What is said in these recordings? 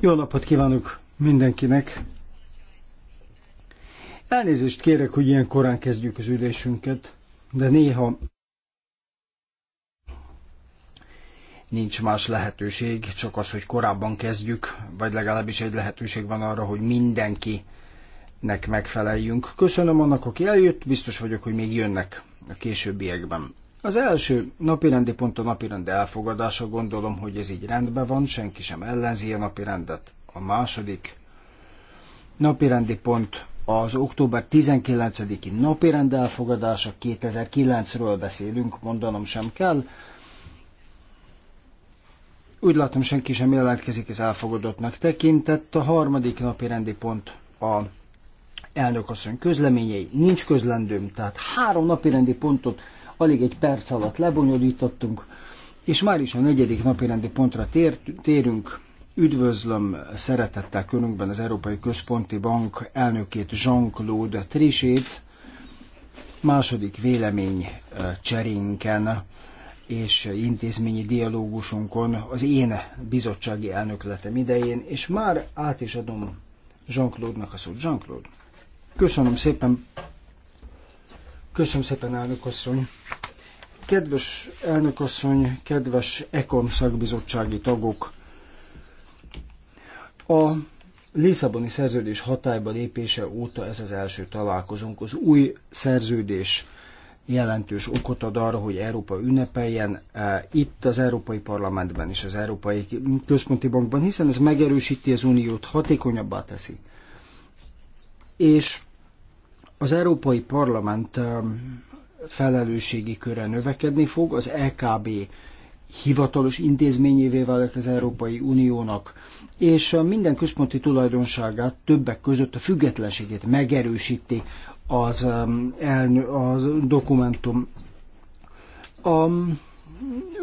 Jó napot kívánok mindenkinek! Elnézést kérek, hogy ilyen korán kezdjük az ülésünket, de néha nincs más lehetőség, csak az, hogy korábban kezdjük, vagy legalábbis egy lehetőség van arra, hogy mindenkinek megfeleljünk. Köszönöm annak, aki eljött, biztos vagyok, hogy még jönnek a későbbiekben. Az első napirendi pont a napirend elfogadása, gondolom, hogy ez így rendben van, senki sem ellenzi a napirendet. A második napirendi pont az október 19-i napirend elfogadása, 2009-ről beszélünk, mondanom sem kell. Úgy látom, senki sem jelentkezik, ez elfogadottnak tekintett. A harmadik napi rendi pont a elnökasszony közleményei. Nincs közlendőm, tehát három napi rendi pontot alig egy perc alatt lebonyolítottunk, és már is a negyedik napi rendi pontra tér, térünk. Üdvözlöm szeretettel körünkben az Európai Központi Bank elnökét Jean-Claude Trichet, második vélemény cserénken és intézményi dialógusunkon az én bizottsági elnökletem idején, és már át is adom Jean-Claude-nak a szót. Jean-Claude, köszönöm szépen, Köszönöm szépen, elnök asszony. Kedves elnök asszony, kedves EKOM szakbizottsági tagok! A Lisszaboni szerződés hatályba lépése óta ez az első találkozunk. Az új szerződés jelentős okot ad arra, hogy Európa ünnepeljen e, itt az Európai Parlamentben és az Európai Központi Bankban, hiszen ez megerősíti az uniót, hatékonyabbá teszi. És az Európai Parlament felelősségi köre növekedni fog, az EKB hivatalos intézményévé válik az Európai Uniónak, és minden központi tulajdonságát többek között a függetlenségét megerősíti az, elnő, az dokumentum. A,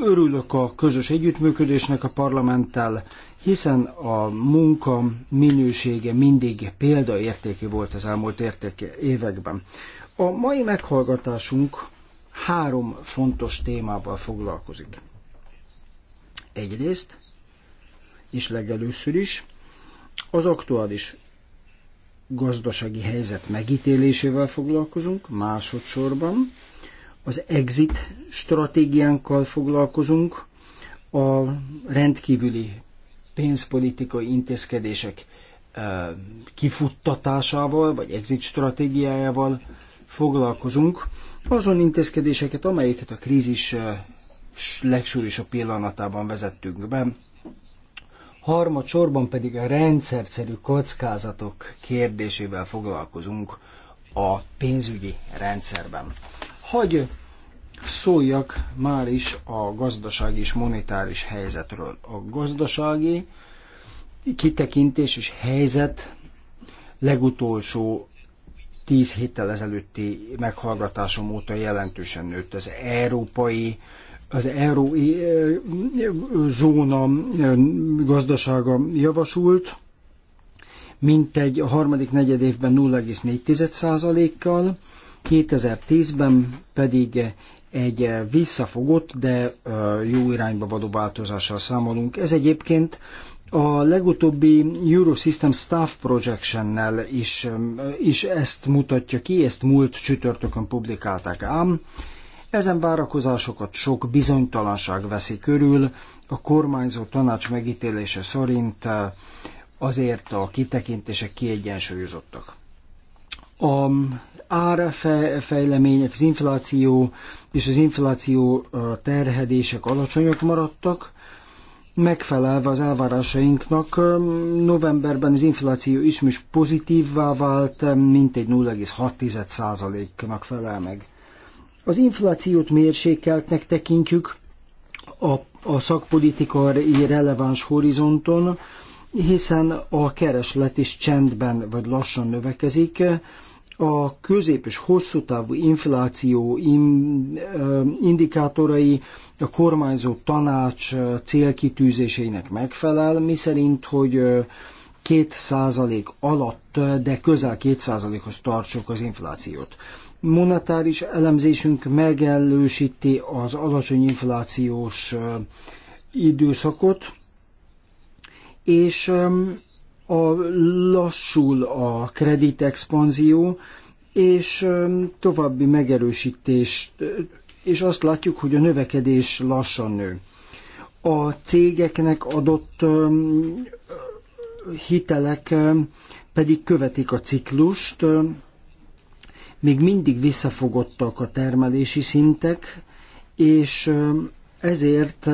örülök a közös együttműködésnek a parlamenttel, hiszen a munka minősége mindig példaértékű volt az elmúlt értéke években. A mai meghallgatásunk három fontos témával foglalkozik. Egyrészt, és legelőször is, az aktuális gazdasági helyzet megítélésével foglalkozunk, másodszorban az exit stratégiánkkal foglalkozunk, a rendkívüli pénzpolitikai intézkedések kifuttatásával, vagy exit stratégiájával foglalkozunk, azon intézkedéseket, amelyeket a krízis legsúlyosabb pillanatában vezettünk be. Harmadsorban pedig a rendszerszerű kockázatok kérdésével foglalkozunk a pénzügyi rendszerben. Hogy szóljak már is a gazdasági és monetáris helyzetről. A gazdasági kitekintés és helyzet legutolsó tíz héttel ezelőtti meghallgatásom óta jelentősen nőtt az európai az eh, zóna eh, gazdasága javasult, mintegy a harmadik negyed évben 0,4%-kal, 2010-ben pedig egy eh, visszafogott, de eh, jó irányba vadó változással számolunk. Ez egyébként a legutóbbi Eurosystem Staff Projection-nel is, eh, is ezt mutatja ki, ezt múlt csütörtökön publikálták ám. Ezen várakozásokat sok bizonytalanság veszi körül, a kormányzó tanács megítélése szerint azért a kitekintések kiegyensúlyozottak a árfejlemények, az infláció és az infláció terhedések alacsonyak maradtak, megfelelve az elvárásainknak. Novemberben az infláció ismét pozitívvá vált, mintegy 0,6%-nak felel meg. Az inflációt mérsékeltnek tekintjük a, a szakpolitikai releváns horizonton, hiszen a kereslet is csendben vagy lassan növekezik, a közép- és hosszú távú infláció indikátorai a kormányzó tanács célkitűzéseinek megfelel, miszerint, hogy 2% alatt, de közel 2%-hoz tartsuk az inflációt. Monetáris elemzésünk megelősíti az alacsony inflációs időszakot, és a, lassul a kreditexpanzió, és további megerősítés, és azt látjuk, hogy a növekedés lassan nő. A cégeknek adott hitelek pedig követik a ciklust, még mindig visszafogottak a termelési szintek, és ezért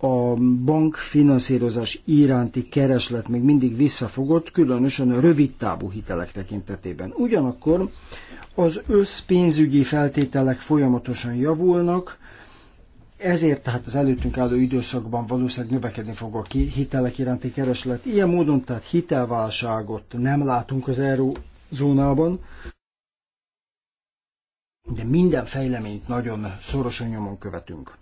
a bankfinanszírozás iránti kereslet még mindig visszafogott, különösen a rövid távú hitelek tekintetében. Ugyanakkor az összpénzügyi feltételek folyamatosan javulnak, ezért tehát az előttünk álló időszakban valószínűleg növekedni fog a hitelek iránti kereslet. Ilyen módon tehát hitelválságot nem látunk az eurózónában, de minden fejleményt nagyon szorosan nyomon követünk.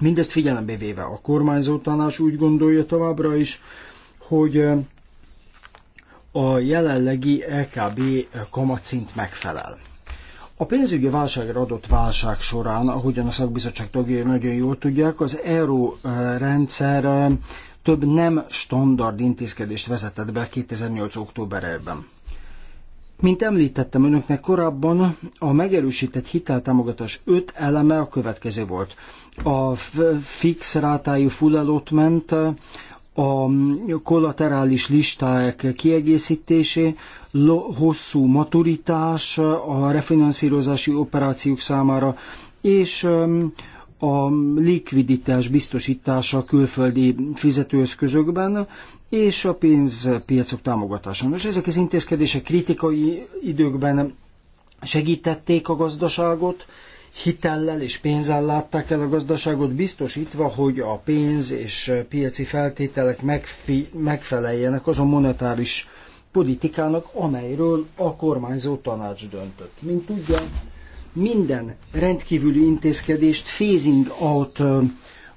Mindezt figyelembe véve a kormányzó tanács úgy gondolja továbbra is, hogy a jelenlegi LKB kamatszint megfelel. A pénzügyi válságra adott válság során, ahogyan a szakbizottság tagjai nagyon jól tudják, az euró rendszer több nem standard intézkedést vezetett be 2008. októberében. Mint említettem önöknek korábban, a megerősített hiteltámogatás öt eleme a következő volt. A fix rátájú full allotment, a kollaterális listák kiegészítésé, hosszú maturitás a refinanszírozási operációk számára, és a likviditás biztosítása a külföldi fizetőeszközökben és a pénzpiacok támogatása. Nos, ezek az intézkedések kritikai időkben segítették a gazdaságot, hitellel és pénzzel látták el a gazdaságot, biztosítva, hogy a pénz és piaci feltételek megfi- megfeleljenek azon monetáris politikának, amelyről a kormányzó tanács döntött. Mint tudja, minden rendkívüli intézkedést phasing out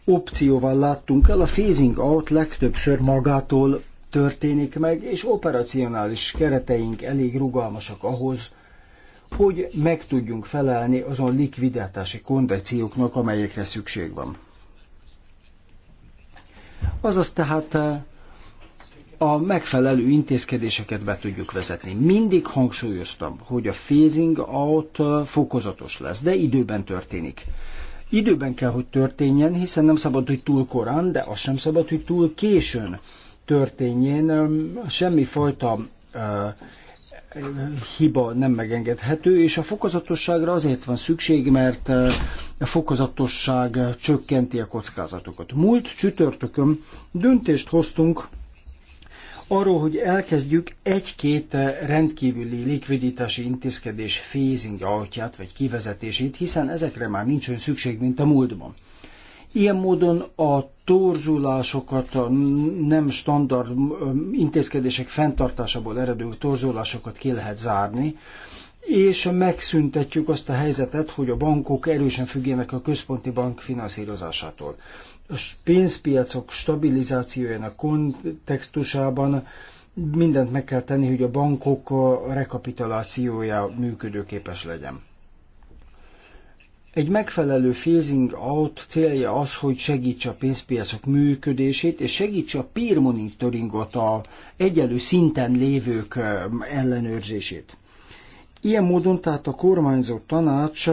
opcióval láttunk el. A phasing out legtöbbször magától történik meg, és operacionális kereteink elég rugalmasak ahhoz, hogy meg tudjunk felelni azon likviditási kondícióknak, amelyekre szükség van. Azaz tehát a megfelelő intézkedéseket be tudjuk vezetni. Mindig hangsúlyoztam, hogy a phasing out fokozatos lesz, de időben történik. Időben kell, hogy történjen, hiszen nem szabad, hogy túl korán, de az sem szabad, hogy túl későn történjen. Semmifajta uh, hiba nem megengedhető, és a fokozatosságra azért van szükség, mert a fokozatosság csökkenti a kockázatokat. Múlt csütörtökön döntést hoztunk arról, hogy elkezdjük egy-két eh, rendkívüli likviditási intézkedés phasing altját vagy kivezetését, hiszen ezekre már nincs olyan szükség, mint a múltban. Ilyen módon a torzulásokat, a nem standard intézkedések fenntartásából eredő torzulásokat ki lehet zárni, és megszüntetjük azt a helyzetet, hogy a bankok erősen függjenek a központi bank finanszírozásától. A pénzpiacok stabilizációjának kontextusában mindent meg kell tenni, hogy a bankok rekapitulációja működőképes legyen. Egy megfelelő phasing out célja az, hogy segítse a pénzpiacok működését, és segítse a peer monitoringot, a egyelő szinten lévők ellenőrzését. Ilyen módon tehát a kormányzó tanács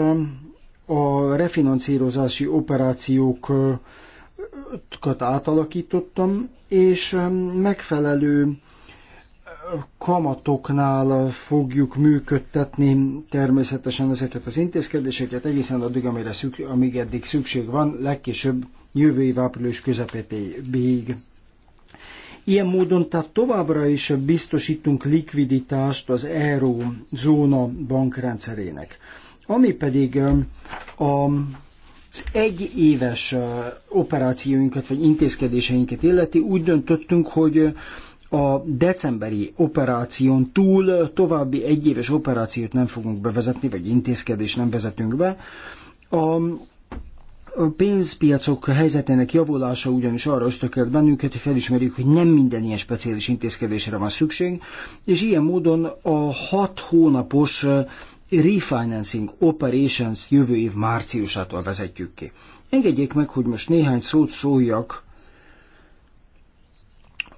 a refinanszírozási operációkat átalakítottam, és megfelelő kamatoknál fogjuk működtetni természetesen ezeket az intézkedéseket egészen addig, amire szükség, amíg eddig szükség van, legkésőbb jövő év április közepétéig. Ilyen módon tehát továbbra is biztosítunk likviditást az zóna bankrendszerének. Ami pedig um, a az egy éves uh, operációinkat vagy intézkedéseinket illeti, úgy döntöttünk, hogy uh, a decemberi operáción túl további egyéves operációt nem fogunk bevezetni, vagy intézkedést nem vezetünk be. A a pénzpiacok helyzetének javulása ugyanis arra ösztökélt bennünket, hogy felismerjük, hogy nem minden ilyen speciális intézkedésre van szükség, és ilyen módon a hat hónapos refinancing operations jövő év márciusától vezetjük ki. Engedjék meg, hogy most néhány szót szóljak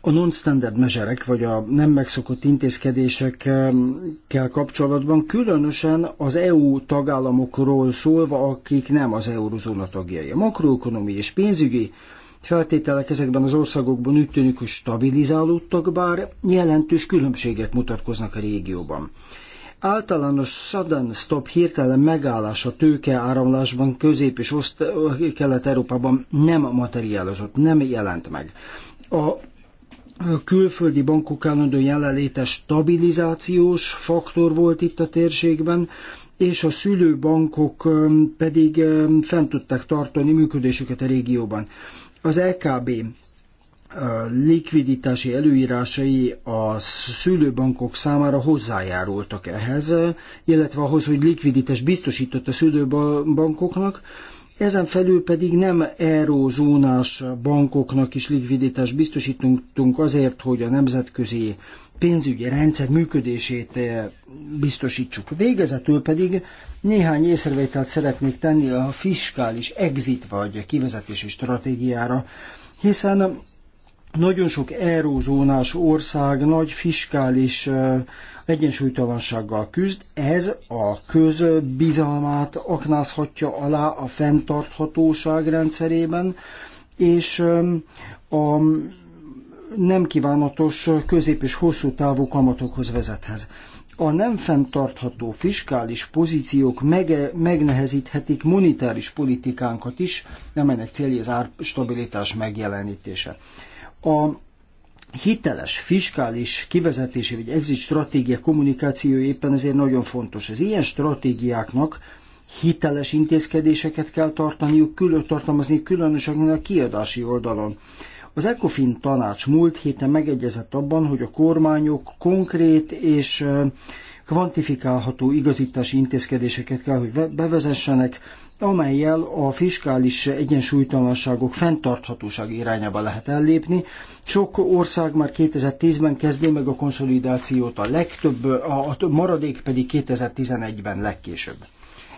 a non-standard measure vagy a nem megszokott intézkedésekkel kapcsolatban, különösen az EU tagállamokról szólva, akik nem az eurozóna tagjai. A makroökonomiai és pénzügyi feltételek ezekben az országokban úgy tűnik, hogy stabilizálódtak, bár jelentős különbségek mutatkoznak a régióban. Általános sudden stop hirtelen megállás a tőke áramlásban közép- és kelet-európában nem materializott, nem jelent meg. A külföldi bankok állandó jelenléte stabilizációs faktor volt itt a térségben, és a szülőbankok pedig fent tudták tartani működésüket a régióban. Az LKB e likviditási előírásai a szülőbankok számára hozzájárultak ehhez, illetve ahhoz, hogy likviditást biztosított a szülőbankoknak, ezen felül pedig nem eurózónás bankoknak is likviditást biztosítunk azért, hogy a nemzetközi pénzügyi rendszer működését eh, biztosítsuk. Végezetül pedig néhány észrevételt szeretnék tenni a fiskális exit vagy kivezetési stratégiára, hiszen nagyon sok eurózónás ország nagy fiskális eh, egyensúlytalansággal küzd, ez a közbizalmát aknázhatja alá a fenntarthatóság rendszerében, és a nem kívánatos közép- és hosszú távú kamatokhoz vezethez. A nem fenntartható fiskális pozíciók mege- megnehezíthetik monetáris politikánkat is, nem ennek célja az árstabilitás megjelenítése. A hiteles fiskális kivezetési vagy exit stratégia kommunikációja éppen ezért nagyon fontos. Az ilyen stratégiáknak hiteles intézkedéseket kell tartaniuk, külön tartalmazni, különösen a kiadási oldalon. Az ECOFIN tanács múlt héten megegyezett abban, hogy a kormányok konkrét és eh, kvantifikálható igazítási intézkedéseket kell, hogy bevezessenek, amelyel a fiskális egyensúlytalanságok fenntarthatóság irányába lehet ellépni. Sok ország már 2010-ben kezdi meg a konszolidációt, a legtöbb, a maradék pedig 2011-ben legkésőbb.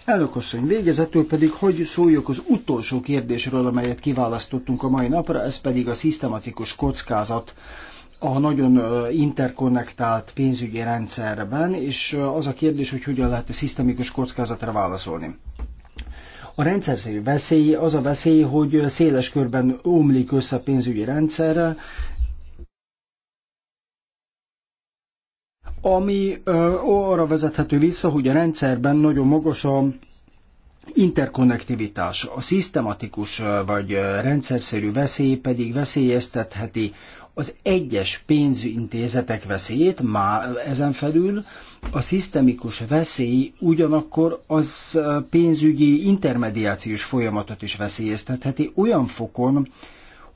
Elnök asszony, végezetül pedig hogy szóljuk az utolsó kérdésről, amelyet kiválasztottunk a mai napra, ez pedig a szisztematikus kockázat a nagyon interkonnektált pénzügyi rendszerben, és az a kérdés, hogy hogyan lehet a szisztemikus kockázatra válaszolni. A rendszer veszély az a veszély, hogy széles körben omlik össze a pénzügyi rendszerre, ami arra vezethető vissza, hogy a rendszerben nagyon magas a interkonnektivitás, a szisztematikus vagy rendszerszerű veszély pedig veszélyeztetheti az egyes pénzintézetek veszélyét, már ezen felül a szisztemikus veszély ugyanakkor az pénzügyi intermediációs folyamatot is veszélyeztetheti olyan fokon,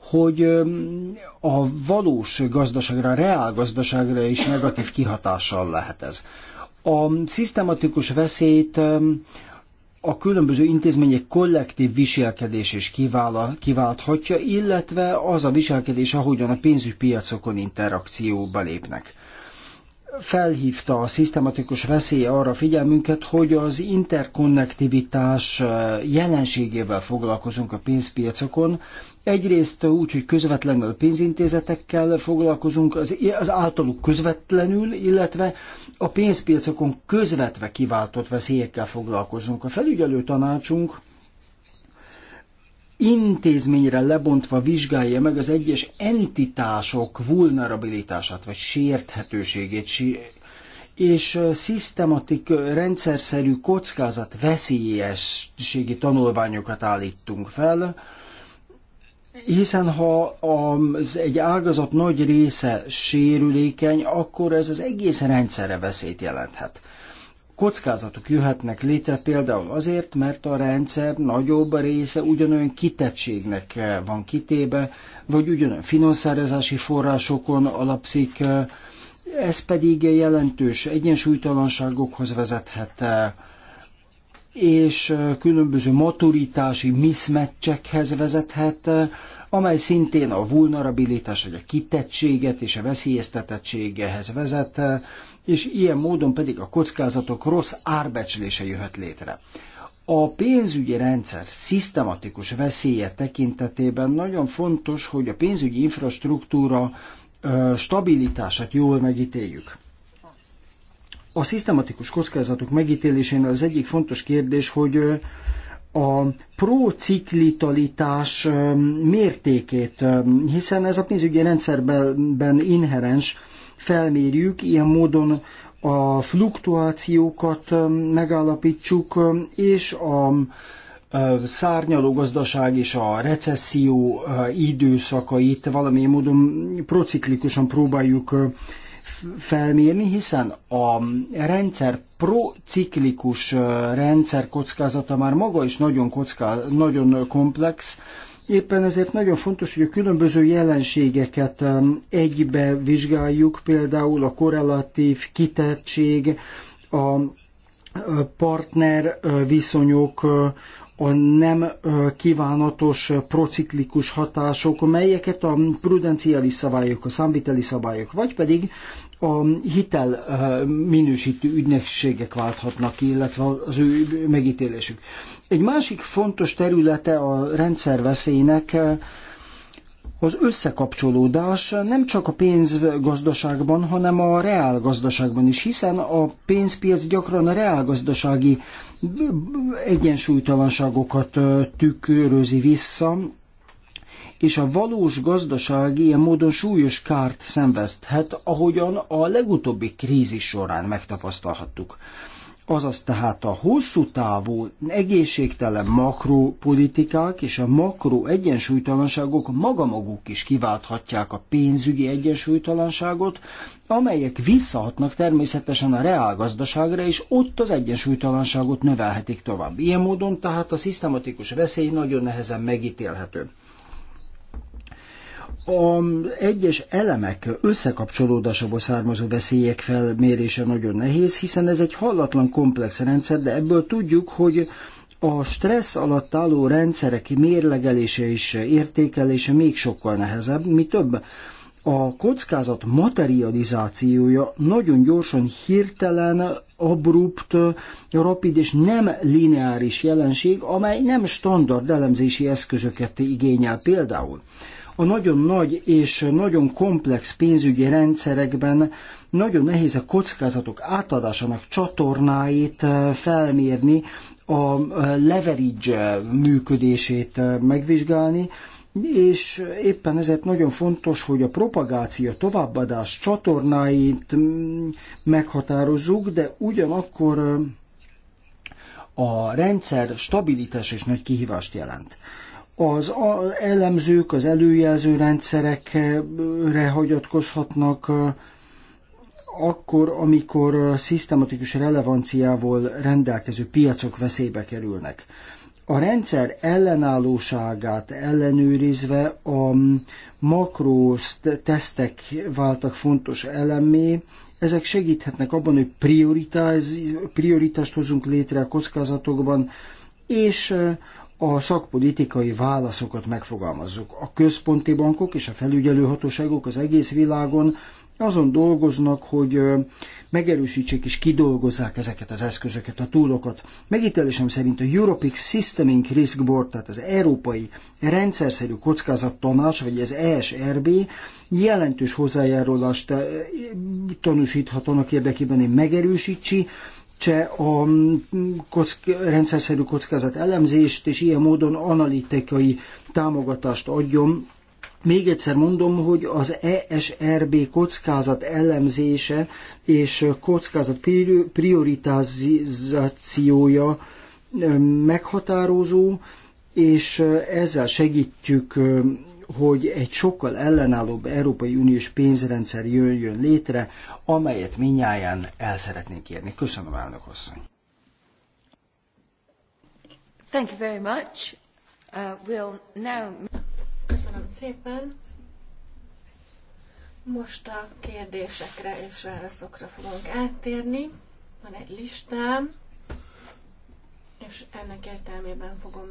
hogy a valós gazdaságra, a reál gazdaságra is negatív kihatással lehet ez. A szisztematikus veszélyt a különböző intézmények kollektív viselkedés is kivála, kiválthatja, illetve az a viselkedés, ahogyan a pénzügypiacokon interakcióba lépnek felhívta a szisztematikus veszély arra figyelmünket, hogy az interkonnektivitás jelenségével foglalkozunk a pénzpiacokon. Egyrészt úgy, hogy közvetlenül pénzintézetekkel foglalkozunk, az, az általuk közvetlenül, illetve a pénzpiacokon közvetve kiváltott veszélyekkel foglalkozunk. A felügyelő tanácsunk intézményre lebontva vizsgálja meg az egyes entitások vulnerabilitását vagy sérthetőségét, és szisztematik, rendszerszerű kockázat veszélyességi tanulványokat állítunk fel, hiszen ha az egy ágazat nagy része sérülékeny, akkor ez az egész rendszerre veszélyt jelenthet kockázatok jöhetnek létre például azért, mert a rendszer nagyobb része ugyanolyan kitettségnek van kitébe, vagy ugyanolyan finanszírozási forrásokon alapszik, ez pedig jelentős egyensúlytalanságokhoz vezethet, és különböző maturitási miszmeccsekhez vezethet, amely szintén a vulnerabilitás, vagy a kitettséget és a veszélyeztetettségehez vezet, és ilyen módon pedig a kockázatok rossz árbecslése jöhet létre. A pénzügyi rendszer szisztematikus veszélye tekintetében nagyon fontos, hogy a pénzügyi infrastruktúra stabilitását jól megítéljük. A szisztematikus kockázatok megítélésénél az egyik fontos kérdés, hogy a prociklitalitás mértékét, hiszen ez a pénzügyi rendszerben inherens, felmérjük, ilyen módon a fluktuációkat um, megállapítsuk, um, és a um, szárnyaló gazdaság és a recesszió uh, időszakait valamilyen módon prociklikusan próbáljuk uh, felmérni, hiszen a rendszer prociklikus uh, rendszer kockázata már maga is nagyon, kocká, nagyon komplex, Éppen ezért nagyon fontos, hogy a különböző jelenségeket egybe vizsgáljuk, például a korrelatív kitettség, a partner viszonyok, a nem kívánatos prociklikus hatások, melyeket a prudenciális szabályok, a számviteli szabályok, vagy pedig a hitel minősítő ügynökségek válthatnak ki, illetve az ő megítélésük. Egy másik fontos területe a rendszerveszélynek eh, az összekapcsolódás nem csak a pénzgazdaságban, hanem a reálgazdaságban is, hiszen a pénzpiac gyakran a reálgazdasági egyensúlytalanságokat eh, tükrözi vissza, és a valós gazdaság ilyen módon súlyos kárt szenvezhet, ahogyan a legutóbbi krízis során megtapasztalhattuk. Azaz tehát a hosszú távú egészségtelen makropolitikák és a makro egyensúlytalanságok maga maguk is kiválthatják a pénzügyi egyensúlytalanságot, amelyek visszahatnak természetesen a reálgazdaságra, és ott az egyensúlytalanságot növelhetik tovább. Ilyen módon tehát a szisztematikus veszély nagyon nehezen megítélhető a egyes elemek összekapcsolódásából származó veszélyek felmérése nagyon nehéz, hiszen ez egy hallatlan komplex rendszer, de ebből tudjuk, hogy a stressz alatt álló rendszerek mérlegelése és értékelése még sokkal nehezebb, mi több. A kockázat materializációja nagyon gyorsan, hirtelen, abrupt, rapid és nem lineáris jelenség, amely nem standard elemzési eszközöket igényel például a nagyon nagy és nagyon komplex pénzügyi rendszerekben nagyon nehéz a kockázatok átadásának csatornáit eh, felmérni, a eh, leverage eh, működését megvizsgálni, és éppen ezért nagyon fontos, hogy a propagáció, továbbadás csatornáit mm, meghatározzuk, de ugyanakkor a rendszer stabilitás is nagy kihívást jelent az elemzők, az előjelző rendszerekre hagyatkozhatnak, akkor, amikor szisztematikus relevanciával rendelkező piacok veszélybe kerülnek. A rendszer ellenállóságát ellenőrizve a makró tesztek váltak fontos elemé, ezek segíthetnek abban, hogy prioritást hozunk létre a kockázatokban, és a szakpolitikai válaszokat megfogalmazzuk. A központi bankok és a felügyelőhatóságok az egész világon azon dolgoznak, hogy megerősítsék és kidolgozzák ezeket az eszközöket, a túlokat. Megítélésem szerint a European Systemic Risk Board, tehát az Európai Rendszerszerű Kockázattanács, vagy az ESRB jelentős hozzájárulást tanúsíthat annak érdekében, hogy megerősítsi cse a kock, rendszerszerű kockázat elemzést, és ilyen módon analitikai támogatást adjon. Még egyszer mondom, hogy az ESRB kockázat elemzése és kockázat prioritizációja meghatározó, és ezzel segítjük hogy egy sokkal ellenállóbb Európai Uniós pénzrendszer jöjjön létre, amelyet minnyáján el szeretnénk érni. Köszönöm, elnök asszony. Thank you very much. Uh, we'll now... Köszönöm szépen. Most a kérdésekre és válaszokra fogunk áttérni. Van egy listám, és ennek értelmében fogom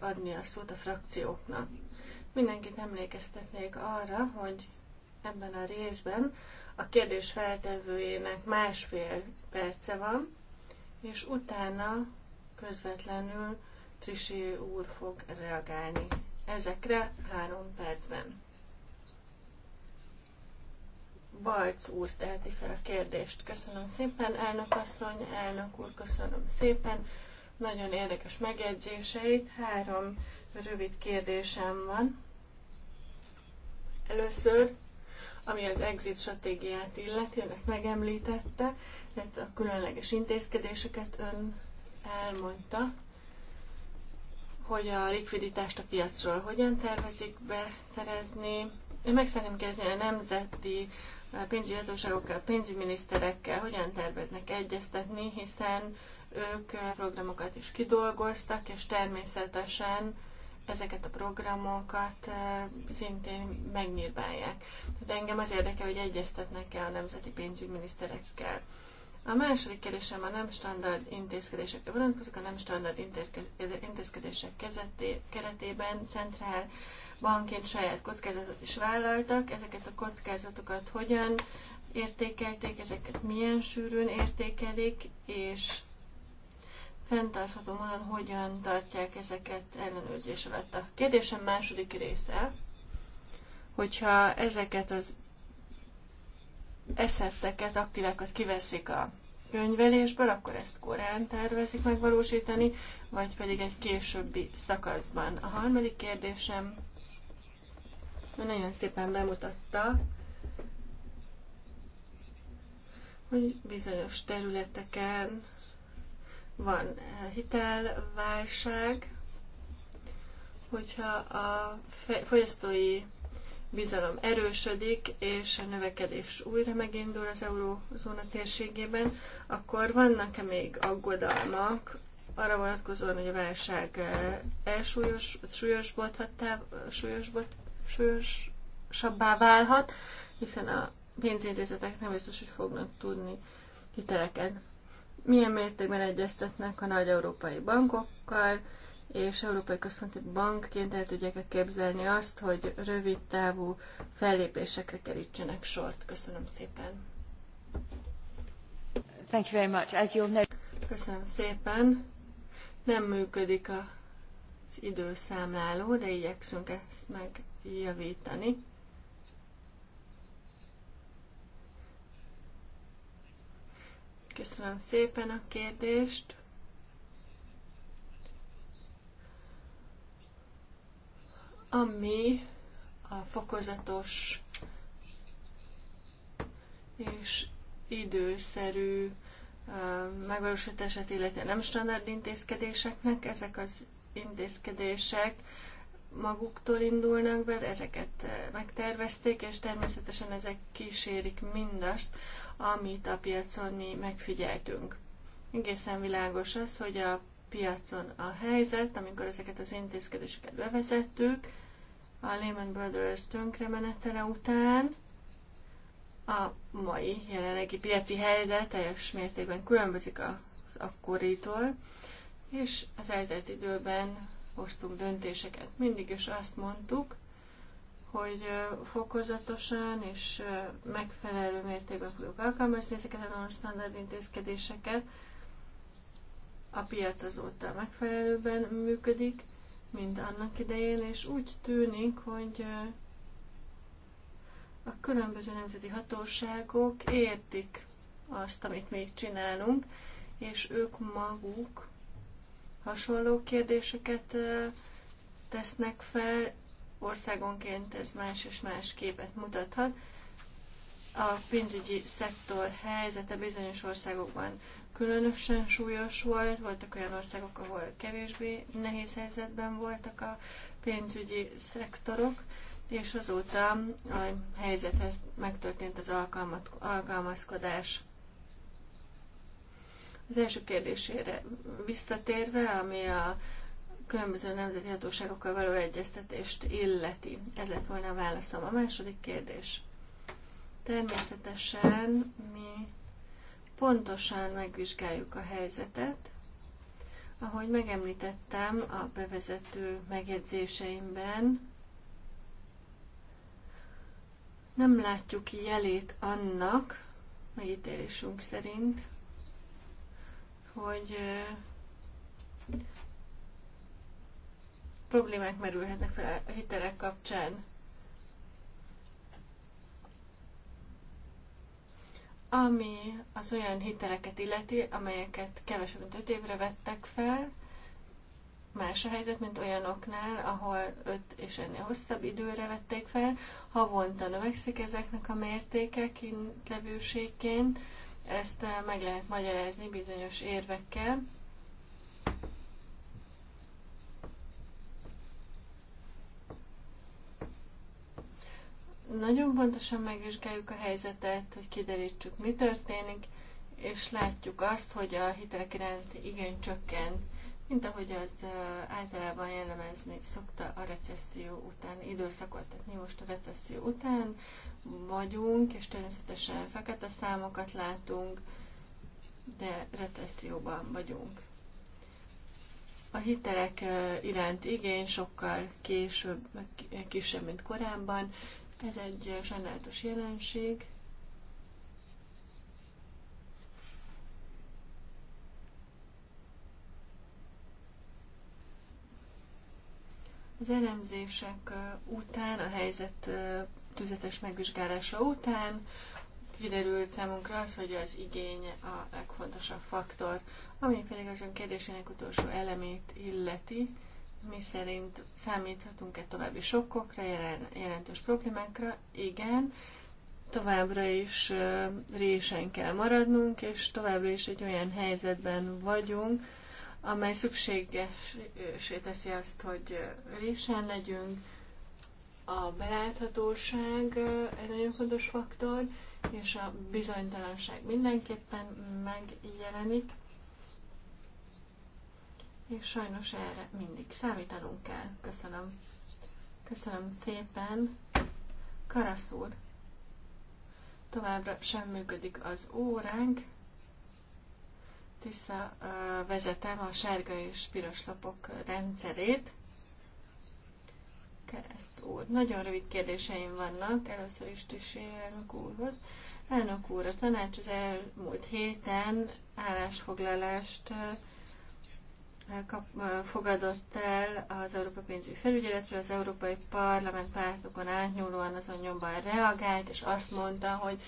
megadni a szót a frakcióknak. Mindenkit emlékeztetnék arra, hogy ebben a részben a kérdés feltevőjének másfél perce van, és utána közvetlenül Trisi úr fog reagálni. Ezekre három percben. Balc úr teheti fel a kérdést. Köszönöm szépen, elnök asszony, elnök úr, köszönöm szépen. Nagyon érdekes megjegyzéseit. Három rövid kérdésem van. Először, ami az exit stratégiát illeti, ön ezt megemlítette, illetve a különleges intézkedéseket ön elmondta, hogy a likviditást a piacról hogyan tervezik beszerezni. Én meg szeretném kérdezni a nemzeti pénzügyi hatóságokkal, pénzügyminiszterekkel hogyan terveznek egyeztetni, hiszen ők programokat is kidolgoztak, és természetesen ezeket a programokat szintén megnyírbálják. Tehát engem az érdekel, hogy egyeztetnek-e a nemzeti pénzügyminiszterekkel. A második kérdésem a nem standard intézkedésekre vonatkozik. A nem standard intézkedések kezeté, keretében centrál bankként saját kockázatot is vállaltak. Ezeket a kockázatokat hogyan értékelték, ezeket milyen sűrűn értékelik, és fenntartható módon hogyan tartják ezeket ellenőrzés alatt. A kérdésem második része, hogyha ezeket az eszetteket, aktívákat kiveszik a könyvelésből, akkor ezt korán tervezik megvalósítani, vagy pedig egy későbbi szakaszban. A harmadik kérdésem nagyon szépen bemutatta, hogy bizonyos területeken van hitelválság, hogyha a fogyasztói bizalom erősödik, és a növekedés újra megindul az eurózóna térségében, akkor vannak-e még aggodalmak arra vonatkozóan, hogy a válság eh, elsúlyos, súlyosabbá válhat, hiszen a pénzintézetek nem biztos, hogy fognak tudni hiteleket milyen mértékben egyeztetnek a nagy európai bankokkal, és Európai Központi Bankként el tudják -e képzelni azt, hogy rövid távú fellépésekre kerítsenek sort. Köszönöm szépen. Thank you very much. As you'll know... Köszönöm szépen. Nem működik az időszámláló, de igyekszünk ezt megjavítani. Köszönöm szépen a kérdést. Ami a fokozatos és időszerű megvalósítását, illetve nem standard intézkedéseknek. Ezek az intézkedések maguktól indulnak be, ezeket megtervezték, és természetesen ezek kísérik mindazt, amit a piacon mi megfigyeltünk. Egészen világos az, hogy a piacon a helyzet, amikor ezeket az intézkedéseket bevezettük, a Lehman Brothers menetele után a mai jelenlegi piaci helyzet teljes mértékben különbözik az akkoritól, és az eltelt időben hoztunk döntéseket. Mindig is azt mondtuk, hogy fokozatosan és megfelelő mértékben fogjuk alkalmazni ezeket a non-standard intézkedéseket. A piac azóta megfelelőben működik, mint annak idején, és úgy tűnik, hogy a különböző nemzeti hatóságok értik azt, amit még csinálunk, és ők maguk hasonló kérdéseket tesznek fel, országonként ez más és más képet mutathat. A pénzügyi szektor helyzete bizonyos országokban különösen súlyos volt, voltak olyan országok, ahol kevésbé nehéz helyzetben voltak a pénzügyi szektorok, és azóta a helyzethez megtörtént az alkalmazkodás. Az első kérdésére visszatérve, ami a különböző nemzeti hatóságokkal való egyeztetést illeti. Ez lett volna a válaszom. A második kérdés. Természetesen mi pontosan megvizsgáljuk a helyzetet. Ahogy megemlítettem a bevezető megjegyzéseimben, nem látjuk jelét annak, megítélésünk szerint, hogy problémák merülhetnek fel a hitelek kapcsán. Ami az olyan hiteleket illeti, amelyeket kevesebb mint 5 évre vettek fel, más a helyzet, mint olyanoknál, ahol 5 és ennél hosszabb időre vették fel. Havonta növekszik ezeknek a mértéke levőségként, ezt eh, meg lehet magyarázni bizonyos érvekkel. nagyon pontosan megvizsgáljuk a helyzetet, hogy kiderítsük, mi történik, és látjuk azt, hogy a hitelek iránt igen csökkent, mint ahogy az általában jellemezni szokta a recesszió után időszakot. Tehát mi most a recesszió után vagyunk, és természetesen fekete számokat látunk, de recesszióban vagyunk. A hitelek iránt igény sokkal később, kisebb, mint korábban. Ez egy sajnálatos jelenség. Az elemzések után, a helyzet tüzetes megvizsgálása után kiderült számunkra az, hogy az igény a legfontosabb faktor, ami pedig azon kérdésének utolsó elemét illeti, mi szerint számíthatunk-e további sokkokra, jelentős problémákra? Igen, továbbra is résen kell maradnunk, és továbbra is egy olyan helyzetben vagyunk, amely szükségesé teszi azt, hogy résen legyünk. A beláthatóság egy nagyon fontos faktor, és a bizonytalanság mindenképpen megjelenik és sajnos erre mindig számítanunk kell. Köszönöm. Köszönöm szépen. Karaszúr. továbbra sem működik az óránk. Tisza vezetem a sárga és piros lapok rendszerét. Kereszt úr. Nagyon rövid kérdéseim vannak, először is Tissi elnök úrhoz. Elnök úr, a tanács az elmúlt héten állásfoglalást uh, kap, fogadott el az Európa pénzügyi felügyeletről, az Európai Parlament pártokon átnyúlóan azon nyomban reagált, és azt mondta, hogy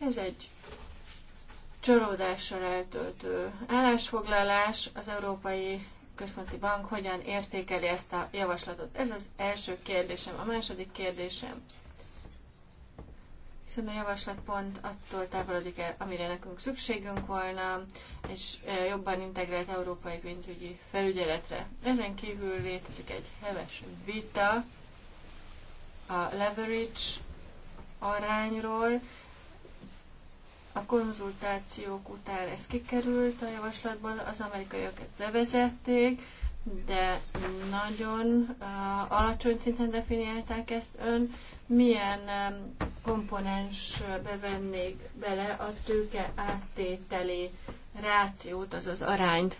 ez egy csalódással eltöltő állásfoglalás, az Európai Központi Bank hogyan értékeli ezt a javaslatot. Ez az első kérdésem. A második kérdésem hiszen a javaslat pont attól távolodik el, amire nekünk szükségünk volna, és e, jobban integrált európai pénzügyi felügyeletre. Ezen kívül létezik egy heves vita a leverage arányról. A konzultációk után ez kikerült a javaslatból, az amerikaiak ezt bevezették, de nagyon uh, alacsony szinten definiálták ezt ön, milyen um, komponens bevennék bele a tőke áttételi rációt, azaz arányt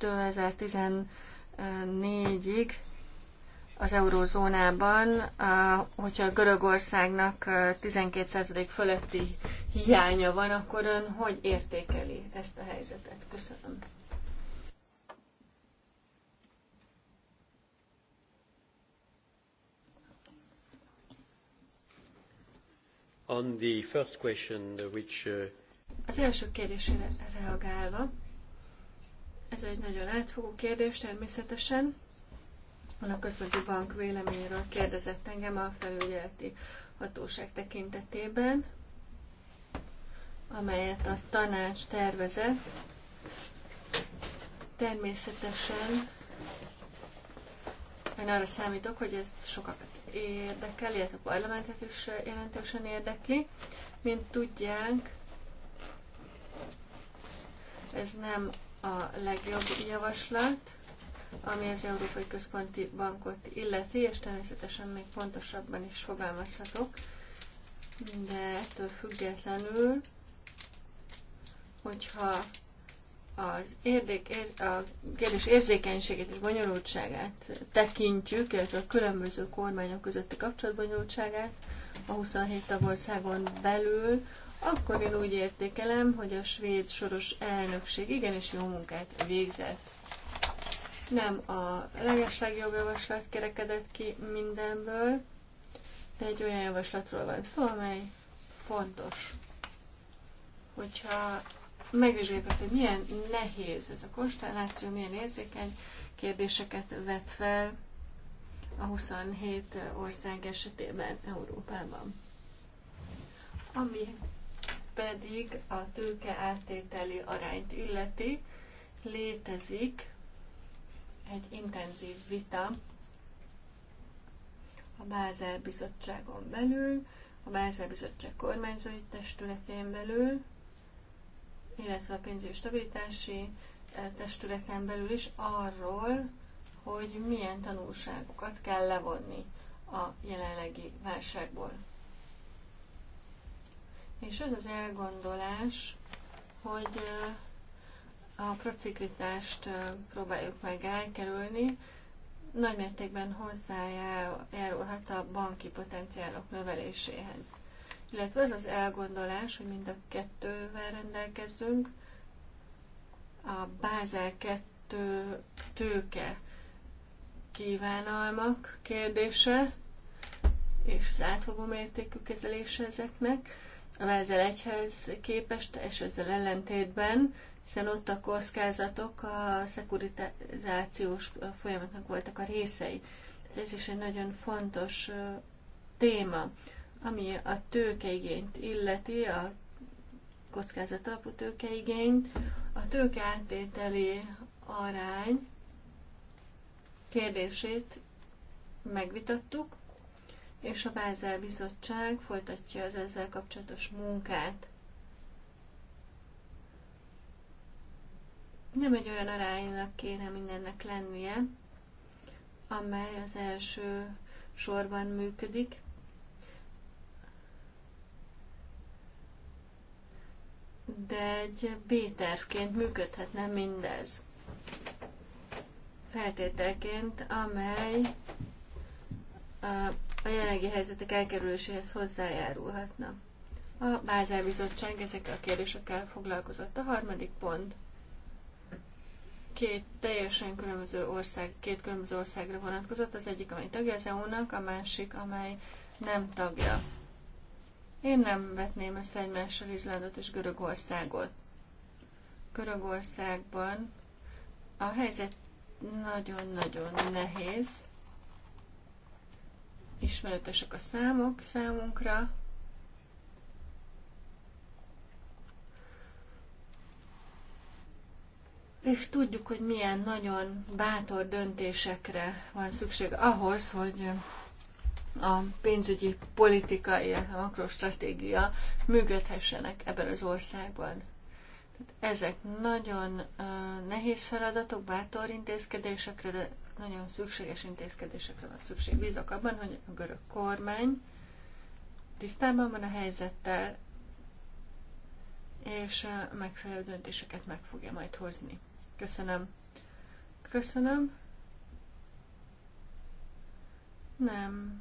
2014-ig az eurózónában, hogyha Görögországnak 12% uh, fölötti hiánya van, akkor ön hogy értékeli ezt a helyzetet? Köszönöm. On the first question, which, uh... Az első kérdésére reagálva, ez egy nagyon átfogó kérdés természetesen. A központi bank véleményéről kérdezett engem a felügyeleti hatóság tekintetében, amelyet a tanács tervezett. Természetesen én arra számítok, hogy ez sokakat érdekel, illetve a parlamentet is jelentősen érdekli. Mint tudják, ez nem a legjobb javaslat, ami az Európai Központi Bankot illeti, és természetesen még pontosabban is fogalmazhatok, de ettől függetlenül, hogyha az érdek, a kérdés érzékenységét és bonyolultságát tekintjük, illetve a különböző kormányok közötti kapcsolat bonyolultságát a 27 tagországon belül, akkor én úgy értékelem, hogy a svéd soros elnökség igenis jó munkát végzett. Nem a legeslegjobb javaslat kerekedett ki mindenből, de egy olyan javaslatról van szó, amely fontos. Hogyha megvizsgáljuk azt, hogy milyen nehéz ez a konstelláció, milyen érzékeny kérdéseket vet fel a 27 ország esetében Európában. Ami pedig a tőke áttételi arányt illeti, létezik egy intenzív vita a Bázel Bizottságon belül, a Bázel Bizottság kormányzói testületén belül, illetve a pénzügyi stabilitási eh, testületen belül is arról, hogy milyen tanulságokat kell levonni a jelenlegi válságból. És az az elgondolás, hogy eh, a prociklitást eh, próbáljuk meg elkerülni, nagymértékben hozzájárulhat a banki potenciálok növeléséhez illetve az az elgondolás, hogy mind a kettővel rendelkezzünk, a Bázel 2 tőke kívánalmak kérdése, és az átfogó mértékű kezelése ezeknek, a Bázel 1 képest, és ezzel ellentétben, hiszen ott a kockázatok a szekuritizációs folyamatnak voltak a részei. Ez is egy nagyon fontos téma. Ami a tőkeigényt illeti, a kockázat alapú tőkeigényt, a tőke áttételi arány kérdését megvitattuk, és a Bázel Bizottság folytatja az ezzel kapcsolatos munkát. Nem egy olyan aránynak kéne mindennek lennie, amely az első sorban működik, de egy B-tervként működhetne mindez. Feltételként, amely a jelenlegi helyzetek elkerüléséhez hozzájárulhatna. A Bázel ezekkel a kérdésekkel foglalkozott. A harmadik pont két teljesen különböző ország, két különböző országra vonatkozott, az egyik, amely tagja az EU-nak, a másik, amely nem tagja. Én nem vetném ezt egymással Izlandot és Görögországot. Görögországban a helyzet nagyon-nagyon nehéz. Ismeretesek a számok számunkra. És tudjuk, hogy milyen nagyon bátor döntésekre van szükség ahhoz, hogy a pénzügyi politika, illetve a makrostratégia működhessenek ebben az országban. Tehát ezek nagyon nehéz feladatok, bátor intézkedésekre, de nagyon szükséges intézkedésekre van szükség. Bízok abban, hogy a görög kormány tisztában van a helyzettel, és megfelelő döntéseket meg fogja majd hozni. Köszönöm. Köszönöm. Nem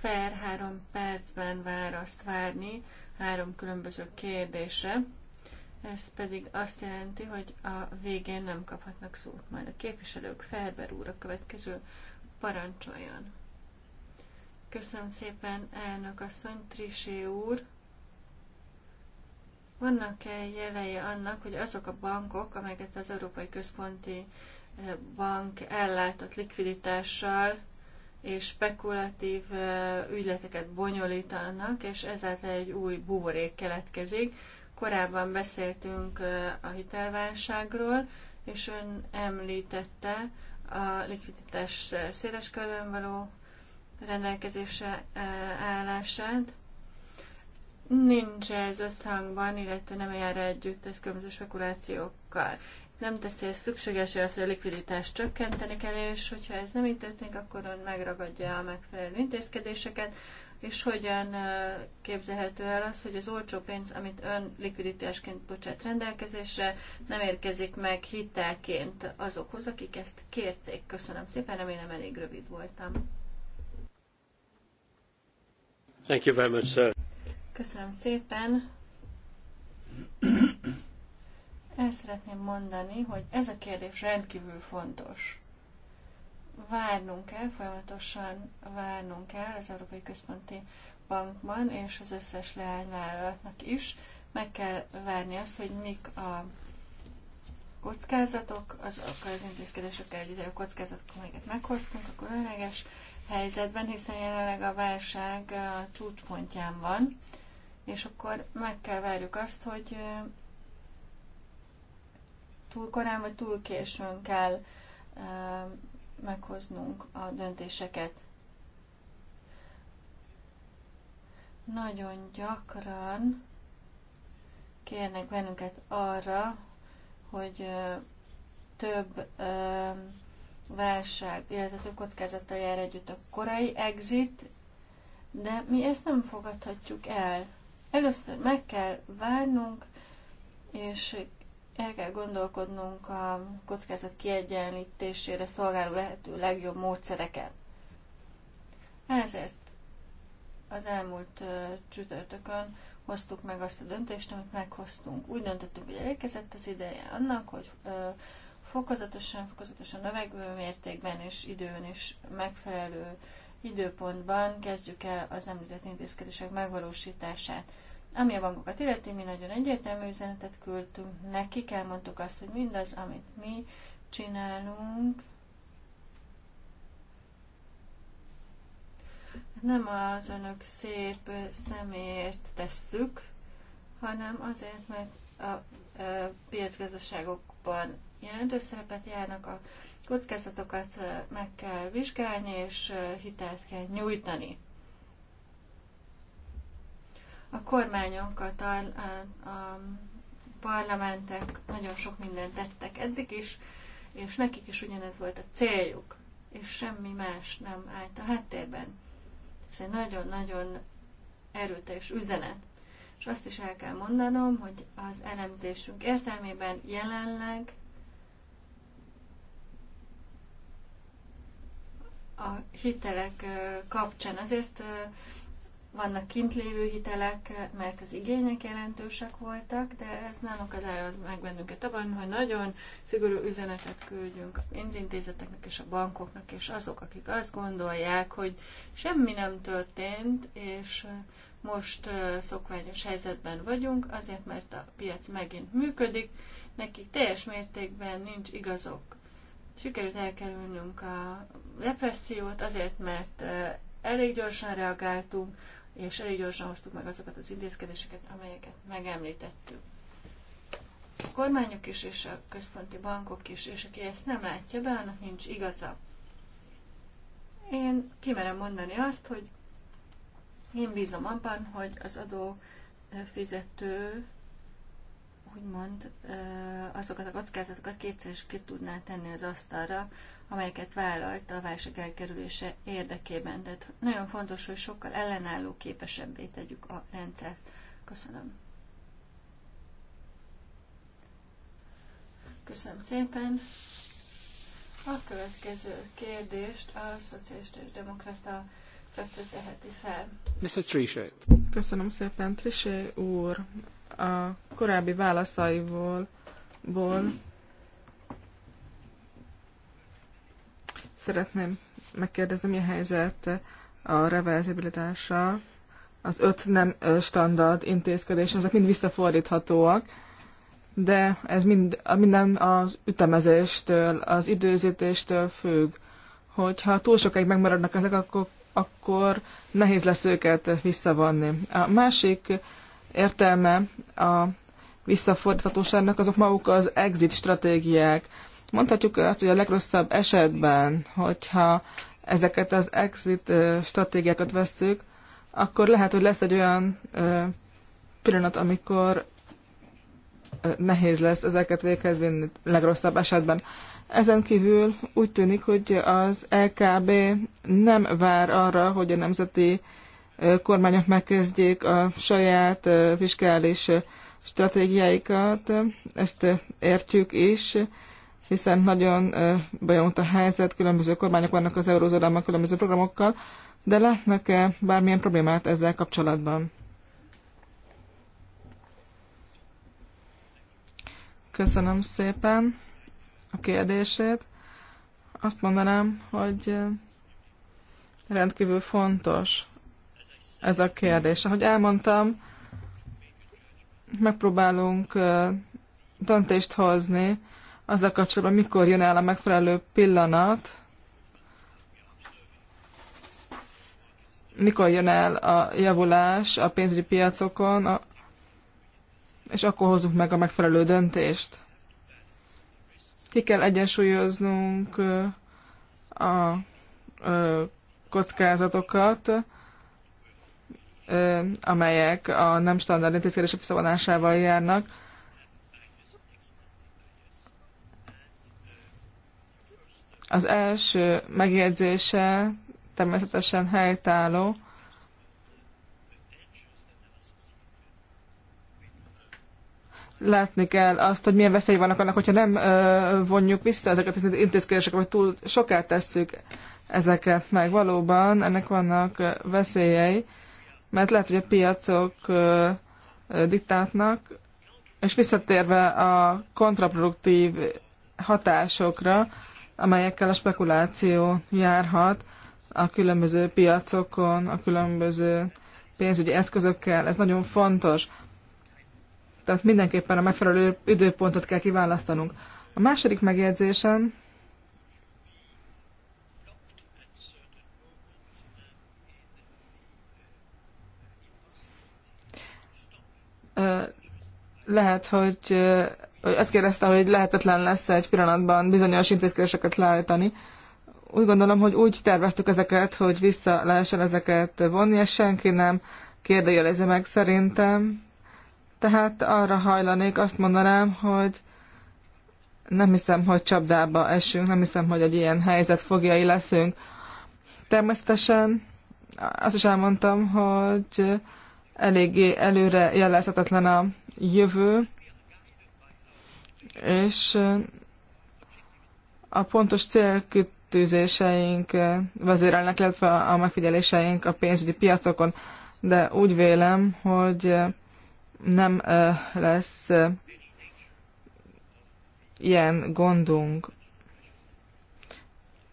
fair három percben választ várni három különböző kérdésre. Ez pedig azt jelenti, hogy a végén nem kaphatnak szót majd a képviselők. Ferber úr a következő parancsoljon. Köszönöm szépen, elnök asszony, Trisé úr. Vannak-e jelei annak, hogy azok a bankok, amelyeket az Európai Központi Bank ellátott likviditással, és spekulatív ügyleteket bonyolítanak, és ezáltal egy új buborék keletkezik. Korábban beszéltünk a hitelválságról, és ön említette a likviditás széles körben való rendelkezésre állását. Nincs ez összhangban, illetve nem jár együtt ez különböző spekulációkkal nem teszi ezt szükségesé azt, hogy a likviditást csökkenteni kell, és hogyha ez nem így történik, akkor ön megragadja a megfelelő intézkedéseket, és hogyan képzelhető el az, hogy az olcsó pénz, amit ön likviditásként bocsát rendelkezésre, nem érkezik meg hitelként azokhoz, akik ezt kérték. Köszönöm szépen, remélem elég rövid voltam. Thank you very much, sir. Köszönöm szépen. El szeretném mondani, hogy ez a kérdés rendkívül fontos. Várnunk kell, folyamatosan várnunk kell az Európai Központi Bankban és az összes leányvállalatnak is. Meg kell várni azt, hogy mik a kockázatok, azok az intézkedések együtt a kockázatok, amelyeket meghoztunk a különleges helyzetben, hiszen jelenleg a válság a csúcspontján van, és akkor meg kell várjuk azt, hogy túl korán vagy túl későn kell meghoznunk a döntéseket. Nagyon gyakran kérnek bennünket arra, hogy több válság, illetve több kockázattal jár együtt a korai exit, de mi ezt nem fogadhatjuk el. Először meg kell várnunk, és el kell gondolkodnunk a kockázat kiegyenlítésére szolgáló lehető legjobb módszereken. Ezért az elmúlt csütörtökön hoztuk meg azt a döntést, amit meghoztunk. Úgy döntöttünk, hogy elérkezett az ideje annak, hogy fokozatosan, fokozatosan növekvő mértékben és időn is megfelelő időpontban kezdjük el az említett intézkedések megvalósítását. Ami a bankokat illeti, mi nagyon egyértelmű üzenetet küldtünk nekik, elmondtuk azt, hogy mindaz, amit mi csinálunk, nem az önök szép személyért tesszük, hanem azért, mert a e, piacgazdaságokban jelentős szerepet járnak, a kockázatokat e, meg kell vizsgálni, és e, hitelt kell nyújtani. A kormányokat, a, a, a parlamentek nagyon sok mindent tettek eddig is, és nekik is ugyanez volt a céljuk, és semmi más nem állt a háttérben. Ez egy nagyon-nagyon erőteljes üzenet. És azt is el kell mondanom, hogy az elemzésünk értelmében jelenleg a hitelek kapcsán azért vannak kint lévő hitelek, mert az igények jelentősek voltak, de ez nem akadályoz meg bennünket abban, hogy nagyon szigorú üzenetet küldjünk a pénzintézeteknek és a bankoknak, és azok, akik azt gondolják, hogy semmi nem történt, és most szokványos helyzetben vagyunk, azért mert a piac megint működik, nekik teljes mértékben nincs igazok. Sikerült elkerülnünk a depressziót, azért mert elég gyorsan reagáltunk, és elég gyorsan hoztuk meg azokat az intézkedéseket, amelyeket megemlítettük. A kormányok is, és a központi bankok is, és aki ezt nem látja be, annak nincs igaza. Én kimerem mondani azt, hogy én bízom abban, hogy az adó fizető úgymond azokat a kockázatokat kétszer is ki tudná tenni az asztalra, amelyeket vállalt a válság elkerülése érdekében. Tehát nagyon fontos, hogy sokkal ellenálló képesebbé tegyük a rendszert. Köszönöm. Köszönöm szépen. A következő kérdést a Szocialista és Demokrata teheti fel. Mr. Trisha. Köszönöm szépen, Trisha úr. A korábbi válaszaiból ból szeretném megkérdezni, mi a helyzet a reverzibilitással. Az öt nem standard intézkedés, ezek mind visszafordíthatóak, de ez mind, minden az ütemezéstől, az időzítéstől függ. Hogyha túl sokáig megmaradnak ezek, akkor, akkor nehéz lesz őket visszavonni. A másik értelme a visszafordíthatóságnak azok maguk az exit stratégiák. Mondhatjuk azt, hogy a legrosszabb esetben, hogyha ezeket az exit stratégiákat vesszük, akkor lehet, hogy lesz egy olyan pillanat, amikor nehéz lesz ezeket véghez vinni legrosszabb esetben. Ezen kívül úgy tűnik, hogy az LKB nem vár arra, hogy a nemzeti kormányok megkezdjék a saját fiskális stratégiáikat, ezt értjük is, hiszen nagyon bonyolult a helyzet, különböző kormányok vannak az eurózódában különböző programokkal, de látnak-e bármilyen problémát ezzel kapcsolatban? Köszönöm szépen a kérdését. Azt mondanám, hogy rendkívül fontos ez a kérdés. Ahogy elmondtam, megpróbálunk döntést hozni azzal kapcsolatban, mikor jön el a megfelelő pillanat, mikor jön el a javulás a pénzügyi piacokon, a, és akkor hozzuk meg a megfelelő döntést. Ki kell egyensúlyoznunk a, kockázatokat, amelyek a nem standard intézkedések szabadásával járnak, Az első megjegyzése természetesen helytálló, látni kell azt, hogy milyen veszély vannak annak, hogyha nem ö, vonjuk vissza ezeket az intézkedéseket, vagy túl soká tesszük ezeket meg. Valóban ennek vannak veszélyei, mert lehet, hogy a piacok ö, ö, diktátnak, és visszatérve a kontraproduktív hatásokra, amelyekkel a spekuláció járhat a különböző piacokon, a különböző pénzügyi eszközökkel. Ez nagyon fontos. Tehát mindenképpen a megfelelő időpontot kell kiválasztanunk. A második megjegyzésem, lehet, hogy azt kérdezte, hogy lehetetlen lesz egy pillanatban bizonyos intézkedéseket leállítani. Úgy gondolom, hogy úgy terveztük ezeket, hogy vissza lehessen ezeket vonni, és senki nem kérdőjelezi meg szerintem. Tehát arra hajlanék, azt mondanám, hogy nem hiszem, hogy csapdába esünk, nem hiszem, hogy egy ilyen helyzet fogjai leszünk. Természetesen azt is elmondtam, hogy eléggé előre jelezhetetlen a jövő, és eh, a pontos célkütőzéseink eh, vezérelnek, illetve a megfigyeléseink a pénzügyi piacokon, de úgy vélem, hogy eh, nem lesz ilyen gondunk.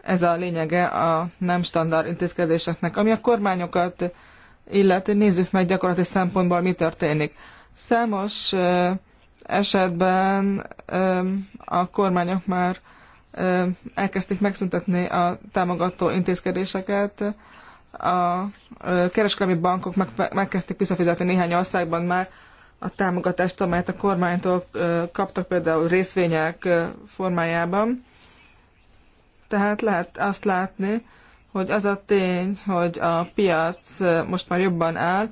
Ez a lényege a nem standard intézkedéseknek. Ami a kormányokat illeti, nézzük meg gyakorlati szempontból, mi történik. Számos esetben a kormányok már elkezdték megszüntetni a támogató intézkedéseket. A kereskedelmi bankok megkezdték visszafizetni néhány országban már a támogatást, amelyet a kormánytól kaptak például részvények formájában. Tehát lehet azt látni, hogy az a tény, hogy a piac most már jobban áll,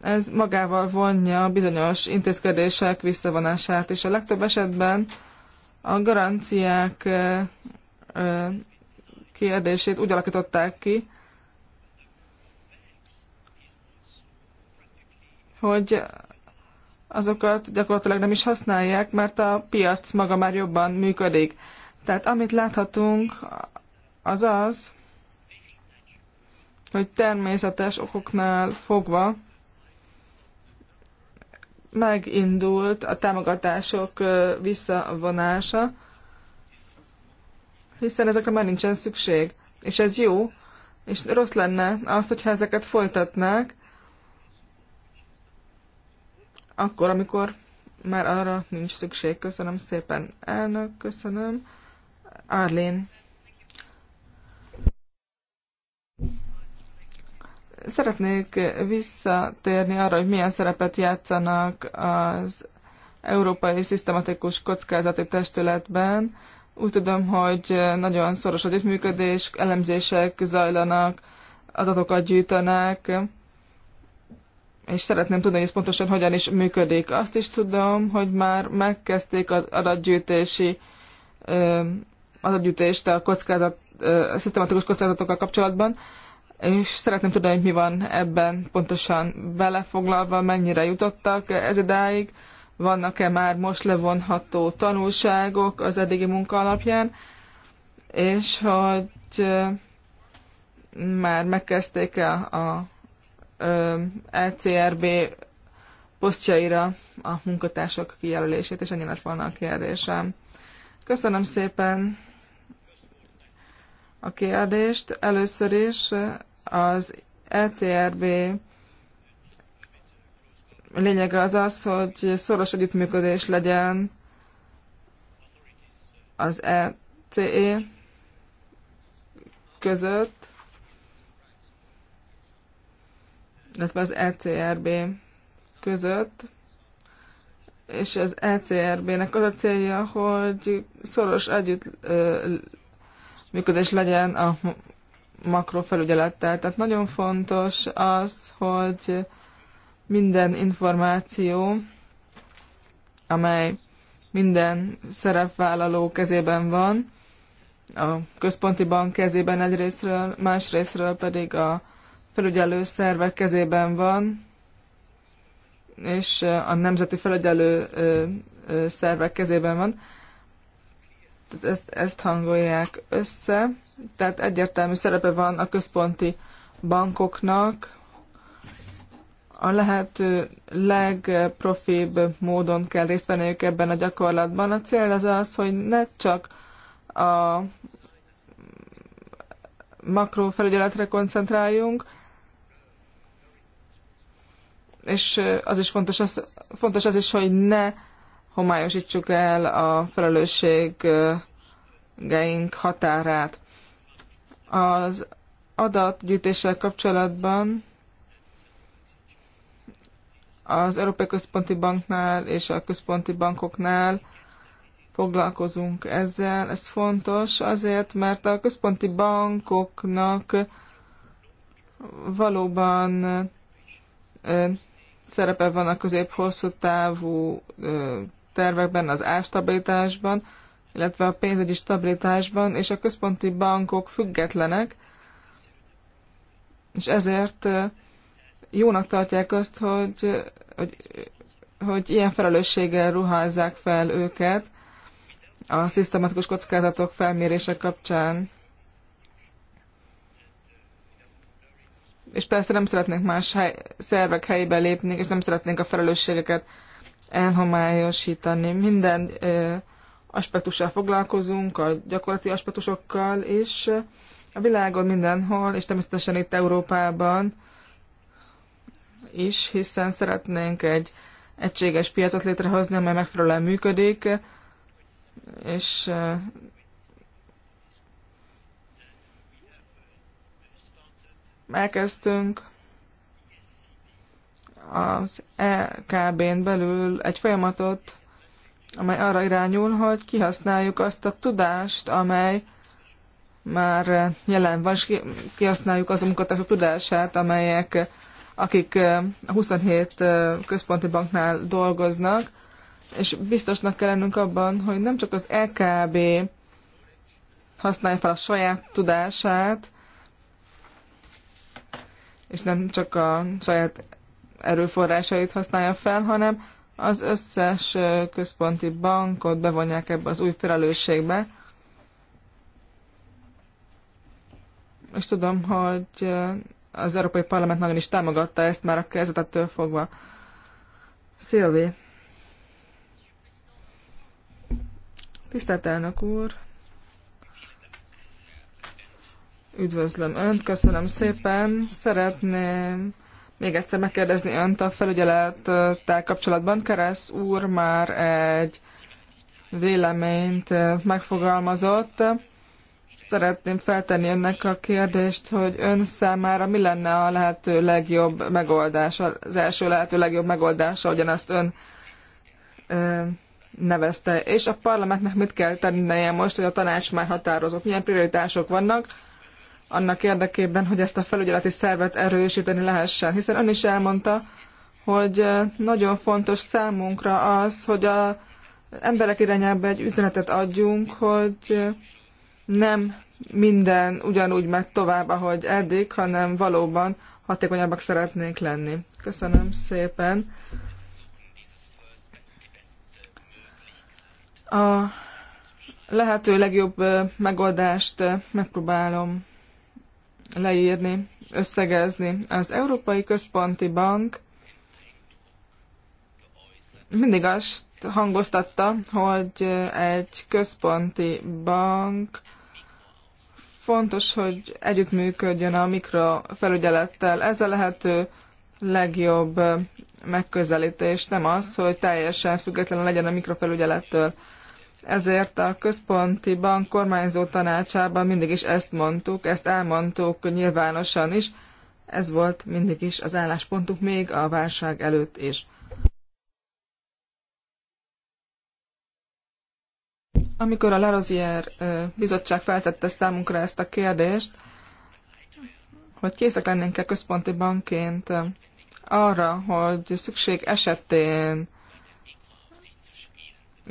ez magával vonja bizonyos intézkedések visszavonását, és a legtöbb esetben a garanciák kérdését úgy alakították ki, hogy azokat gyakorlatilag nem is használják, mert a piac maga már jobban működik. Tehát amit láthatunk, az az, hogy természetes okoknál fogva megindult a támogatások visszavonása, hiszen ezekre már nincsen szükség. És ez jó, és rossz lenne az, hogyha ezeket folytatnák, akkor, amikor már arra nincs szükség. Köszönöm szépen, elnök, köszönöm. Arlén. Szeretnék visszatérni arra, hogy milyen szerepet játszanak az Európai Szisztematikus Kockázati Testületben. Úgy tudom, hogy nagyon szoros együttműködés, elemzések zajlanak, adatokat gyűjtenek, és szeretném tudni, hogy ez pontosan hogyan is működik. Azt is tudom, hogy már megkezdték az adatgyűjtési adatgyűjtést a kockázat, a szisztematikus kockázatokkal kapcsolatban, és szeretném tudni, hogy mi van ebben pontosan belefoglalva, mennyire jutottak ez idáig, vannak-e már most levonható tanulságok az eddigi munka alapján, és hogy már megkezdték -e a, ECRB LCRB posztjaira a munkatársak kijelölését, és ennyi lett volna a kérdésem. Köszönöm szépen! a kérdést. Először is az ECRB lényege az az, hogy szoros együttműködés legyen az ECE e között, illetve az ECRB között, és az ECRB-nek az a célja, hogy szoros együttműködés működés legyen a makrofelügyelettel. Tehát nagyon fontos az, hogy minden információ, amely minden szerepvállaló kezében van, a központi bank kezében egyrésztről, másrésztről pedig a felügyelő szervek kezében van, és a nemzeti felügyelő szervek kezében van. Tehát ezt, ezt hangolják össze tehát egyértelmű szerepe van a központi bankoknak. A lehető legprofibb módon kell részt venniük ebben a gyakorlatban. A cél az az, hogy ne csak a makrófelügyeletre koncentráljunk, és az is fontos az, fontos az is, hogy ne homályosítsuk el a felelősségeink határát. Az adatgyűjtéssel kapcsolatban az Európai Központi Banknál és a központi bankoknál foglalkozunk ezzel. Ez fontos azért, mert a központi bankoknak valóban szerepe van a közép-hosszú távú tervekben, az ástabilitásban, illetve a pénzügyi stabilitásban, és a központi bankok függetlenek, és ezért jónak tartják azt, hogy, hogy, hogy ilyen felelősséggel ruházzák fel őket a szisztematikus kockázatok felmérése kapcsán. És persze nem szeretnénk más hely, szervek helyébe lépni, és nem szeretnénk a felelősségeket elhomályosítani. Minden ö, aspektussal foglalkozunk, a gyakorlati aspektusokkal is. A világon mindenhol, és természetesen itt Európában is, hiszen szeretnénk egy egységes piacot létrehozni, amely megfelelően működik, és elkezdtünk az EKB-n belül egy folyamatot, amely arra irányul, hogy kihasználjuk azt a tudást, amely már jelen van, és kihasználjuk az a munkatársak tudását, amelyek, akik eh, a 27 eh, központi banknál dolgoznak, és biztosnak kell lennünk abban, hogy nem csak az LKB használja fel a saját tudását, és nem csak a saját erőforrásait használja fel, hanem az összes központi bankot bevonják ebbe az új felelősségbe. És tudom, hogy az Európai Parlament nagyon is támogatta ezt már a kezdetettől fogva. Szilvi. Tisztelt elnök úr! Üdvözlöm Önt, köszönöm szépen. Szeretném még egyszer megkérdezni önt a felügyelettel kapcsolatban. Keresz úr már egy véleményt eh, megfogalmazott. Szeretném feltenni önnek a kérdést, hogy ön számára mi lenne a lehető legjobb megoldás, az első lehető legjobb megoldás, ahogyan azt ön ö, eh, nevezte. És a parlamentnek mit kell tennie most, hogy a tanács már határozott, milyen prioritások vannak, annak érdekében, hogy ezt a felügyeleti szervet erősíteni lehessen. Hiszen ön is elmondta, hogy nagyon fontos számunkra az, hogy a emberek irányába egy üzenetet adjunk, hogy nem minden ugyanúgy megy tovább, ahogy eddig, hanem valóban hatékonyabbak szeretnénk lenni. Köszönöm szépen. A lehető legjobb megoldást megpróbálom leírni, összegezni. Az Európai Központi Bank mindig azt hangoztatta, hogy egy központi bank fontos, hogy együttműködjön a mikrofelügyelettel. Ez a lehető legjobb megközelítés, nem az, hogy teljesen függetlenül legyen a mikrofelügyelettől ezért a központi bank kormányzó tanácsában mindig is ezt mondtuk, ezt elmondtuk nyilvánosan is, ez volt mindig is az álláspontunk még a válság előtt is. Amikor a Larozier bizottság feltette számunkra ezt a kérdést, hogy készek lennénk-e központi bankként arra, hogy szükség esetén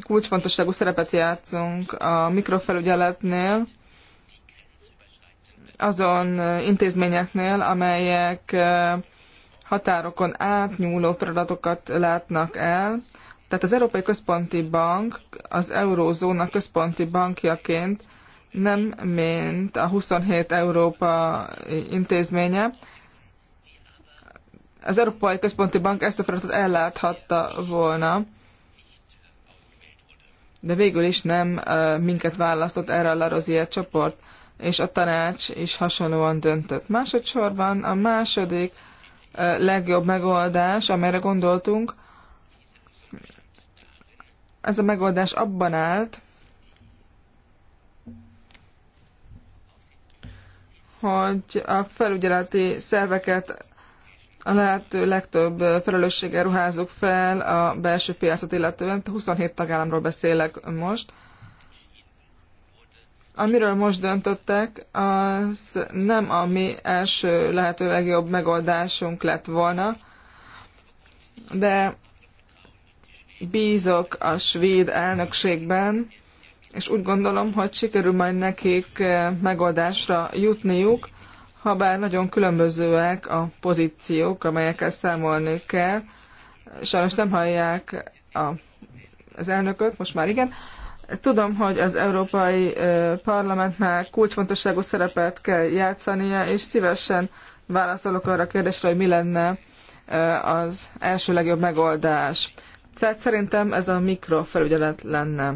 kulcsfontosságú szerepet játszunk a mikrofelügyeletnél, azon intézményeknél, amelyek határokon átnyúló feladatokat látnak el. Tehát az Európai Központi Bank az eurózóna központi bankjaként nem mint a 27 Európa intézménye. Az Európai Központi Bank ezt a feladatot elláthatta volna de végül is nem minket választott erre a Larosier csoport, és a tanács is hasonlóan döntött. Másodszorban a második legjobb megoldás, amelyre gondoltunk, ez a megoldás abban állt, hogy a felügyeleti szerveket a lehető legtöbb felelősséggel ruházzuk fel a belső piacot illetően. 27 tagállamról beszélek most. Amiről most döntöttek, az nem a mi első lehető legjobb megoldásunk lett volna, de bízok a svéd elnökségben, és úgy gondolom, hogy sikerül majd nekik eh, megoldásra jutniuk, habár nagyon különbözőek a pozíciók, amelyekkel számolni kell. Sajnos nem hallják a, az elnököt, most már igen. Tudom, hogy az Európai Parlamentnál kulcsfontosságú szerepet kell játszania, és szívesen válaszolok arra a kérdésre, hogy mi lenne az első legjobb megoldás. Tehát szóval szerintem ez a mikrofelügyelet lenne.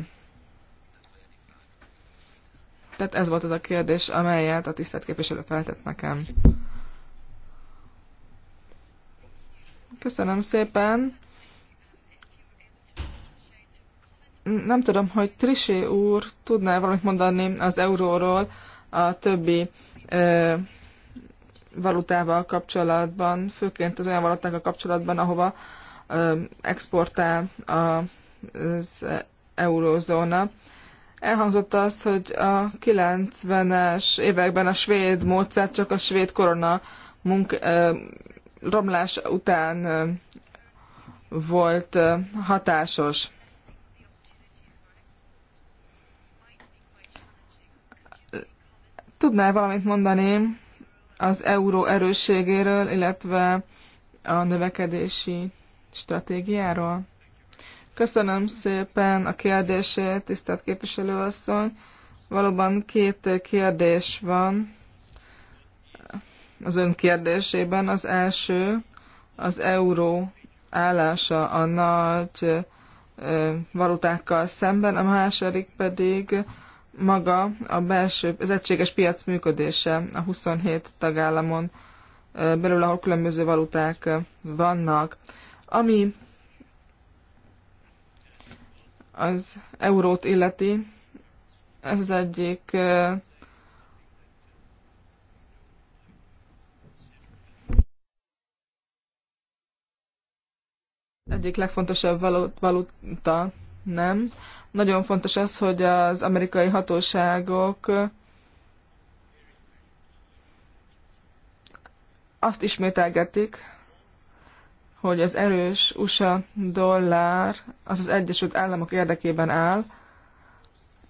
Tehát ez volt az a kérdés, amelyet a tisztelt képviselő feltett nekem. Köszönöm szépen. Nem tudom, hogy Trisé úr tudná valamit mondani az euróról a többi ö, valutával kapcsolatban, főként az olyan valutákkal kapcsolatban, ahova ö, exportál az eurózóna. Elhangzott az, hogy a 90-es években a svéd módszer csak a svéd korona munk, romlás után volt hatásos. Tudnál valamit mondani az euró erősségéről, illetve a növekedési stratégiáról? Köszönöm szépen a kérdését, tisztelt képviselőasszony. Valóban két kérdés van az ön kérdésében. Az első az euró állása a nagy valutákkal szemben, a második pedig maga a belső, az egységes piac működése a 27 tagállamon belül, ahol különböző valuták vannak. Ami az eurót illeti, ez az egyik egyik legfontosabb valuta, nem. Nagyon fontos az, hogy az amerikai hatóságok azt ismételgetik, hogy az erős USA dollár az az Egyesült Államok érdekében áll,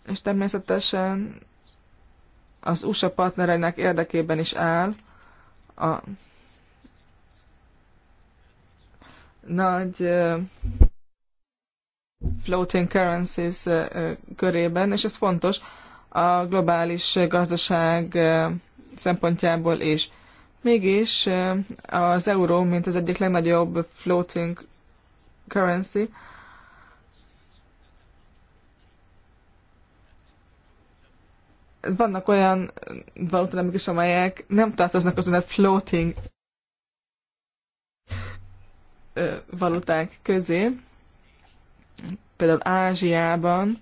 és természetesen az USA partnereinek érdekében is áll a nagy floating currencies körében, és ez fontos a globális gazdaság szempontjából is. Mégis az euró, mint az egyik legnagyobb floating currency, vannak olyan valutanemik is, amelyek nem tartoznak azon a floating valuták közé, például Ázsiában.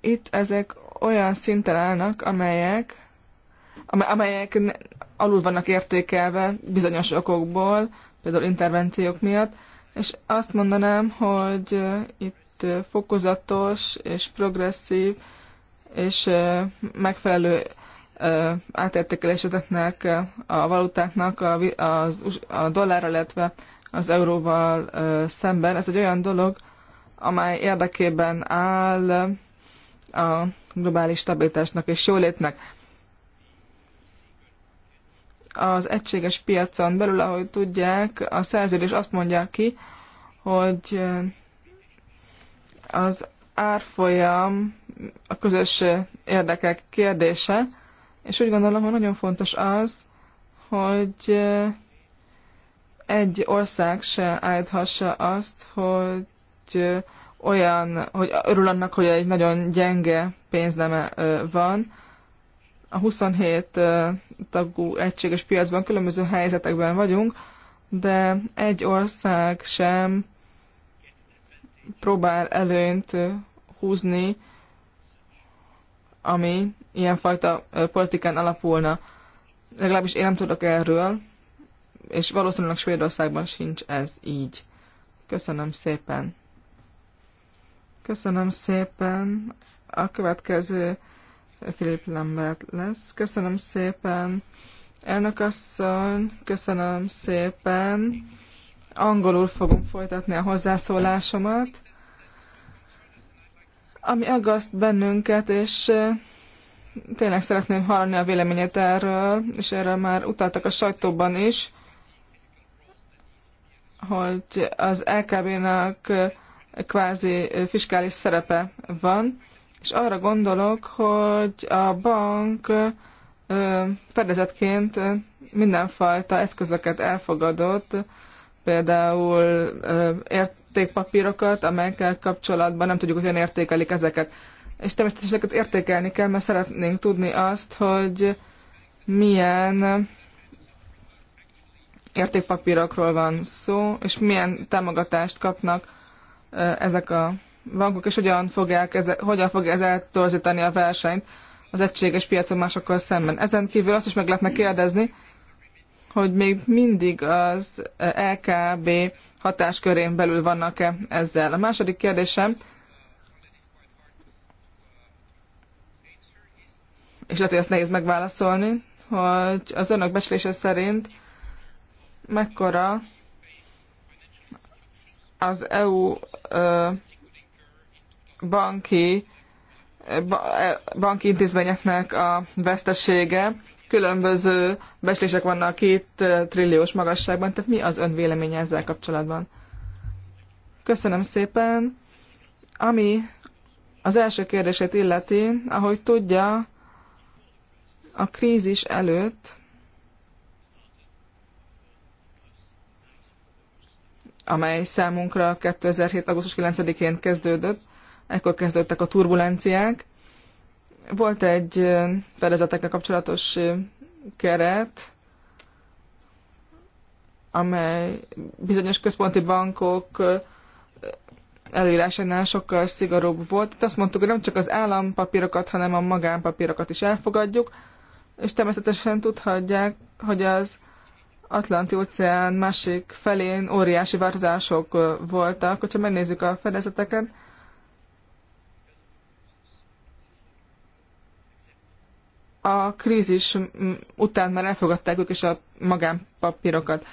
Itt ezek olyan szinten állnak, amelyek amelyek alul vannak értékelve bizonyos okokból, például intervenciók miatt, és azt mondanám, hogy itt fokozatos és progresszív és megfelelő átértékelés ezeknek a valutáknak, a dollárra, illetve az euróval szemben. Ez egy olyan dolog, amely érdekében áll a globális stabilitásnak és jólétnek az egységes piacon belül, ahogy tudják, a szerződés azt mondja ki, hogy eh, az árfolyam a közös eh, érdekek kérdése, és úgy gondolom, hogy nagyon fontos az, hogy eh, egy ország se állíthassa azt, hogy olyan, hogy örül annak, hogy egy nagyon gyenge pénzleme van, a 27 tagú egységes piacban különböző helyzetekben vagyunk, de egy ország sem próbál előnyt húzni, ami ilyenfajta politikán alapulna. Legalábbis én nem tudok erről, és valószínűleg Svédországban sincs ez így. Köszönöm szépen. Köszönöm szépen. A következő Philip Lambert lesz. Köszönöm szépen, elnök asszony, köszönöm szépen. Angolul fogom folytatni a hozzászólásomat, ami aggaszt bennünket, és tényleg szeretném hallani a véleményét erről, és erről már utaltak a sajtóban is, hogy az LKB-nak kvázi fiskális szerepe van, és arra gondolok, hogy a bank fedezetként mindenfajta eszközöket elfogadott, például értékpapírokat, amelyekkel kapcsolatban nem tudjuk, hogyan értékelik ezeket. És természetesen ezeket értékelni kell, mert szeretnénk tudni azt, hogy milyen értékpapírokról van szó, és milyen támogatást kapnak ezek a bankok, és hogyan, fogják ez, hogyan fogja ez eltorzítani a versenyt az egységes piacon másokkal szemben. Ezen kívül azt is meg lehetne kérdezni, hogy még mindig az LKB hatáskörén belül vannak-e ezzel. A második kérdésem, és lehet, hogy ezt nehéz megválaszolni, hogy az önök becslése szerint mekkora az EU ö, banki, e, banki intézményeknek a vesztesége. Különböző beslések vannak két e, trilliós magasságban, tehát mi az ön véleménye ezzel kapcsolatban? Köszönöm szépen. Ami az első kérdését illeti, ahogy tudja, a krízis előtt amely számunkra 2007. augusztus 9-én kezdődött ekkor kezdődtek a turbulenciák. Volt egy fedezetekkel kapcsolatos keret, amely bizonyos központi bankok előírásánál sokkal szigorúbb volt. Itt azt mondtuk, hogy nem csak az állampapírokat, hanem a magánpapírokat is elfogadjuk, és természetesen tudhatják, hogy az Atlanti óceán másik felén óriási változások voltak. Hogyha megnézzük a fedezeteket, a krízis után már elfogadták ők is a magánpapírokat.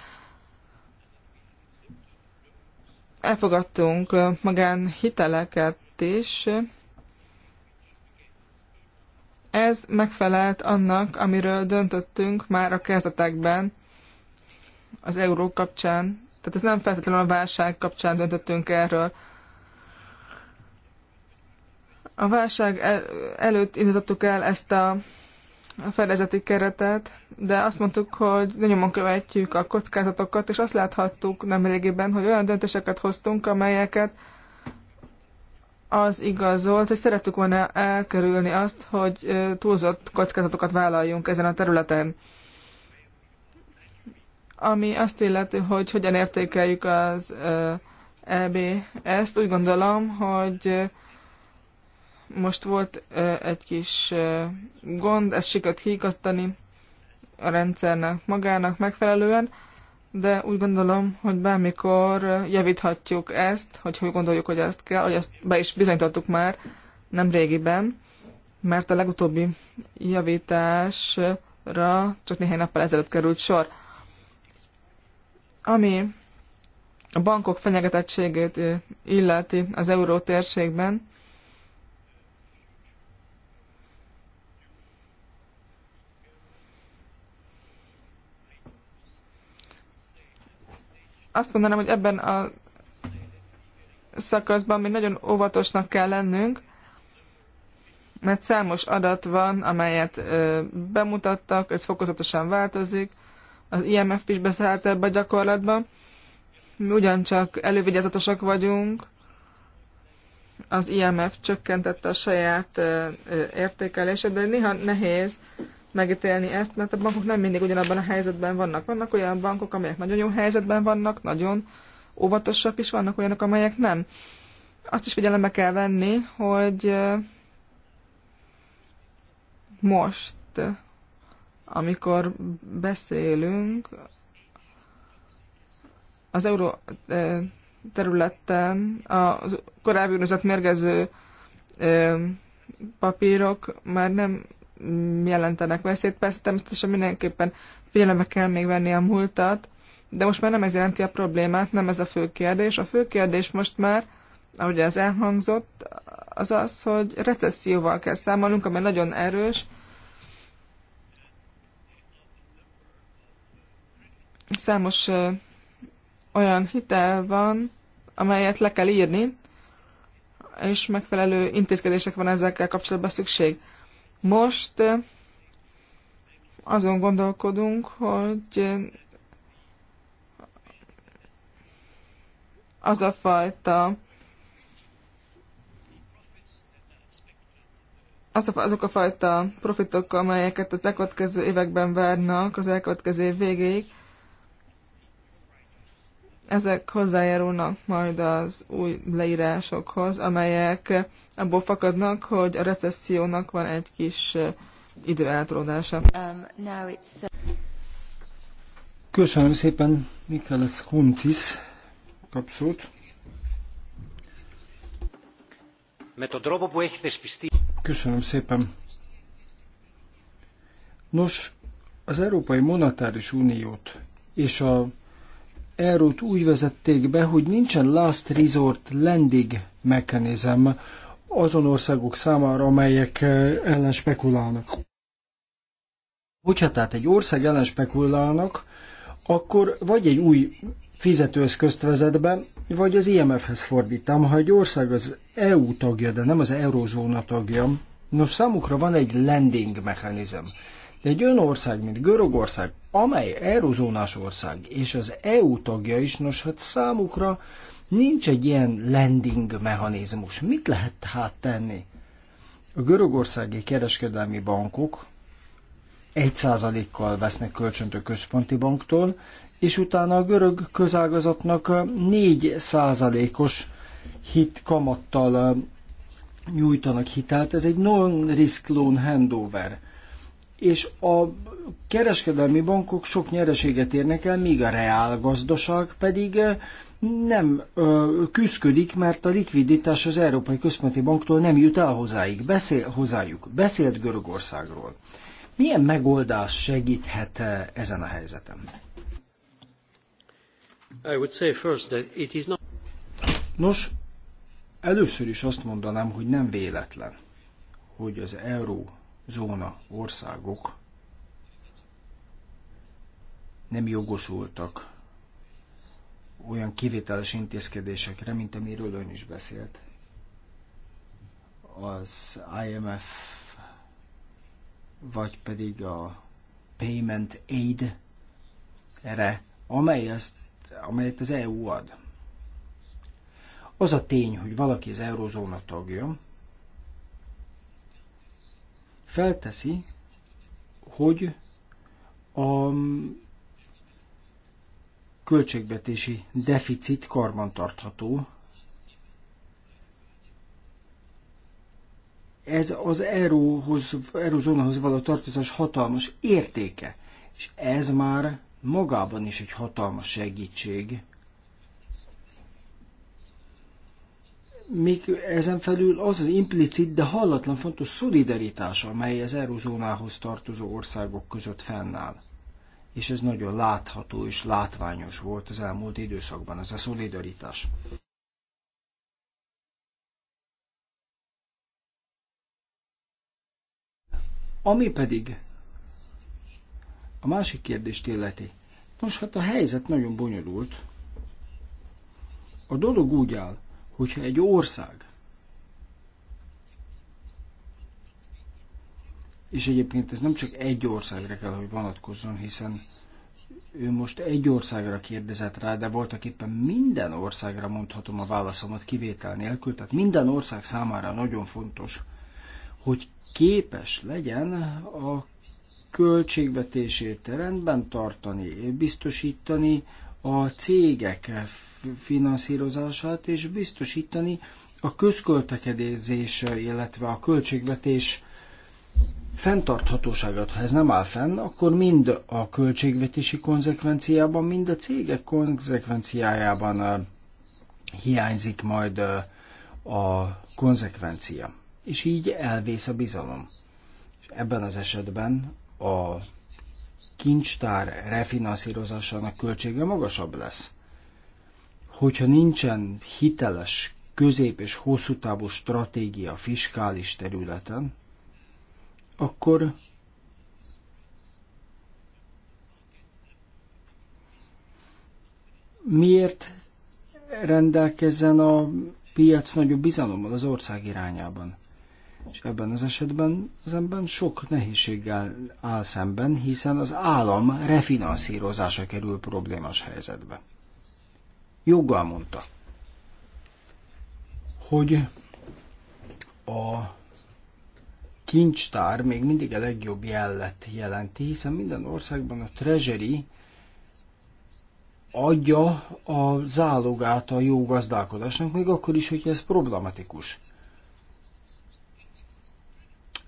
Elfogadtunk magánhiteleket is. Ez megfelelt annak, amiről döntöttünk már a kezdetekben az euró kapcsán. Tehát ez nem feltétlenül a válság kapcsán döntöttünk erről. A válság előtt indítottuk el ezt a a fedezeti keretet, de azt mondtuk, hogy nyomon követjük a kockázatokat, és azt láthattuk nemrégiben, hogy olyan döntéseket hoztunk, amelyeket az igazolt, hogy szerettük volna elkerülni azt, hogy túlzott kockázatokat vállaljunk ezen a területen. Ami azt illeti, hogy hogyan értékeljük az EB-ezt, úgy gondolom, hogy most volt egy kis gond, ezt sikert kiikasztani a rendszernek magának megfelelően, de úgy gondolom, hogy bármikor javíthatjuk ezt, hogyha úgy gondoljuk, hogy ezt kell, hogy ezt be is bizonyítottuk már nem régiben, mert a legutóbbi javításra csak néhány nappal ezelőtt került sor. Ami a bankok fenyegetettségét illeti az euró térségben, azt mondanám, hogy ebben a szakaszban mi nagyon óvatosnak kell lennünk, mert számos adat van, amelyet ö, bemutattak, ez fokozatosan változik, az IMF is beszállt ebbe a gyakorlatba. Mi ugyancsak elővigyázatosak vagyunk, az IMF csökkentette a saját ö, ö, értékelését, de néha nehéz megítélni ezt, mert a bankok nem mindig ugyanabban a helyzetben vannak. Vannak olyan bankok, amelyek nagyon jó helyzetben vannak, nagyon óvatosak is, vannak olyanok, amelyek nem. Azt is figyelembe kell venni, hogy most, amikor beszélünk, az euró területen a korábbi mérgező papírok már nem jelentenek veszélyt. Persze természetesen mindenképpen figyelembe kell még venni a múltat, de most már nem ez jelenti a problémát, nem ez a fő kérdés. A fő kérdés most már, ahogy ez elhangzott, az az, hogy recesszióval kell számolnunk, ami nagyon erős. Számos olyan hitel van, amelyet le kell írni, és megfelelő intézkedések van ezekkel kapcsolatban szükség. Most eh, azon gondolkodunk, hogy eh, az a fajta az a, azok a fajta profitok, amelyeket az elkövetkező években várnak, az elkövetkező év végéig, ezek hozzájárulnak majd az új leírásokhoz, amelyek abból fakadnak, hogy a recessziónak van egy kis időeltolódása. Um, uh, Köszönöm szépen Mikaelasz Huntis kapszót. Köszönöm szépen. Nos, az Európai Monetáris Uniót és a Eurót úgy vezették be, hogy nincsen last resort lending mechanism azon országok számára, amelyek eh, ellen spekulálnak. Hogyha tehát egy ország ellen spekulálnak, akkor vagy egy új fizetőeszközt vezet be, vagy az IMF-hez fordítam. Ha egy ország az EU tagja, de nem az eurozóna tagja, nos számukra van egy lending mechanizm. De egy olyan ország, mint Görögország, amely eurozónás ország, és az EU tagja is, nos, hát számukra nincs egy ilyen lending mechanizmus. Mit lehet hát tenni? A görögországi kereskedelmi bankok 1%-kal vesznek kölcsönt a központi banktól, és utána a görög közágazatnak 4%-os hit kamattal nyújtanak hitelt. Ez egy non-risk loan handover és a kereskedelmi bankok sok nyereséget érnek el, míg a reál gazdaság pedig eh, nem ö, küzdködik, mert a likviditás az Európai Központi Banktól nem jut el hozzáig, beszél, hozzájuk. Beszélt Görögországról. Milyen megoldás segíthet eh, ezen a helyzeten? I would say first that it is not... Nos, először is azt mondanám, hogy nem véletlen, hogy az euró zóna országok nem jogosultak olyan kivételes intézkedésekre, mint amiről ön is beszélt. Az IMF vagy pedig a Payment Aid erre, amely ezt, amelyet az EU ad. Az a tény, hogy valaki az eurozóna tagja, felteszi, hogy a költségvetési deficit karbantartható. Ez az euróhoz, eurozónahoz való tartozás hatalmas értéke, és ez már magában is egy hatalmas segítség még ezen felül az az implicit, de hallatlan fontos szolidaritás, amely az eurozónához tartozó országok között fennáll. És ez nagyon látható és látványos volt az elmúlt időszakban, ez a szolidaritás. Ami pedig a másik kérdést illeti. Nos, hát a helyzet nagyon bonyolult. A dolog úgy áll, hogyha egy ország és egyébként ez nem csak egy országra kell, hogy vonatkozzon, hiszen ő most egy országra kérdezett rá, de voltak éppen minden országra mondhatom a válaszomat kivétel nélkül, tehát minden ország számára nagyon fontos, hogy képes legyen a költségvetését rendben tartani, biztosítani a cégek finanszírozását, és biztosítani a közköltekedés, illetve a költségvetés fenntarthatóságát. Ha ez nem áll fenn, akkor mind a költségvetési konzekvenciában, mind a cégek konzekvenciájában uh, hiányzik majd uh, a konzekvencia. És így elvész a bizalom. És ebben az esetben a kincstár refinanszírozásának költsége magasabb lesz. Hogyha nincsen hiteles közép- és hosszú távú stratégia fiskális területen, akkor miért rendelkezzen a piac nagyobb bizalommal az ország irányában? És ebben az esetben az ember sok nehézséggel áll szemben, hiszen az állam refinanszírozása kerül problémás helyzetbe. Joggal mondta, hogy a kincstár még mindig a legjobb jellet jelenti, hiszen minden országban a treasury adja a zálogát a jó gazdálkodásnak, még akkor is, hogy ez problematikus.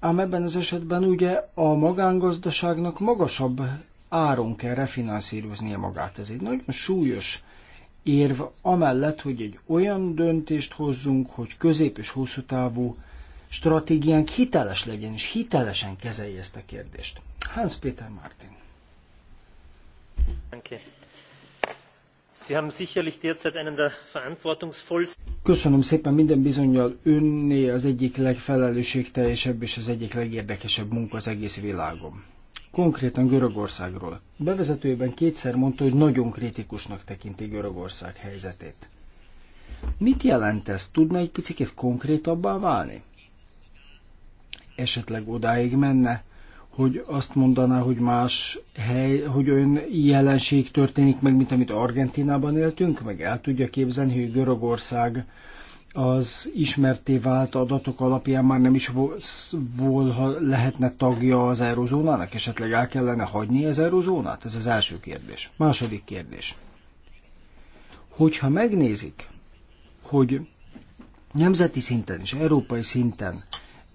Ám ebben az esetben ugye a magángazdaságnak magasabb áron kell refinanszíroznia magát. Ez egy nagyon súlyos érv, amellett, hogy egy olyan döntést hozzunk, hogy közép- és hosszú távú stratégiánk hiteles legyen, és hitelesen kezelje ezt a kérdést. Hans Peter Martin. Köszönöm. Köszönöm szépen minden bizonyal önné az egyik legfelelősségteljesebb és az egyik legérdekesebb munka az egész világon. Konkrétan Görögországról. Bevezetőjében kétszer mondta, hogy nagyon kritikusnak tekinti Görögország helyzetét. Mit jelent ez? Tudna egy picit konkrétabbá válni? Esetleg odáig menne, hogy azt mondaná, hogy más hely, hogy olyan jelenség történik meg, mint amit Argentinában éltünk, meg el tudja képzelni, hogy Görögország az ismerté vált adatok alapján már nem is vol, ha lehetne tagja az eurozónának, esetleg el kellene hagyni az eurozónát? Ez az első kérdés. Második kérdés. Hogyha megnézik, hogy nemzeti szinten és európai szinten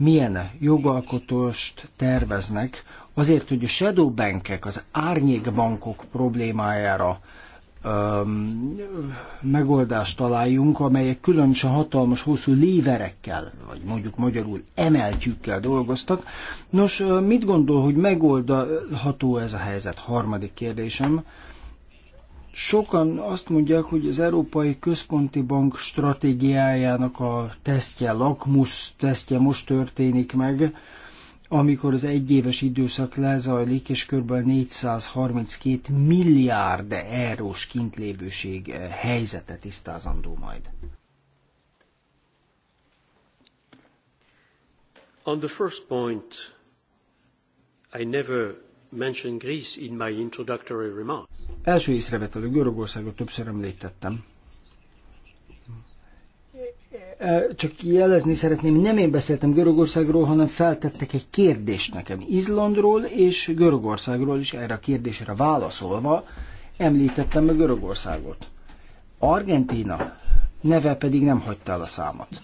milyen jogalkotást terveznek, azért, hogy a shadow bankek, az árnyékbankok problémájára öm, megoldást találjunk, amelyek különösen hatalmas hosszú léverekkel, vagy mondjuk magyarul emeltjükkel dolgoztak. Nos, mit gondol, hogy megoldható ez a helyzet? Harmadik kérdésem. Sokan azt mondják, hogy az Európai Központi Bank stratégiájának a tesztje, lakmus tesztje most történik meg, amikor az egyéves időszak lezajlik, és kb. 432 milliárd eurós kintlévőség eh, helyzete tisztázandó majd. On the first point, I never mentioned Greece in my introductory remarks. Első észrevetelő Görögországot többször említettem. E, csak jelezni szeretném, nem én beszéltem Görögországról, hanem feltettek egy kérdést nekem Izlandról és Görögországról is erre a kérdésre válaszolva említettem meg Görögországot. Argentína neve pedig nem hagyta el a számot.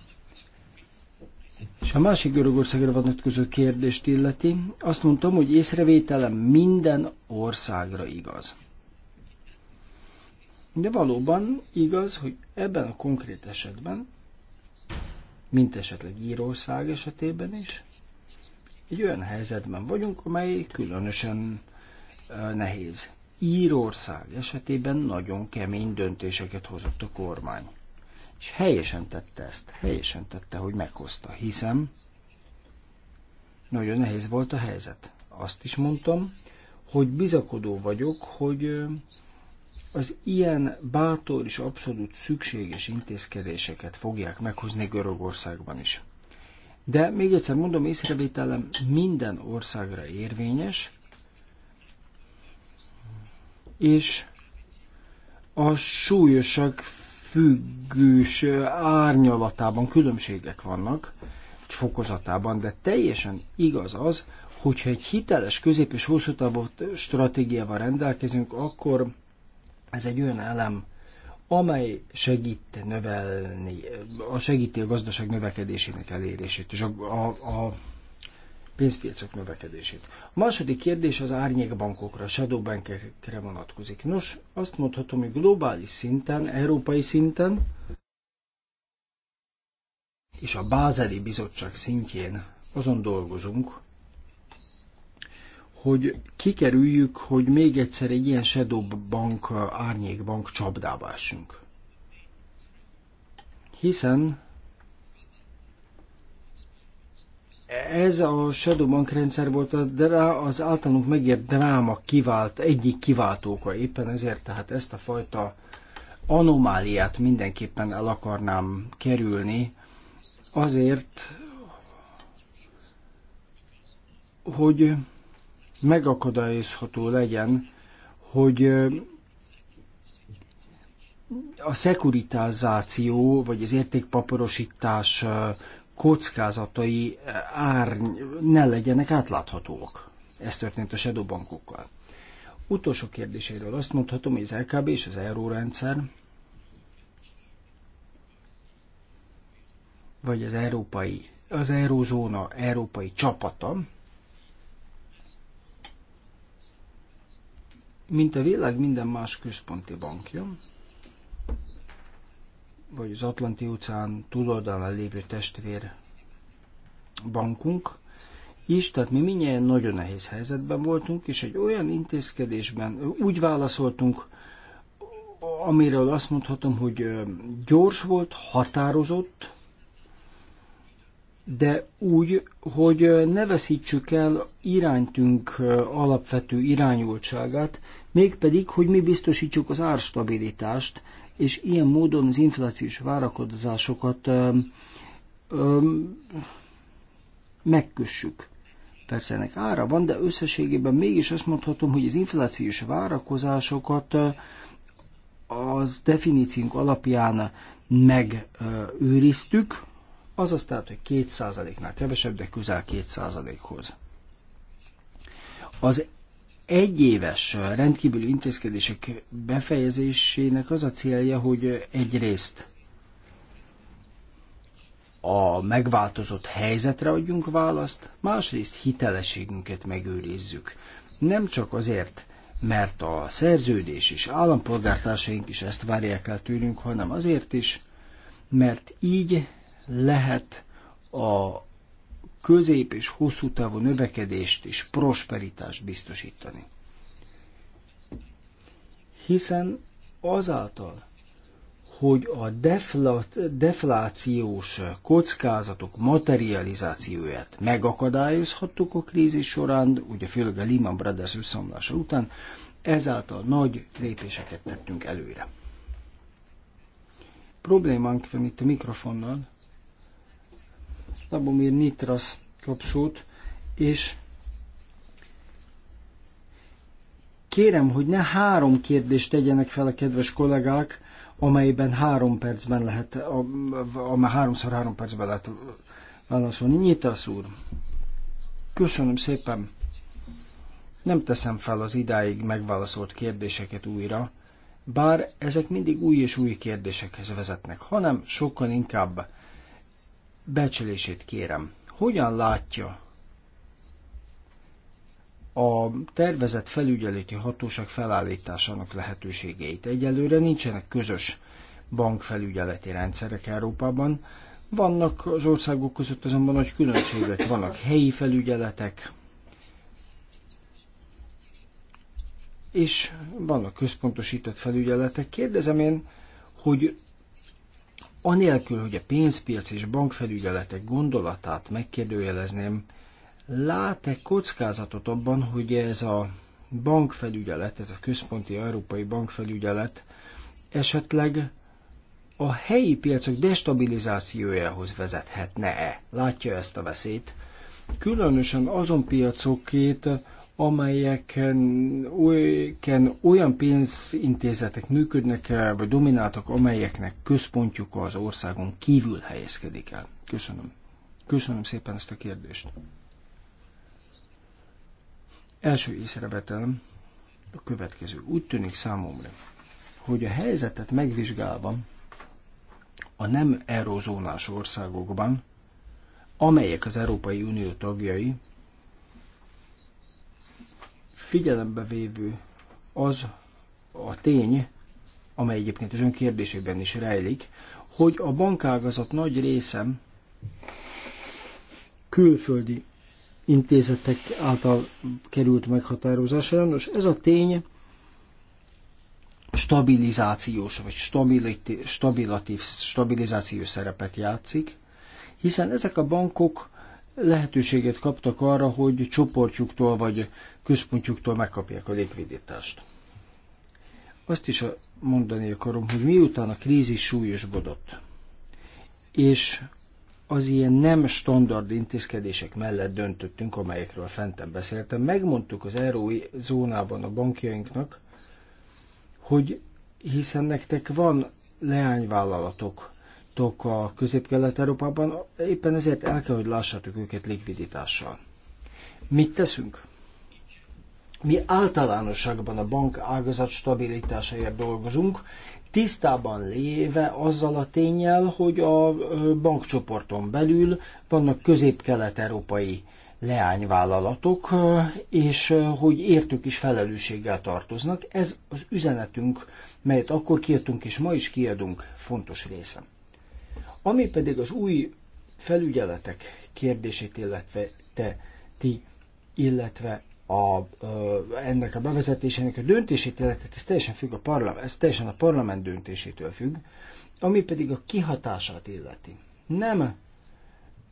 És a másik Görögországra vonatkozó kérdést illeti, azt mondtam, hogy észrevételem minden országra igaz. De valóban igaz, hogy ebben a konkrét esetben, mint esetleg Írország esetében is, egy olyan helyzetben vagyunk, amely különösen nehéz. Írország esetében nagyon kemény döntéseket hozott a kormány. És helyesen tette ezt, helyesen tette, hogy meghozta, hiszem nagyon nehéz volt a helyzet. Azt is mondtam, hogy bizakodó vagyok, hogy az ilyen bátor és abszolút szükséges intézkedéseket fogják meghozni Görögországban is. De még egyszer mondom, észrevételem minden országra érvényes, és a súlyosak függős árnyalatában különbségek vannak, egy fokozatában, de teljesen igaz az, hogyha egy hiteles közép- és hosszú távú stratégiával rendelkezünk, akkor ez egy olyan elem, amely segít növelni, a segíti a gazdaság növekedésének elérését, és a, a, a pénzpiacok növekedését. A második kérdés az árnyékbankokra, shadow bankekre vonatkozik. Nos, azt mondhatom, hogy globális szinten, európai szinten és a Bázeli Bizottság szintjén azon dolgozunk, hogy kikerüljük, hogy még egyszer egy ilyen shadow bank, árnyék bank csapdába esünk. Hiszen ez a Shadow Bank rendszer volt a drá, az általunk megért dráma kivált, egyik kiváltóka éppen ezért, tehát ezt a fajta anomáliát mindenképpen el akarnám kerülni, azért, hogy megakadályozható legyen, hogy a szekuritázáció, vagy az értékpaporosítás kockázatai árny ne legyenek átláthatóak. Ez történt a shadow bankokkal. Utolsó kérdéséről azt mondhatom, hogy az LKB és az eurórendszer, vagy az európai, az eurózóna európai csapata, mint a világ minden más központi bankja, vagy az Atlanti óceán túloldalán lévő testvér bankunk, is, tehát mi minnyien nagyon nehéz helyzetben voltunk, és egy olyan intézkedésben úgy válaszoltunk, amiről azt mondhatom, hogy gyors volt, határozott, de úgy, hogy ne veszítsük el iránytünk alapvető irányultságát, mégpedig, hogy mi biztosítsuk az árstabilitást, és ilyen módon az inflációs várakozásokat öm, öm, megkössük. Persze ennek ára van, de összességében mégis azt mondhatom, hogy az inflációs várakozásokat az definíciónk alapján megőriztük, Azaz tehát, hogy 2%-nál kevesebb, de közel 2%-hoz. Az egyéves rendkívüli intézkedések befejezésének az a célja, hogy egyrészt a megváltozott helyzetre adjunk választ, másrészt hitelességünket megőrizzük. Nem csak azért, mert a szerződés és állampolgártársaink is ezt várják el tőlünk, hanem azért is, mert így lehet a közép és hosszú távú növekedést és prosperitást biztosítani. Hiszen azáltal, hogy a deflat, deflációs kockázatok materializációját megakadályozhattuk a krízis során, ugye főleg a Lehman Brothers összeomlása után, ezáltal nagy lépéseket tettünk előre. Problémánk van itt a mikrofonnal. Slabomir Nitras kapszót, és kérem, hogy ne három kérdést tegyenek fel a kedves kollégák, amelyben három percben lehet, amely háromszor három percben lehet válaszolni. Nyitrasz úr, köszönöm szépen. Nem teszem fel az idáig megválaszolt kérdéseket újra, bár ezek mindig új és új kérdésekhez vezetnek, hanem sokkal inkább becsülését kérem. Hogyan látja a tervezett felügyeleti hatóság felállításának lehetőségeit? Egyelőre nincsenek közös bankfelügyeleti rendszerek Európában. Vannak az országok között azonban nagy különbségek, vannak helyi felügyeletek, és vannak központosított felügyeletek. Kérdezem én, hogy anélkül, hogy a pénzpiac és bankfelügyeletek gondolatát megkérdőjelezném, lát-e kockázatot abban, hogy ez a bankfelügyelet, ez a központi európai bankfelügyelet esetleg a helyi piacok destabilizációjához vezethetne-e? Látja ezt a veszélyt? Különösen azon piacokét, amelyeken olyan pénzintézetek működnek el, vagy domináltak, amelyeknek központjuk az országon kívül helyezkedik el. Köszönöm. Köszönöm szépen ezt a kérdést. Első észrevetelem a következő. Úgy tűnik számomra, hogy a helyzetet megvizsgálva a nem eurozónás országokban, amelyek az Európai Unió tagjai, figyelembe vévő az a tény, amely egyébként az ön kérdésében is rejlik, hogy a bankágazat nagy része külföldi intézetek által került meghatározásra. Nos, ez a tény stabilizációs vagy stabiliti, stabilizációs szerepet játszik, hiszen ezek a bankok lehetőséget kaptak arra, hogy csoportjuktól vagy központjuktól megkapják a likviditást. Azt is mondani akarom, hogy miután a krízis súlyosbodott, és az ilyen nem standard intézkedések mellett döntöttünk, amelyekről fenten beszéltem, megmondtuk az eurói zónában a bankjainknak, hogy hiszen nektek van leányvállalatok, fogyasztók a közép-kelet-európában, éppen ezért el kell, hogy lássatok őket likviditással. Mit teszünk? Mi általánosságban a bank ágazat stabilitásáért dolgozunk, tisztában léve azzal a tényel, hogy a bankcsoporton belül vannak közép-kelet-európai leányvállalatok, és hogy értük is felelősséggel tartoznak. Ez az üzenetünk, melyet akkor kiadtunk és ma is kiadunk, fontos része. Ami pedig az új felügyeletek kérdését illetve te, ti, illetve a, ö, ennek a bevezetésének a döntését illetve ez teljesen függ a parlament, ez teljesen a parlament döntésétől függ, ami pedig a kihatását illeti. Nem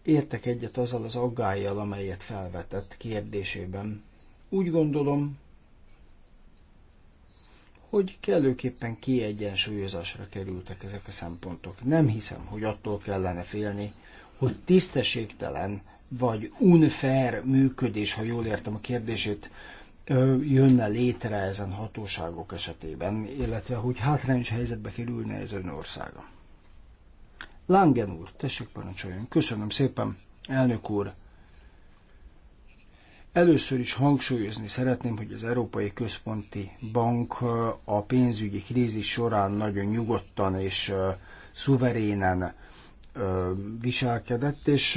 értek egyet azzal az aggájjal, amelyet felvetett kérdésében. Úgy gondolom, hogy kellőképpen kiegyensúlyozásra kerültek ezek a szempontok. Nem hiszem, hogy attól kellene félni, hogy tisztességtelen vagy unfair működés, ha jól értem a kérdését, jönne létre ezen hatóságok esetében, illetve hogy hátrányos helyzetbe kerülne ez ön országa. Langen úr, tessék parancsoljon. Köszönöm szépen, elnök úr. Először is hangsúlyozni szeretném, hogy az Európai Központi Bank a pénzügyi krízis során nagyon nyugodtan és szuverénen viselkedett, és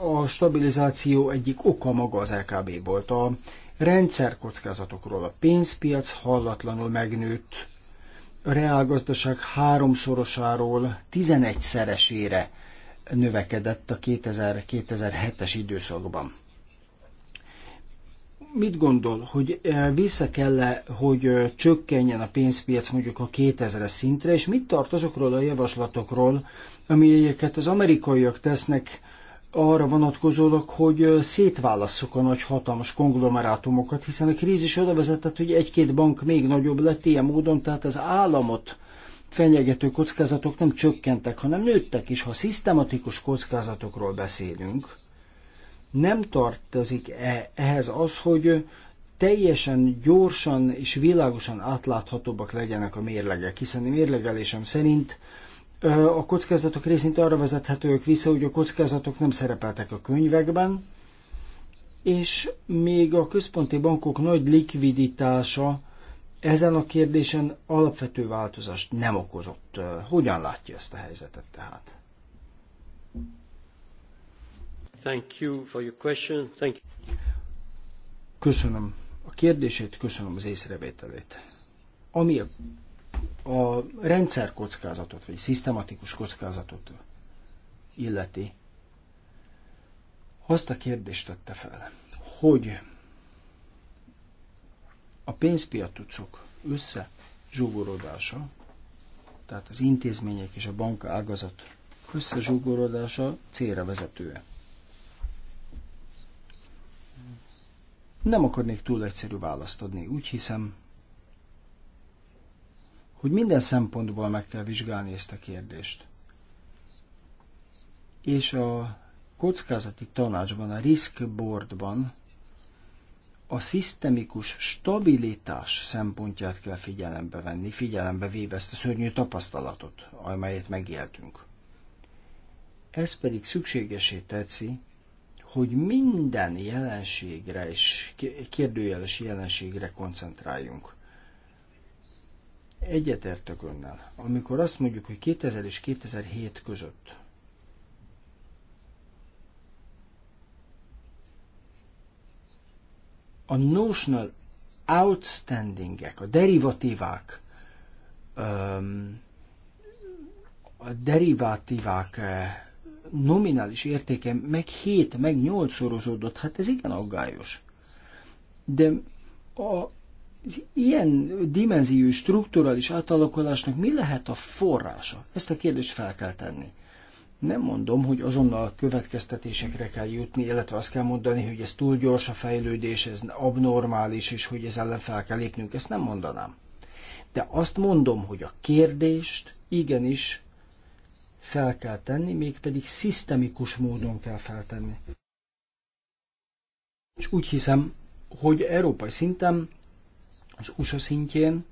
a stabilizáció egyik oka maga az LKB volt. A rendszerkockázatokról a pénzpiac hallatlanul megnőtt, a reálgazdaság háromszorosáról 11-szeresére növekedett a 2000-2007-es időszakban mit gondol, hogy vissza kell -e, hogy csökkenjen a pénzpiac mondjuk a 2000-es szintre, és mit tart azokról a javaslatokról, amelyeket az amerikaiak tesznek arra vonatkozólag, hogy szétválasszuk a nagy hatalmas konglomerátumokat, hiszen a krízis oda vezetett, hogy egy-két bank még nagyobb lett ilyen módon, tehát az államot fenyegető kockázatok nem csökkentek, hanem nőttek is. Ha szisztematikus kockázatokról beszélünk, nem tartozik -e ehhez az, hogy teljesen gyorsan és világosan átláthatóbbak legyenek a mérlegek, hiszen a mérlegelésem szerint a kockázatok részint arra vezethetők vissza, hogy a kockázatok nem szerepeltek a könyvekben, és még a központi bankok nagy likviditása ezen a kérdésen alapvető változást nem okozott. Hogyan látja ezt a helyzetet tehát? Thank you for your question. Thank you. Köszönöm a kérdését, köszönöm az észrevételét. Ami a, a rendszer kockázatot, vagy szisztematikus kockázatot illeti, azt a kérdést tette fel, hogy a pénzpiacok össze zsugorodása, tehát az intézmények és a bank ágazat összezsugorodása célra vezetője. Nem akarnék túl egyszerű választ adni. Úgy hiszem, hogy minden szempontból meg kell vizsgálni ezt a kérdést. És a kockázati tanácsban, a risk boardban a szisztemikus stabilitás szempontját kell figyelembe venni, figyelembe véve ezt a szörnyű tapasztalatot, amelyet megéltünk. Ez pedig szükségesé teszi, hogy minden jelenségre és kérdőjeles jelenségre koncentráljunk. Egyetértek önnel. Amikor azt mondjuk, hogy 2000 és 2007 között a notional outstandingek, a derivatívák, a derivatívák eh, nominális értéke meg 7, meg 8 szorozódott. Hát ez igen aggályos. De a, az ilyen dimenziós, strukturális átalakulásnak mi lehet a forrása? Ezt a kérdést fel kell tenni. Nem mondom, hogy azonnal következtetésekre kell jutni, illetve azt kell mondani, hogy ez túl gyors a fejlődés, ez abnormális, és hogy ez ellen fel kell lépnünk, ezt nem mondanám. De azt mondom, hogy a kérdést igenis fel kell tenni, mégpedig szisztemikus módon kell feltenni. És úgy hiszem, hogy európai szinten, az USA szintjén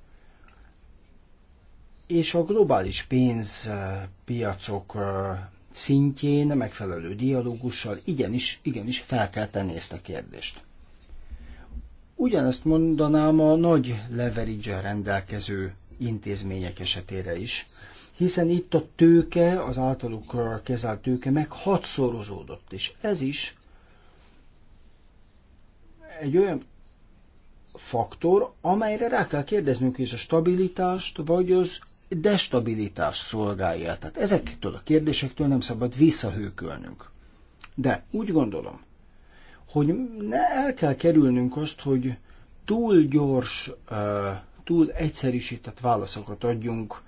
és a globális pénzpiacok szintjén megfelelő dialógussal igenis, igenis fel kell tenni ezt a kérdést. Ugyanezt mondanám a nagy leverage rendelkező intézmények esetére is, hiszen itt a tőke, az általuk kezelt tőke meg hatszorozódott, és ez is egy olyan faktor, amelyre rá kell kérdeznünk, és a stabilitást vagy az destabilitást szolgálja. Tehát ezektől a kérdésektől nem szabad visszahőkölnünk. De úgy gondolom, hogy ne el kell kerülnünk azt, hogy túl gyors, eh, túl egyszerűsített válaszokat adjunk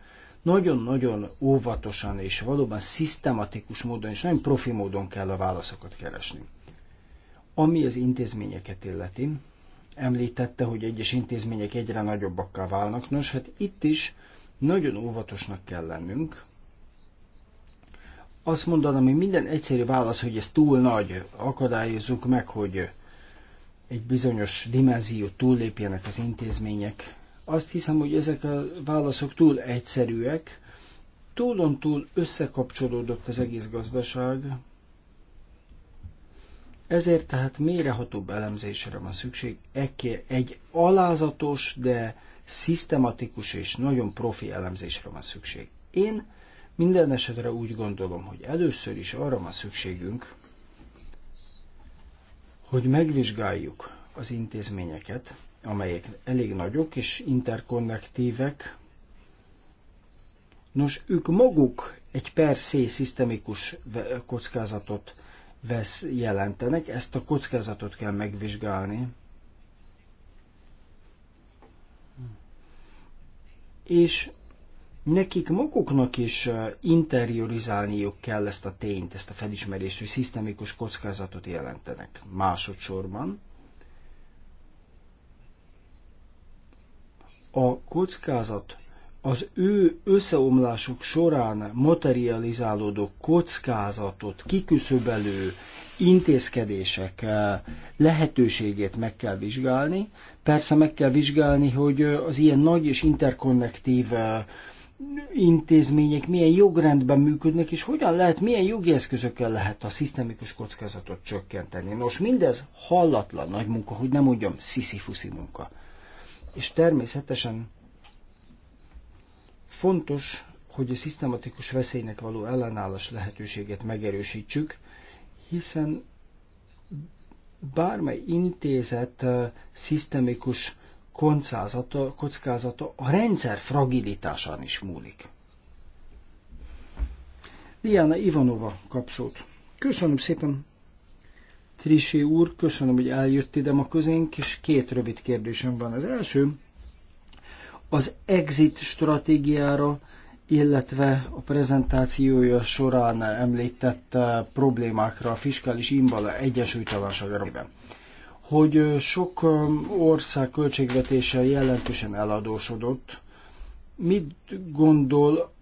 nagyon-nagyon óvatosan és valóban szisztematikus módon és nagyon profi módon kell a válaszokat keresni. Ami az intézményeket illeti, említette, hogy egyes intézmények egyre nagyobbakká válnak. Nos, hát itt is nagyon óvatosnak kell lennünk. Azt mondanám, hogy minden egyszerű válasz, hogy ez túl nagy, akadályozzuk meg, hogy egy bizonyos dimenziót túllépjenek az intézmények, azt hiszem, hogy ezek a válaszok túl egyszerűek, túlon túl összekapcsolódott az egész gazdaság, ezért tehát mélyrehatóbb elemzésre van szükség, egy alázatos, de szisztematikus és nagyon profi elemzésre van szükség. Én minden esetre úgy gondolom, hogy először is arra van szükségünk, hogy megvizsgáljuk az intézményeket, amelyek elég nagyok és interkonnektívek. Nos, ők maguk egy per se szisztemikus kockázatot vesz, jelentenek, ezt a kockázatot kell megvizsgálni. És nekik maguknak is interiorizálniuk kell ezt a tényt, ezt a felismerést, hogy szisztemikus kockázatot jelentenek másodszorban. a kockázat az ő összeomlásuk során materializálódó kockázatot kiküszöbelő intézkedések eh, lehetőségét meg kell vizsgálni. Persze meg kell vizsgálni, hogy eh, az ilyen nagy és interkonnektív eh, intézmények milyen jogrendben működnek, és hogyan lehet, milyen jogi eszközökkel lehet a szisztemikus kockázatot csökkenteni. Nos, mindez hallatlan nagy munka, hogy nem mondjam sziszifuszi munka és természetesen fontos, hogy a szisztematikus veszélynek való ellenállás lehetőséget megerősítsük, hiszen bármely intézet eh, szisztemikus kockázata, kockázata a rendszer fragilitásán is múlik. Diana Ivanova kapszót. Köszönöm szépen, Trisi úr, köszönöm, hogy eljött ide ma közénk, és két rövid kérdésem van. Az első, az exit stratégiára, illetve a prezentációja során említett eh, problémákra, a fiskális imbala egyensúlytalanságra. Hogy eh, sok eh, ország költségvetése jelentősen eladósodott, Mit gondol,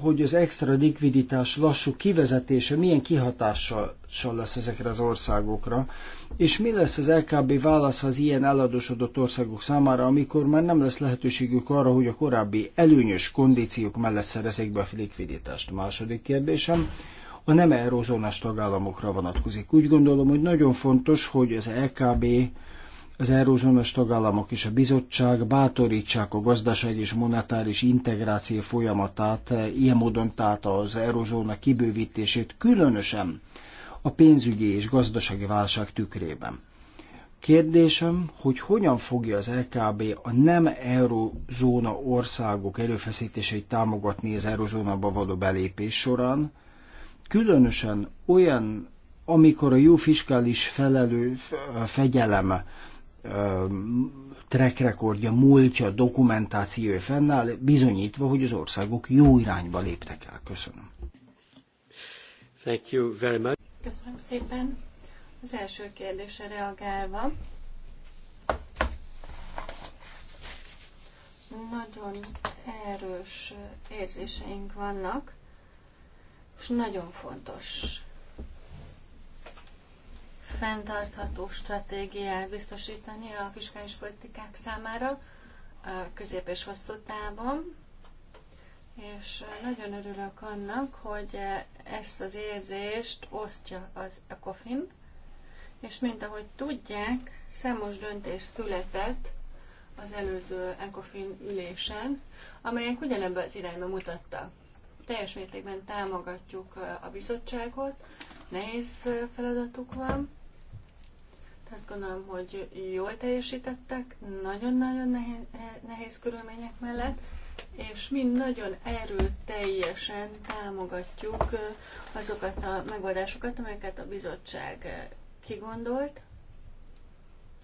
hogy az extra likviditás lassú kivezetése milyen kihatással lesz ezekre az országokra, és mi lesz az LKB válasz az ilyen eladósodott országok számára, amikor már nem lesz lehetőségük arra, hogy a korábbi előnyös kondíciók mellett szerezzék be a likviditást? A második kérdésem a nem eurozónás tagállamokra vonatkozik. Úgy gondolom, hogy nagyon fontos, hogy az LKB az eurózónos tagállamok és a bizottság bátorítsák a gazdasági és monetáris integráció folyamatát, ilyen módon tehát az eurózóna kibővítését, különösen a pénzügyi és gazdasági válság tükrében. Kérdésem, hogy hogyan fogja az LKB a nem eurozóna országok erőfeszítéseit támogatni az eurozónába való belépés során, különösen olyan, amikor a jó fiskális felelő fegyelem track rekordja, múltja, dokumentációja fennáll, bizonyítva, hogy az országok jó irányba léptek el. Köszönöm. Thank you very much. Köszönöm szépen. Az első kérdésre reagálva. Nagyon erős érzéseink vannak, és nagyon fontos fenntartható stratégiát biztosítani a fiskális politikák számára közép és hosszú távon. És nagyon örülök annak, hogy ezt az érzést osztja az ECOFIN, és mint ahogy tudják, számos döntés született az előző ECOFIN ülésen, amelyek ugyanebben az irányba mutatta. Teljes mértékben támogatjuk a bizottságot, nehéz feladatuk van, azt gondolom, hogy jól teljesítettek, nagyon-nagyon nehéz, nehéz körülmények mellett, és mi nagyon erőteljesen támogatjuk azokat a megoldásokat, amelyeket a bizottság kigondolt,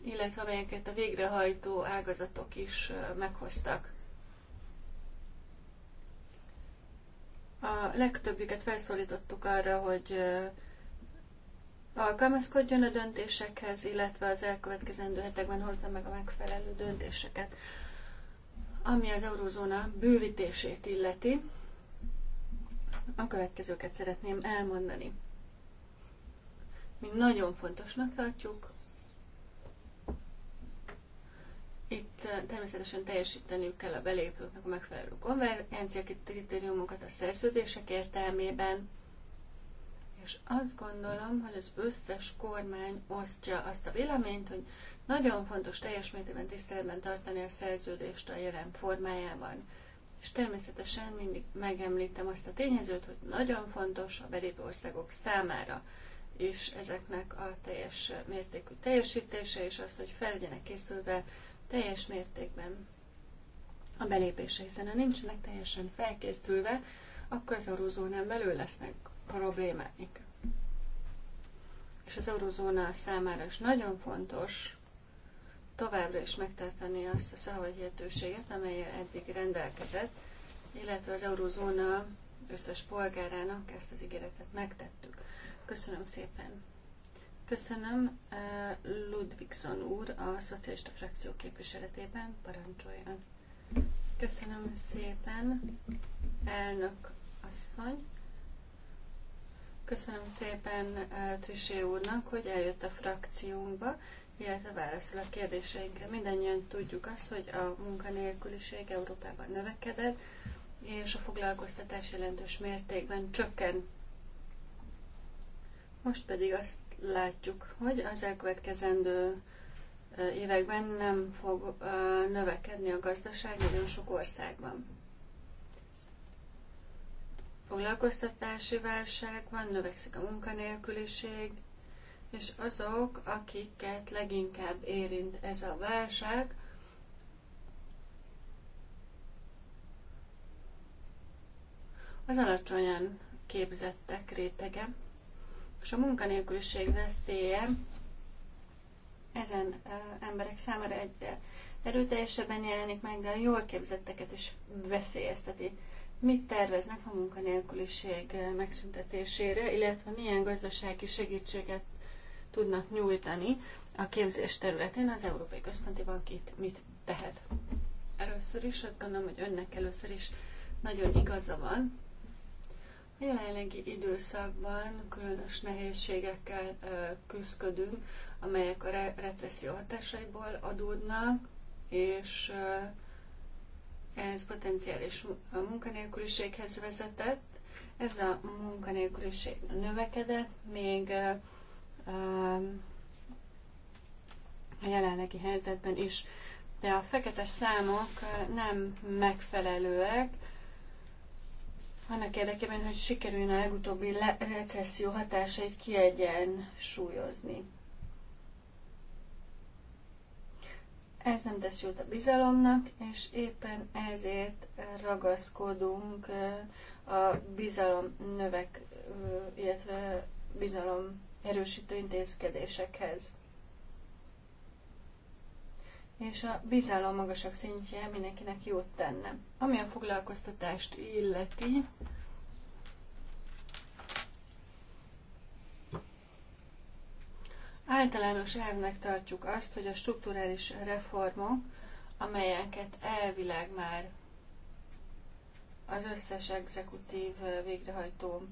illetve amelyeket a végrehajtó ágazatok is meghoztak. A legtöbbüket felszólítottuk arra, hogy alkalmazkodjon a döntésekhez, illetve az elkövetkezendő hetekben hozza meg a megfelelő döntéseket. Ami az eurózóna bővítését illeti, a következőket szeretném elmondani. Mi nagyon fontosnak tartjuk, itt eh, természetesen teljesíteniük kell a belépőknek a megfelelő konvergencia kritériumokat a szerződések értelmében, és azt gondolom, hogy az összes kormány osztja azt a véleményt, hogy nagyon fontos teljes mértékben tiszteletben tartani a szerződést a jelen formájában. És természetesen mindig megemlítem azt a tényezőt, hogy nagyon fontos a belépő országok számára és ezeknek a teljes mértékű teljesítése, és az, hogy fel legyenek készülve teljes mértékben a belépése, hiszen ha nincsenek teljesen felkészülve, akkor az eurózónán belül lesznek problémáik. És az eurozóna számára is nagyon fontos továbbra is megtartani azt a szavahihetőséget, amelyel eddig rendelkezett, illetve az eurozóna összes polgárának ezt az ígéretet megtettük. Köszönöm szépen! Köszönöm. Eh, Ludvigson úr a Szocialista Frakció képviseletében parancsoljon. Köszönöm szépen, elnök asszony. Köszönöm szépen eh, Trisé úrnak, hogy eljött a frakciónkba, illetve válaszol a kérdéseinkre. Mindennyian tudjuk azt, hogy a munkanélküliség Európában növekedett, és a foglalkoztatás jelentős mértékben csökken. Most pedig azt látjuk, hogy az elkövetkezendő eh, években nem fog eh, növekedni a gazdaság nagyon sok országban foglalkoztatási válság van, növekszik a munkanélküliség, és azok, akiket leginkább érint ez a válság, az alacsonyan képzettek rétege, és a munkanélküliség veszélye ezen emberek számára egyre erőteljesebben jelenik meg, de a jól képzetteket is veszélyezteti. Mit terveznek a munkanélküliség megszüntetésére, illetve milyen gazdasági segítséget tudnak nyújtani a képzés területén az Európai Központi Bank itt mit tehet? Először is azt gondolom, hogy önnek először is nagyon igaza van. A jelenlegi időszakban különös nehézségekkel küzdködünk, amelyek a recesszió hatásaiból adódnak, és ez potenciális munkanélküliséghez vezetett, ez a munkanélküliség növekedett, még a jelenlegi helyzetben is. De a fekete számok nem megfelelőek, annak érdekében, hogy sikerüljön a legutóbbi recesszió hatásait kiegyensúlyozni. Ez nem tesz jót a bizalomnak, és éppen ezért ragaszkodunk a bizalom növek, illetve bizalom erősítő intézkedésekhez. És a bizalom magasabb szintje mindenkinek jót tenne. Ami a foglalkoztatást illeti, Általános elvnek tartjuk azt, hogy a strukturális reformok, amelyeket elvileg már az összes exekutív végrehajtó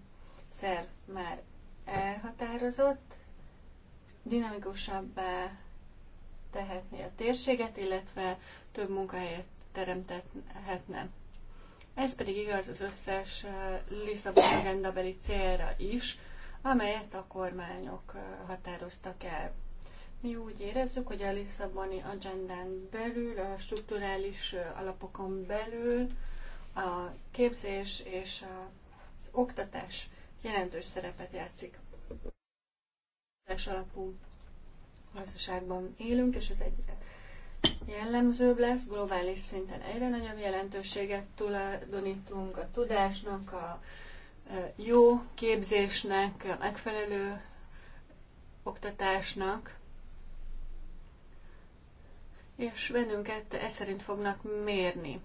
szerv már elhatározott, dinamikusabbá tehetné a térséget, illetve több munkahelyet teremtethetne. Ez pedig igaz az összes eh, Lisszabon agendabeli célra is, amelyet a kormányok határoztak el. Mi úgy érezzük, hogy a Lisszaboni agendán belül, a strukturális alapokon belül a képzés és az oktatás jelentős szerepet játszik. Oktatás alapú gazdaságban élünk, és ez egyre jellemzőbb lesz, globális szinten egyre nagyobb jelentőséget tulajdonítunk a tudásnak, a jó képzésnek, megfelelő oktatásnak, és bennünket ez szerint fognak mérni.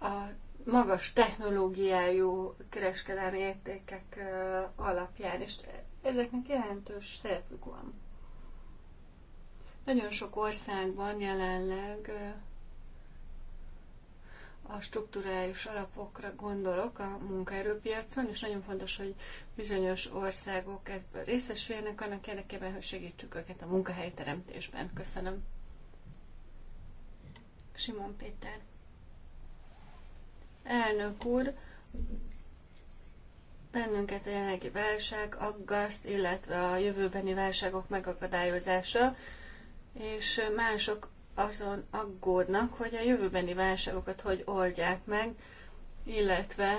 A magas technológiájú kereskedelmi értékek alapján, és ezeknek jelentős szerepük van. Nagyon sok országban jelenleg a struktúrális alapokra gondolok a munkaerőpiacon, és nagyon fontos, hogy bizonyos országok ebből részesüljenek annak érdekében, hogy segítsük őket a munkahelyteremtésben. Köszönöm. Simon Péter. Elnök úr, bennünket a jelenlegi válság aggaszt, illetve a jövőbeni válságok megakadályozása, és mások azon aggódnak, hogy a jövőbeni válságokat hogy oldják meg, illetve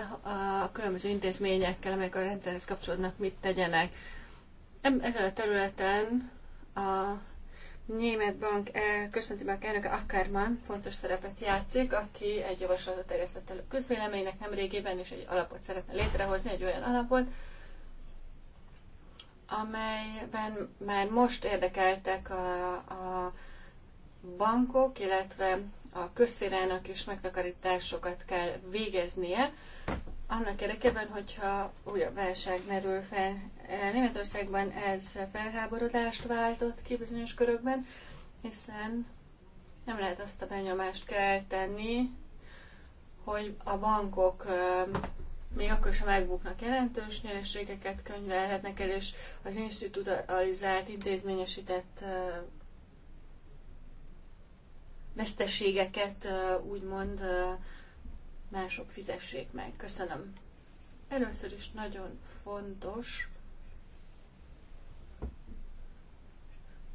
a különböző intézményekkel, amelyek a rendszerhez kapcsolódnak, mit tegyenek. Ezen a területen a német bank, e, központi bank elnöke Ackermann fontos szerepet játszik, aki egy javaslatot terjesztett elő közvéleménynek nemrégében, és egy alapot szeretne létrehozni, egy olyan alapot, amelyben már most érdekeltek a, a bankok, illetve a közférának is megtakarításokat kell végeznie, annak érdekében, hogyha újabb válság merül fel. Eh, Németországban ez felháborodást váltott ki bizonyos körökben, hiszen nem lehet azt a benyomást kelteni, hogy a bankok eh, még akkor sem megbuknak jelentős nyereségeket könyvelhetnek el, és az institucionalizált, intézményesített eh, veszteségeket úgymond mások fizessék meg. Köszönöm. Először is nagyon fontos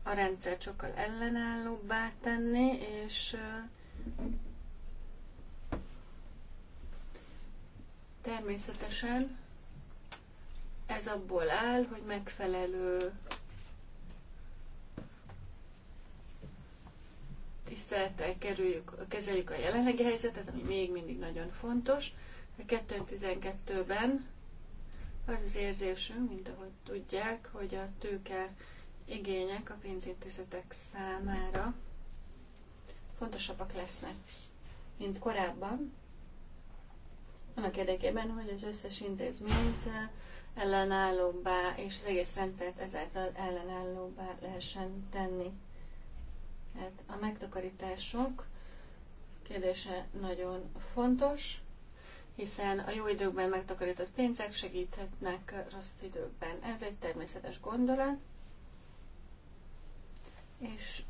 a rendszer sokkal ellenállóbbá tenni, és természetesen ez abból áll, hogy megfelelő tisztelettel kerüljük, kezeljük a jelenlegi helyzetet, ami még mindig nagyon fontos. 2012-ben az az érzésünk, mint ahogy tudják, hogy a tőke igények a pénzintézetek számára fontosabbak lesznek, mint korábban. Annak érdekében, hogy az összes intézményt ellenállóbbá és az egész rendszert ezáltal ellenállóbbá lehessen tenni. Tehát a megtakarítások kérdése nagyon fontos, hiszen a jó időkben megtakarított pénzek segíthetnek rossz időkben. Ez egy természetes gondolat, és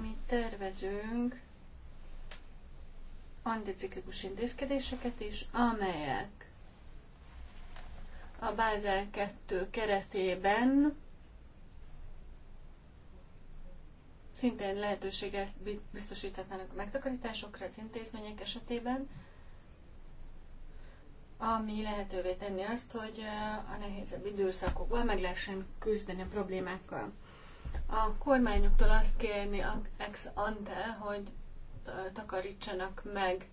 mi tervezünk anticiklikus intézkedéseket is, amelyek a Bázel 2 keretében szintén lehetőséget biztosíthatnának a megtakarításokra az intézmények esetében, ami lehetővé tenni azt, hogy a nehézebb időszakokban meg lehessen küzdeni a problémákkal. A kormányoktól azt kérni ex ante, hogy takarítsanak meg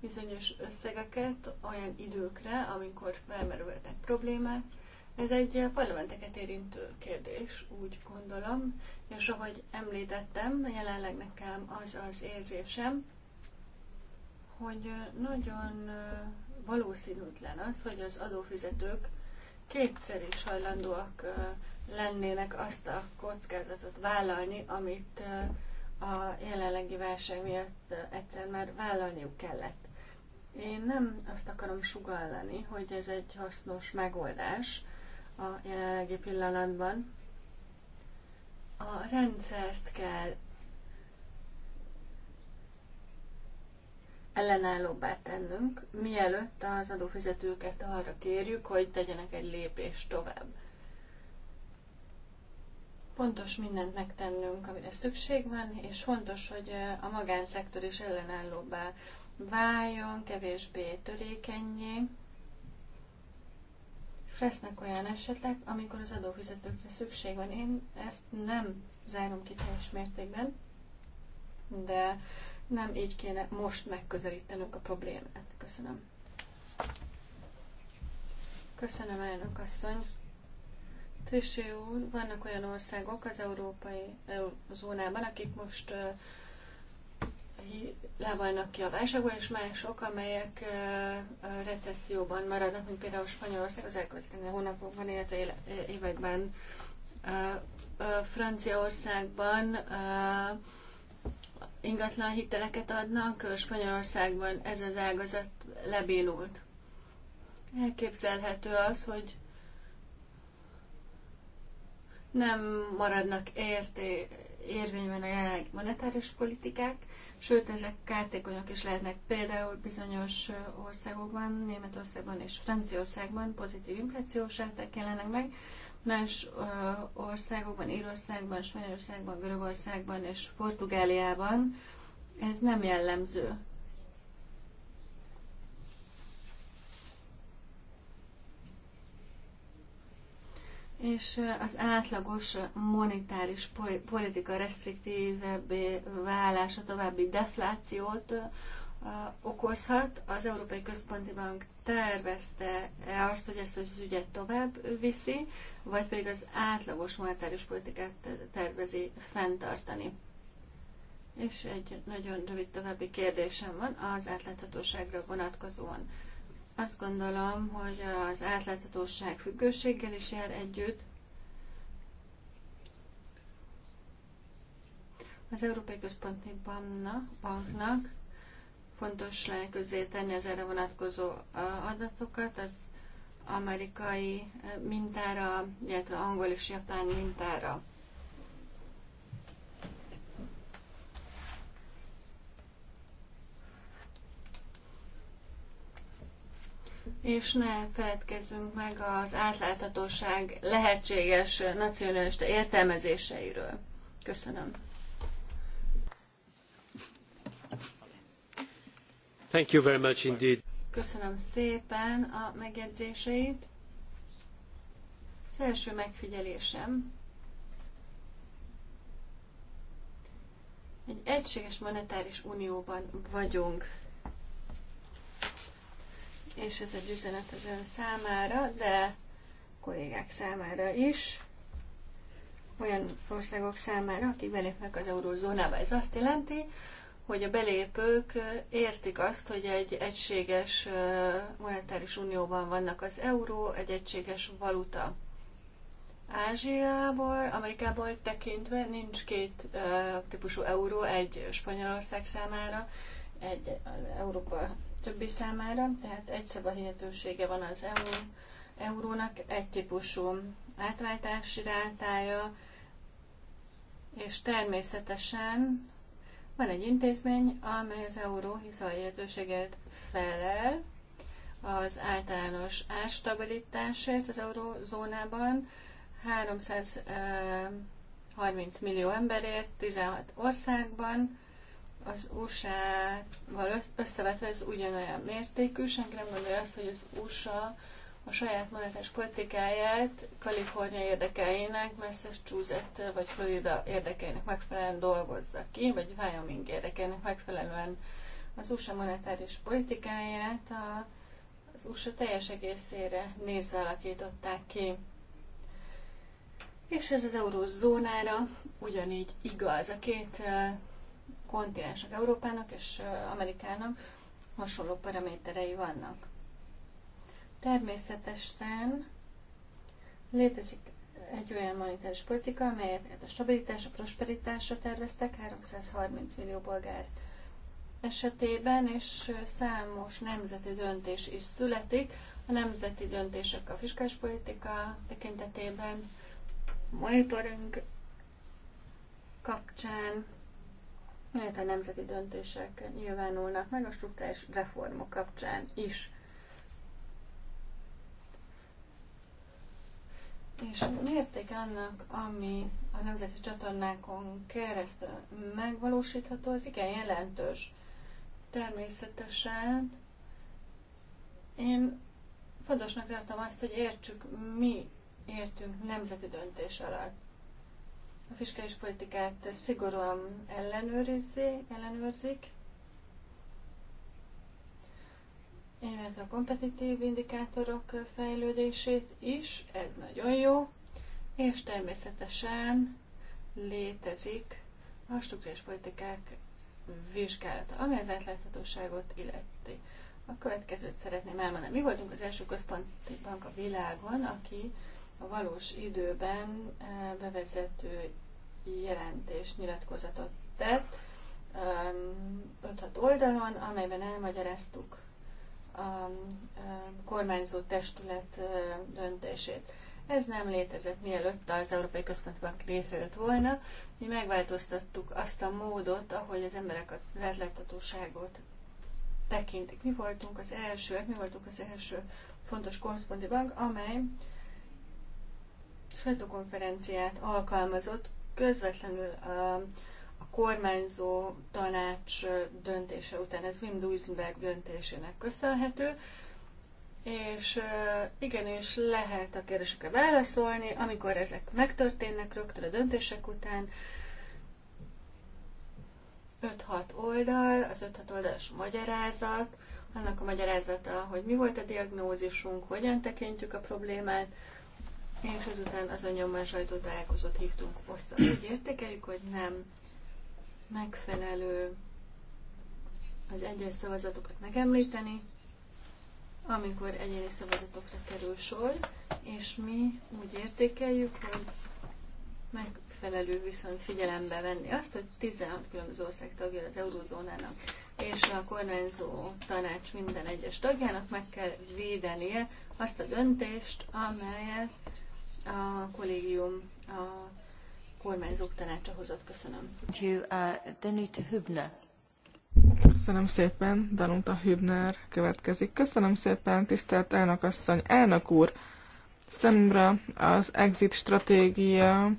bizonyos összegeket olyan időkre, amikor felmerültek problémák, ez egy parlamenteket érintő kérdés, úgy gondolom, és ahogy említettem, jelenleg nekem az az érzésem, hogy nagyon valószínűtlen az, hogy az adófizetők kétszer is hajlandóak lennének azt a kockázatot vállalni, amit a jelenlegi válság miatt egyszer már vállalniuk kellett. Én nem azt akarom sugallani, hogy ez egy hasznos megoldás, a jelenlegi pillanatban. A rendszert kell ellenállóbbá tennünk, mielőtt az adófizetőket arra kérjük, hogy tegyenek egy lépést tovább. Fontos mindent megtennünk, amire szükség van, és fontos, hogy a magánszektor is ellenállóbbá váljon, kevésbé törékenyé, lesznek olyan esetek, amikor az adófizetőkre szükség van. Én ezt nem zárom ki teljes mértékben, de nem így kéne most megközelítenünk a problémát. Köszönöm. Köszönöm, elnök asszony. Trissé úr, vannak olyan országok az európai zónában, akik most lábalnak ki a válságból, és mások, amelyek recesszióban maradnak, mint például Spanyolország az elkövetkező hónapokban, illetve években. Franciaországban ingatlan hiteleket adnak, Spanyolországban ez az ágazat lebénult. Elképzelhető az, hogy nem maradnak érté, érvényben a jelenlegi monetáris politikák, sőt ezek kártékonyak is lehetnek. Például bizonyos országokban, Németországban és Franciaországban pozitív inflációs ráták jelennek meg, más országokban, Írországban, Spanyolországban, Görögországban és Portugáliában ez nem jellemző. és az átlagos monetáris politika restriktívebb válása további deflációt okozhat. Az Európai Központi Bank tervezte azt, hogy ezt az ügyet tovább viszi, vagy pedig az átlagos monetáris politikát tervezi fenntartani. És egy nagyon rövid további kérdésem van az átláthatóságra vonatkozóan. Azt gondolom, hogy az átláthatóság függőséggel is jár együtt. Az Európai Központi Banknak, banknak fontos le közé tenni az erre vonatkozó adatokat, az amerikai mintára, illetve angol és japán mintára. és ne feledkezzünk meg az átláthatóság lehetséges nacionalista értelmezéseiről. Köszönöm. Thank you very much indeed. Köszönöm szépen a megjegyzéseit. Az első megfigyelésem. Egy egységes monetáris unióban vagyunk és ez egy üzenet az ön számára, de kollégák számára is, olyan országok számára, akik belépnek az eurózónába. Ez azt jelenti, hogy a belépők értik azt, hogy egy egységes monetáris unióban vannak az euró, egy egységes valuta. Ázsiából, Amerikából tekintve nincs két típusú euró, egy Spanyolország számára, egy Európa többi számára, tehát egy szava hihetősége van az eurónak, egy típusú átváltási rátája, és természetesen van egy intézmény, amely az euró hiszavahihetőséget felel az általános árstabilitásért az eurózónában, 330 eh, millió emberért 16 országban, az USA-val összevetve ez ugyanolyan mértékű. Senki nem gondolja azt, hogy az USA a saját monetáris politikáját Kalifornia érdekeinek, Massachusetts vagy Florida érdekeinek megfelelően dolgozza ki, vagy Wyoming érdekeinek megfelelően az USA monetáris politikáját a, az USA teljes egészére nézve alakították ki. És ez az eurózónára ugyanígy igaz. A két kontinensnek, Európának és Amerikának hasonló paraméterei vannak. Természetesen létezik egy olyan monetáris politika, amelyet a stabilitás, a prosperitásra terveztek 330 millió bolgár esetében, és számos nemzeti döntés is születik. A nemzeti döntések a fiskális politika tekintetében, monitoring kapcsán, melyet a nemzeti döntések nyilvánulnak meg a struktúrális reformok kapcsán is. És mérték annak, ami a nemzeti csatornákon keresztül megvalósítható, az igen jelentős. Természetesen én fontosnak tartom azt, hogy értsük, mi értünk nemzeti döntés alatt a fiskális politikát szigorúan ellenőrizzi, ellenőrzik, illetve a kompetitív indikátorok fejlődését is, ez nagyon jó, és természetesen létezik a struktúrás politikák vizsgálata, ami az átláthatóságot illeti. A következőt szeretném elmondani. Mi voltunk az első központi bank a világon, aki a valós időben eh, bevezető jelentés nyilatkozatot tett 5-6 ehm, oldalon, amelyben elmagyaráztuk a ehm, kormányzó testület eh, döntését. Ez nem létezett, mielőtt az Európai Központi Bank létrejött volna. Mi megváltoztattuk azt a módot, ahogy az emberek az átláthatóságot tekintik. Mi voltunk az elsőek, mi voltunk az első fontos központi bank, amely sajtókonferenciát alkalmazott közvetlenül a kormányzó tanács döntése után, ez Wim Duisenberg döntésének köszönhető, és igenis lehet a kérdésekre válaszolni, amikor ezek megtörténnek rögtön a döntések után, 5-6 oldal, az 5-6 oldalas magyarázat, annak a magyarázata, hogy mi volt a diagnózisunk, hogyan tekintjük a problémát, és azután az a nyomban sajtótájékozót hívtunk össze. Úgy értékeljük, hogy nem megfelelő az egyes szavazatokat megemlíteni, amikor egyéni szavazatokra kerül sor, és mi úgy értékeljük, hogy megfelelő viszont figyelembe venni azt, hogy 16 különböző ország tagja az eurózónának, és a kormányzó tanács minden egyes tagjának meg kell védenie azt a döntést, amelyet a kollégium a kormányzók tanácsa hozott. Köszönöm. Uh, Köszönöm szépen, Danuta Hübner következik. Köszönöm szépen, tisztelt elnök asszony. Elnök úr, Szemre az exit stratégia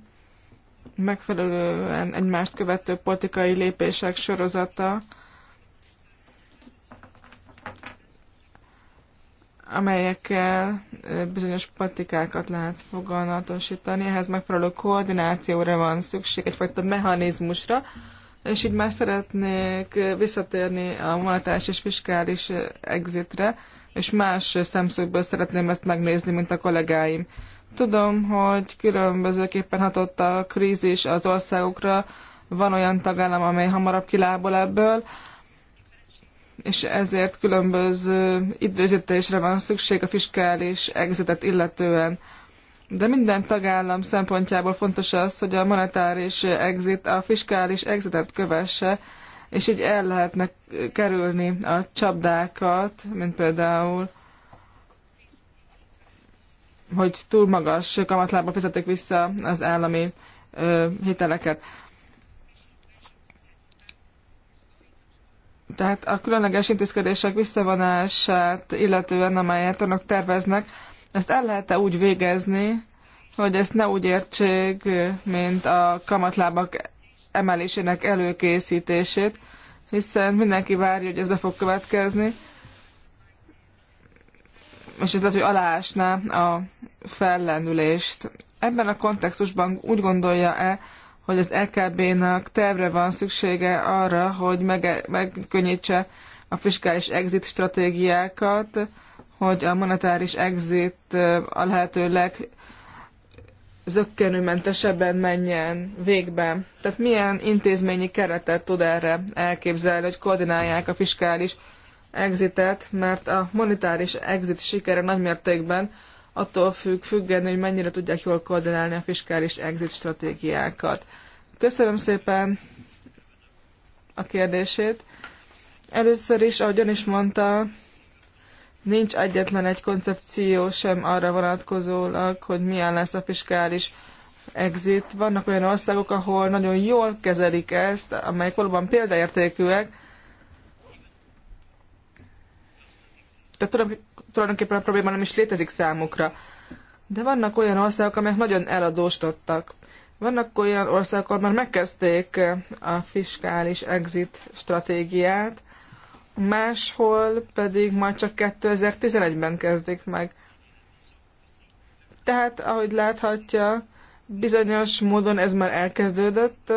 megfelelően egymást követő politikai lépések sorozata, amelyekkel bizonyos patikákat lehet foganatosítani, ehhez megfelelő koordinációra van szükség, egyfajta mechanizmusra, és így már szeretnék visszatérni a monetáris és fiskális exitre, és más szemszögből szeretném ezt megnézni, mint a kollégáim. Tudom, hogy különbözőképpen hatott a krízis az országokra, van olyan tagállam, amely hamarabb kilábol ebből, és ezért különböző időzítésre van szükség a fiskális egzetet illetően. De minden tagállam szempontjából fontos az, hogy a monetáris exit a fiskális exitet kövesse, és így el lehetne kerülni a csapdákat, mint például hogy túl magas kamatlába fizetik vissza az állami ö, hiteleket. tehát a különleges intézkedések visszavonását illetően, amelyet önök terveznek, ezt el lehet-e úgy végezni, hogy ezt ne úgy értsék, mint a kamatlábak emelésének előkészítését, hiszen mindenki várja, hogy ez be fog következni, és ez lehet, hogy aláásná a fellendülést. Ebben a kontextusban úgy gondolja-e, hogy az EKB-nak tervre van szüksége arra, hogy meg, megkönnyítse a fiskális exit stratégiákat, hogy a monetáris exit a lehető leg zöggenőmentesebben menjen végbe. Tehát milyen intézményi keretet tud erre elképzelni, hogy koordinálják a fiskális exitet, mert a monetáris exit sikere nagymértékben attól függ, függeni, hogy mennyire tudják jól koordinálni a fiskális exit stratégiákat. Köszönöm szépen a kérdését. Először is, ahogy ön is mondta, nincs egyetlen egy koncepció sem arra vonatkozólag, hogy milyen lesz a fiskális exit. Vannak olyan országok, ahol nagyon jól kezelik ezt, amelyek valóban példaértékűek. Tehát tulajdonképpen a probléma nem is létezik számukra. De vannak olyan országok, amelyek nagyon eladóstottak. Vannak olyan országok, ahol már megkezdték a fiskális exit stratégiát, máshol pedig majd csak 2011-ben kezdik meg. Tehát, ahogy láthatja, bizonyos módon ez már elkezdődött.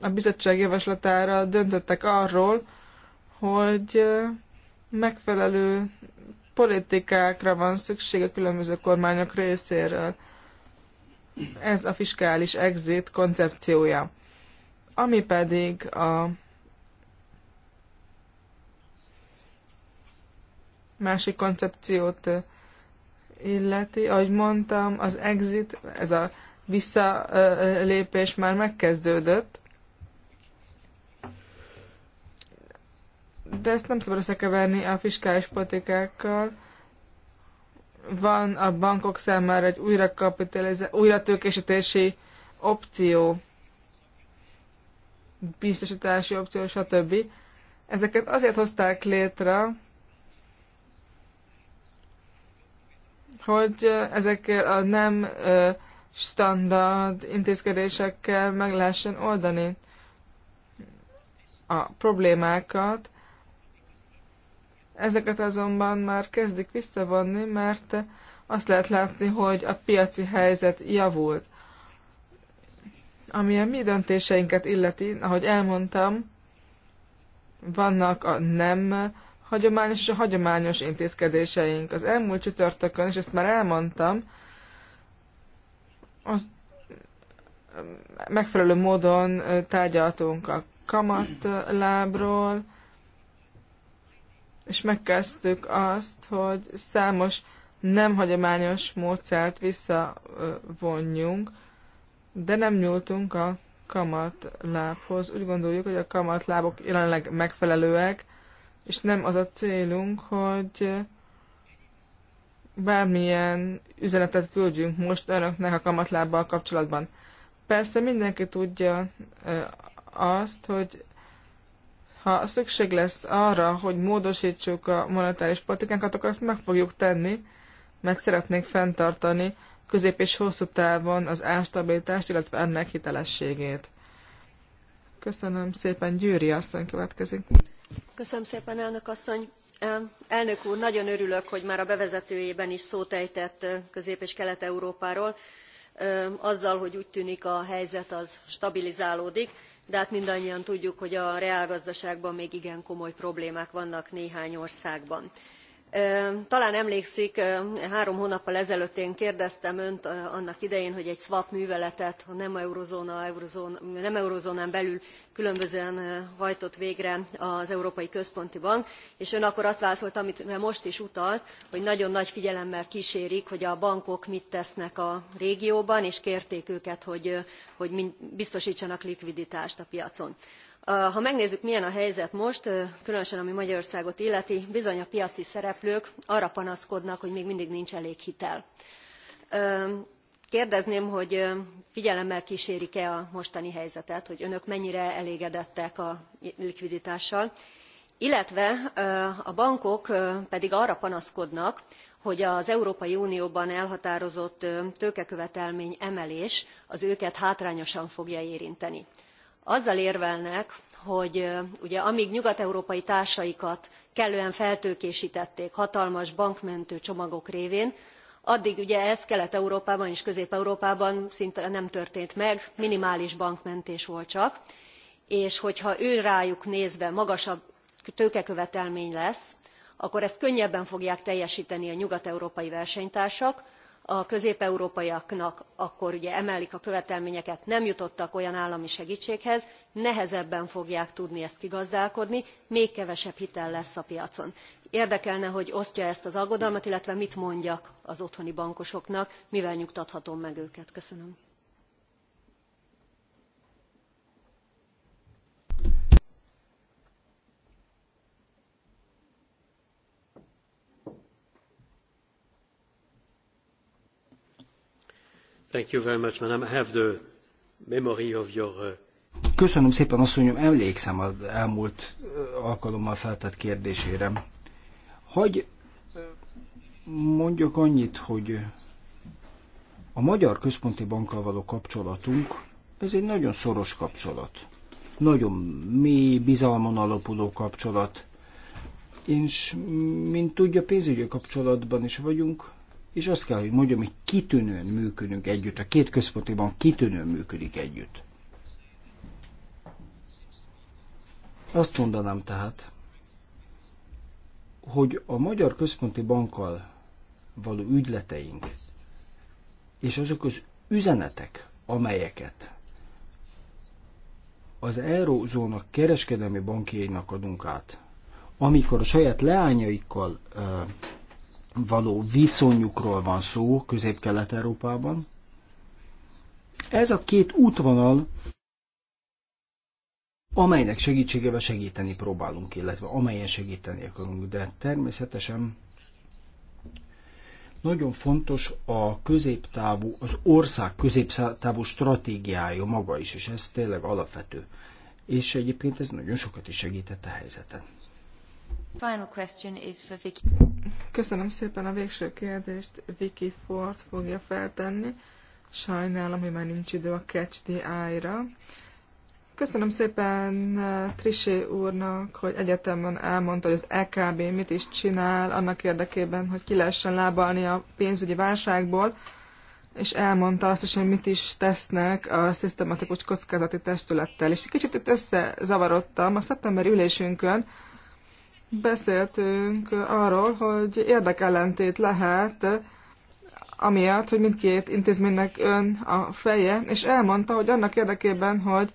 A bizottság javaslatára döntöttek arról, hogy megfelelő politikákra van szükség a különböző kormányok részéről. Ez a fiskális exit koncepciója. Ami pedig a másik koncepciót illeti, ahogy mondtam, az exit, ez a visszalépés már megkezdődött, de ezt nem szabad összekeverni a fiskális politikákkal. Van a bankok számára egy újra tőkésítési opció, biztosítási opció, stb. Ezeket azért hozták létre, hogy ezekkel a nem standard intézkedésekkel meg lehessen oldani a problémákat, Ezeket azonban már kezdik visszavonni, mert azt lehet látni, hogy a piaci helyzet javult. Ami a mi döntéseinket illeti, ahogy elmondtam, vannak a nem hagyományos és a hagyományos intézkedéseink. Az elmúlt csütörtökön, és ezt már elmondtam, az megfelelő módon tárgyaltunk a kamatlábról, és megkezdtük azt, hogy számos nem hagyományos módszert visszavonjunk, de nem nyúltunk a kamatlábhoz. Úgy gondoljuk, hogy a kamatlábok jelenleg megfelelőek, és nem az a célunk, hogy bármilyen üzenetet küldjünk most önöknek a kamatlábbal kapcsolatban. Persze mindenki tudja azt, hogy ha szükség lesz arra, hogy módosítsuk a monetáris politikánkat, akkor azt meg fogjuk tenni, mert szeretnénk fenntartani közép és hosszú távon az ástabilitást, illetve ennek hitelességét. Köszönöm szépen, Győri asszony következik. Köszönöm szépen, elnök asszony. Elnök úr, nagyon örülök, hogy már a bevezetőjében is szót ejtett Közép- és Kelet-Európáról, azzal, hogy úgy tűnik a helyzet az stabilizálódik de hát mindannyian tudjuk hogy a reálgazdaságban még igen komoly problémák vannak néhány országban talán emlékszik három hónappal ezelőtt én kérdeztem önt annak idején hogy egy swap műveletet a nem, eurozóna, nem eurozónán belül különbözően hajtott végre az európai központi bank és ön akkor azt válaszolta amire most is utalt hogy nagyon nagy figyelemmel ksérik hogy a bankok mit tesznek a régióban és kérték őket hogy, hogy biztostsanak likviditást a piacon ha megnézzük milyen a helyzet most különösen ami magyarországot illeti bizony a piaci szereplők arra panaszkodnak hogy még mindig nincs elég hitel. kérdezném hogy figyelemmel ksérik e a mostani helyzetet hogy önök mennyire elégedettek a likviditással illetve a bankok pedig arra panaszkodnak hogy az európai unióban elhatározott tőkekövetelmény emelés az őket hátrányosan fogja érinteni azzal érvelnek hogy ugye amg nyugat európai társaikat kellően feltőkéstették hatalmas bankmentő csomagok révén addig ugye ez kelet európában és közép európában szinte nem történt meg minimális bankmentés volt csak és hogyha őrájuk nézve magasabb tőkekövetelmény lesz akkor ezt könnyebben fogják teljesteni a nyugat európai versenytársak a közép európaiaknak akkor ugye emelik a követelményeket nem jutottak olyan állami segtséghez nehezebben fogják tudni ezt kigazdálkodni még kevesebb hitel lesz a piacon. érdekelne hogy osztja e ezt az aggodalmat illetve mit mondjak az otthoni bankosoknak mivel nyugtathatom meg őket? köszönöm. Uh, Köszönöm szépen, asszonyom, emlékszem az elmúlt uh, alkalommal feltett kérdésére. Hogy uh, mondjak annyit, hogy a Magyar Központi Bankkal való kapcsolatunk, ez egy nagyon szoros kapcsolat. Nagyon mély, bizalmon alapuló kapcsolat. És mint tudja, pénzügyi kapcsolatban is vagyunk, és azt kell, hogy mondjam, hogy kitűnően működünk együtt. A két központi bank kitűnően működik együtt. Azt mondanám tehát, hogy a Magyar Központi Bankkal való ügyleteink, és azok az üzenetek, amelyeket az Eurózónak kereskedelmi bankjainak adunk át, amikor a saját leányaikkal való viszonyukról van szó Közép-Kelet-Európában. Ez a két útvonal, amelynek segítségével segíteni próbálunk, illetve amelyen segíteni akarunk, de természetesen nagyon fontos a középtávú, az ország középtávú stratégiája maga is, és ez tényleg alapvető. És egyébként ez nagyon sokat is segített a helyzeten. Köszönöm szépen a végső kérdést. Vicky Ford fogja feltenni. Sajnálom, hogy már nincs idő a Catch the Eye-ra. Köszönöm szépen eh, Trisé úrnak, hogy egyetemen elmondta, hogy az EKB mit is csinál annak érdekében, hogy ki lehessen lábalni a pénzügyi válságból, és elmondta azt is, hogy mit is tesznek a szisztematikus kockázati testülettel. És kicsit itt összezavarodtam. A szeptemberi ülésünkön beszéltünk arról, hogy érdekellentét lehet amiatt, hogy mindkét intézménynek ön a feje, és elmondta, hogy annak érdekében, hogy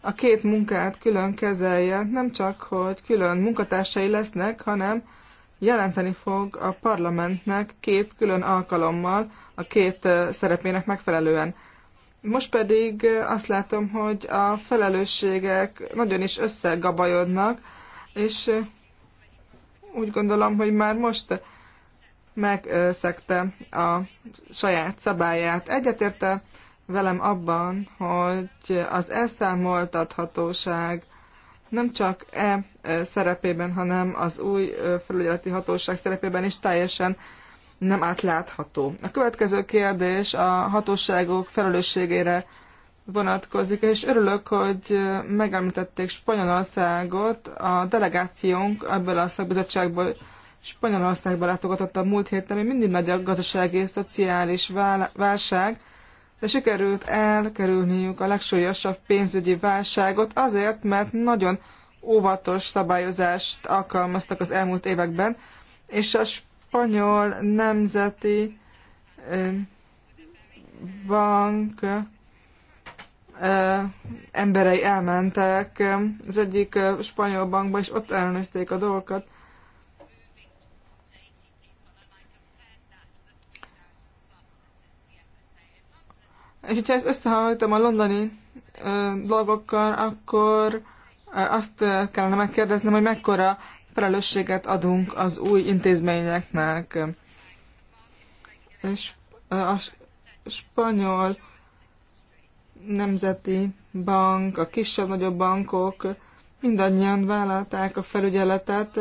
a két munkát külön kezelje, nem csak, hogy külön munkatársai lesznek, hanem jelenteni fog a parlamentnek két külön alkalommal a két szerepének megfelelően. Most pedig azt látom, hogy a felelősségek nagyon is összegabajodnak, és úgy gondolom, hogy már most megszegte a saját szabályát. Egyetérte velem abban, hogy az elszámoltathatóság nem csak e szerepében, hanem az új felügyeleti hatóság szerepében is teljesen nem átlátható. A következő kérdés a hatóságok felelősségére vonatkozik, és örülök, hogy megemlítették Spanyolországot. A delegációnk ebből a szakbizottságból Spanyolországba látogatott a múlt héten, ami mindig nagy a gazdasági és szociális válság, de sikerült elkerülniük a legsúlyosabb pénzügyi válságot azért, mert nagyon óvatos szabályozást alkalmaztak az elmúlt években, és a spanyol nemzeti bank emberei elmentek az egyik spanyol bankba, és ott ellenőrizték a dolgokat. És hogyha ezt összehajtom a londoni ö, dolgokkal, akkor ö, azt kellene megkérdeznem, hogy mekkora felelősséget adunk az új intézményeknek. És a spanyol Nemzeti Bank, a kisebb-nagyobb bankok mindannyian vállalták a felügyeletet,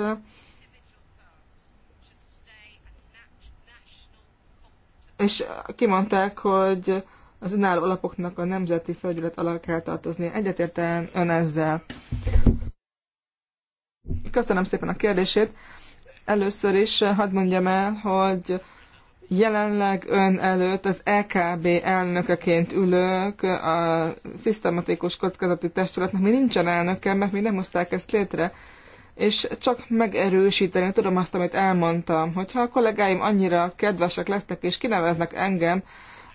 és kimondták, hogy az önálló alapoknak a nemzeti felügyelet alá kell tartozni. Egyetérten ön ezzel. Köszönöm szépen a kérdését. Először is hadd mondjam el, hogy Jelenleg ön előtt az EKB elnökeként ülök, a szisztematikus kockázati testületnek még nincsen elnöke, mert még nem hozták ezt létre, és csak megerősíteni tudom azt, amit elmondtam, hogyha a kollégáim annyira kedvesek lesznek és kineveznek engem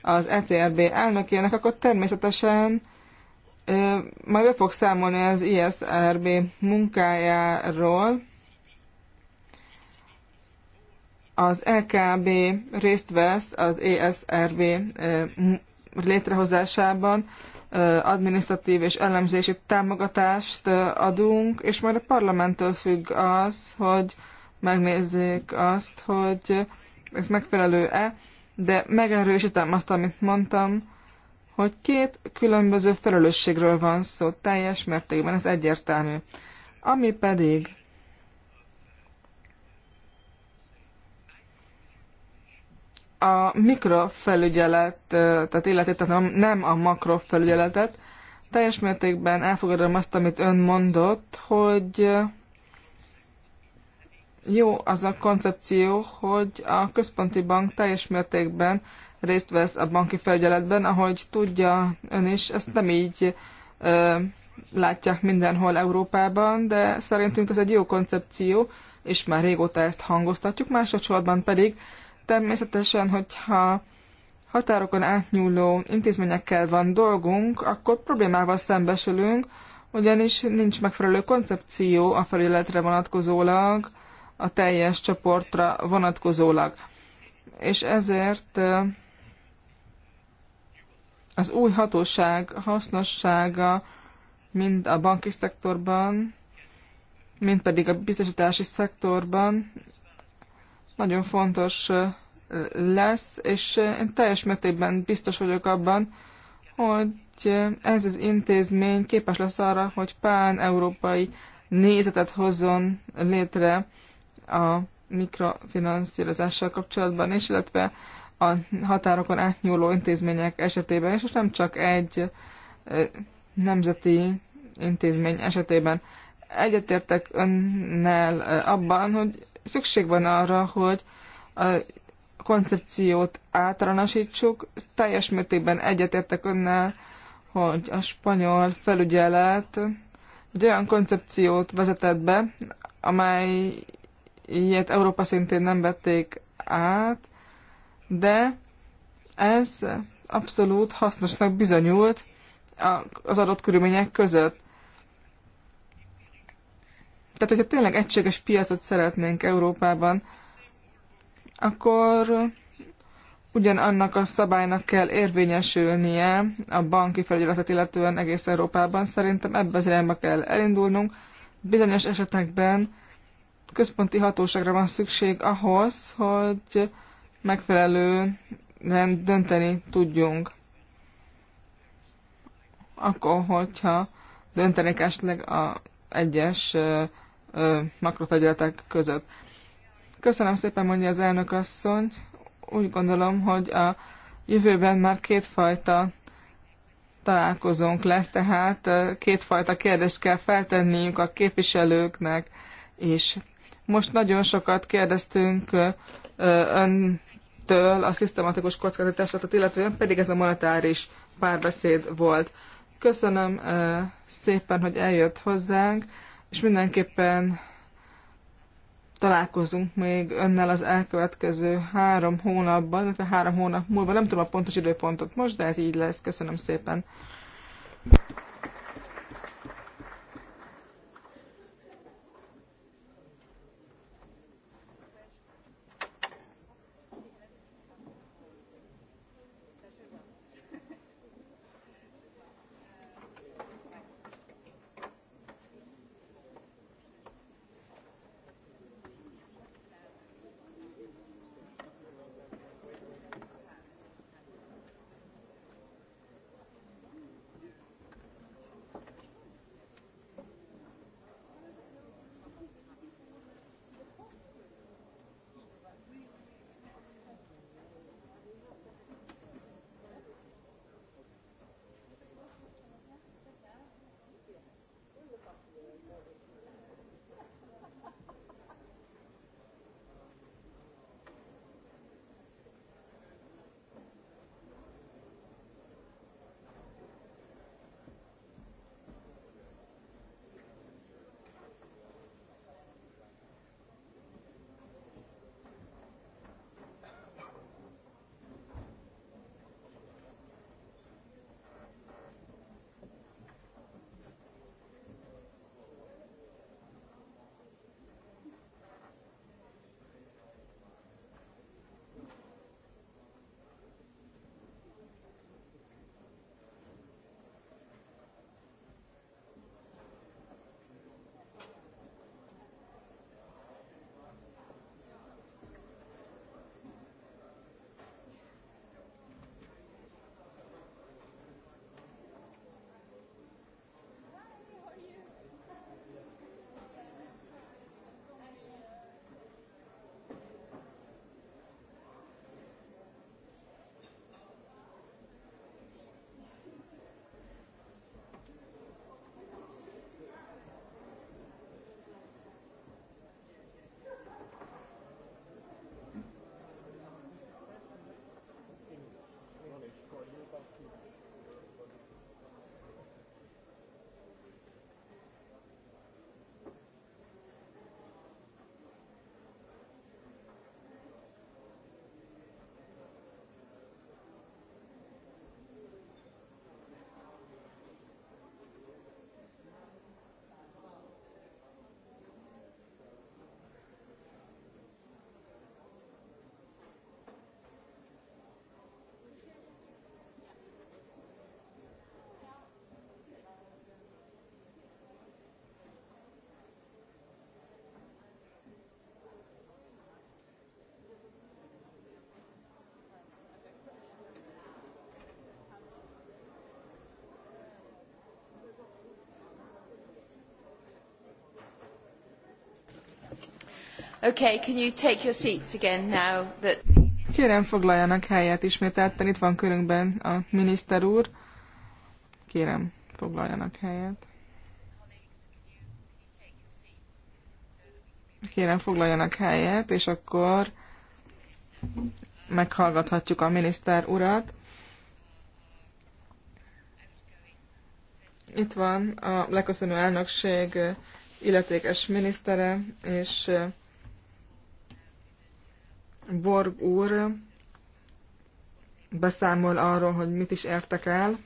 az ECRB elnökének, akkor természetesen ö, majd be fog számolni az ISRB munkájáról, az EKB részt vesz az ESRB eh, létrehozásában, eh, adminisztratív és elemzési támogatást eh, adunk, és majd a parlamenttől függ az, hogy megnézzék azt, hogy ez megfelelő-e, de megerősítem azt, amit mondtam, hogy két különböző felelősségről van szó, teljes mértékben, ez egyértelmű. Ami pedig a tehát illeti, tehát nem a makrofelügyeletet, teljes mértékben elfogadom azt, amit ön mondott, hogy jó az a koncepció, hogy a központi bank teljes mértékben részt vesz a banki felügyeletben, ahogy tudja ön is, ezt nem így ö, látják mindenhol Európában, de szerintünk ez egy jó koncepció, és már régóta ezt hangoztatjuk, másodszorban pedig Természetesen, hogyha határokon átnyúló intézményekkel van dolgunk, akkor problémával szembesülünk, ugyanis nincs megfelelő koncepció a felületre vonatkozólag, a teljes csoportra vonatkozólag. És ezért az új hatóság hasznossága mind a banki szektorban, mind pedig a biztosítási szektorban nagyon fontos lesz, és én teljes mértékben biztos vagyok abban, hogy ez az intézmény képes lesz arra, hogy pán-európai nézetet hozzon létre a mikrofinanszírozással kapcsolatban és illetve a határokon átnyúló intézmények esetében és és nem csak egy nemzeti intézmény esetében. Egyetértek önnel abban, hogy szükség van arra, hogy a koncepciót általánosítsuk. Teljes mértékben egyetértek önnel, hogy a spanyol felügyelet egy olyan koncepciót vezetett be, amely ilyet Európa szintén nem vették át, de ez abszolút hasznosnak bizonyult az adott körülmények között. Tehát, hogyha tényleg egységes piacot szeretnénk Európában, akkor ugyanannak a szabálynak kell érvényesülnie a banki felügyeletet illetően egész Európában. Szerintem ebbe az irányba kell elindulnunk. Bizonyos esetekben központi hatóságra van szükség ahhoz, hogy megfelelően dönteni tudjunk. Akkor, hogyha döntenek esetleg a egyes makrofegyeletek között. Köszönöm szépen, mondja az elnök asszony. Úgy gondolom, hogy a jövőben már kétfajta találkozónk lesz, tehát kétfajta kérdést kell feltenniük a képviselőknek is. Most nagyon sokat kérdeztünk öntől a szisztematikus kockázatásokat, illetően pedig ez a monetáris párbeszéd volt. Köszönöm szépen, hogy eljött hozzánk és mindenképpen találkozunk még önnel az elkövetkező három hónapban, illetve három hónap múlva. Nem tudom a pontos időpontot most, de ez így lesz. Köszönöm szépen. Okay, can you take your seats again now that... Kérem foglaljanak helyet ismételten, itt van körünkben a miniszter úr. Kérem, foglaljanak helyet. Kérem, foglaljanak helyet, és akkor meghallgathatjuk a miniszter urat. Itt van a leköszönő elnökség illetékes minisztere, és Borg úr beszámol arról, hogy mit is értek el.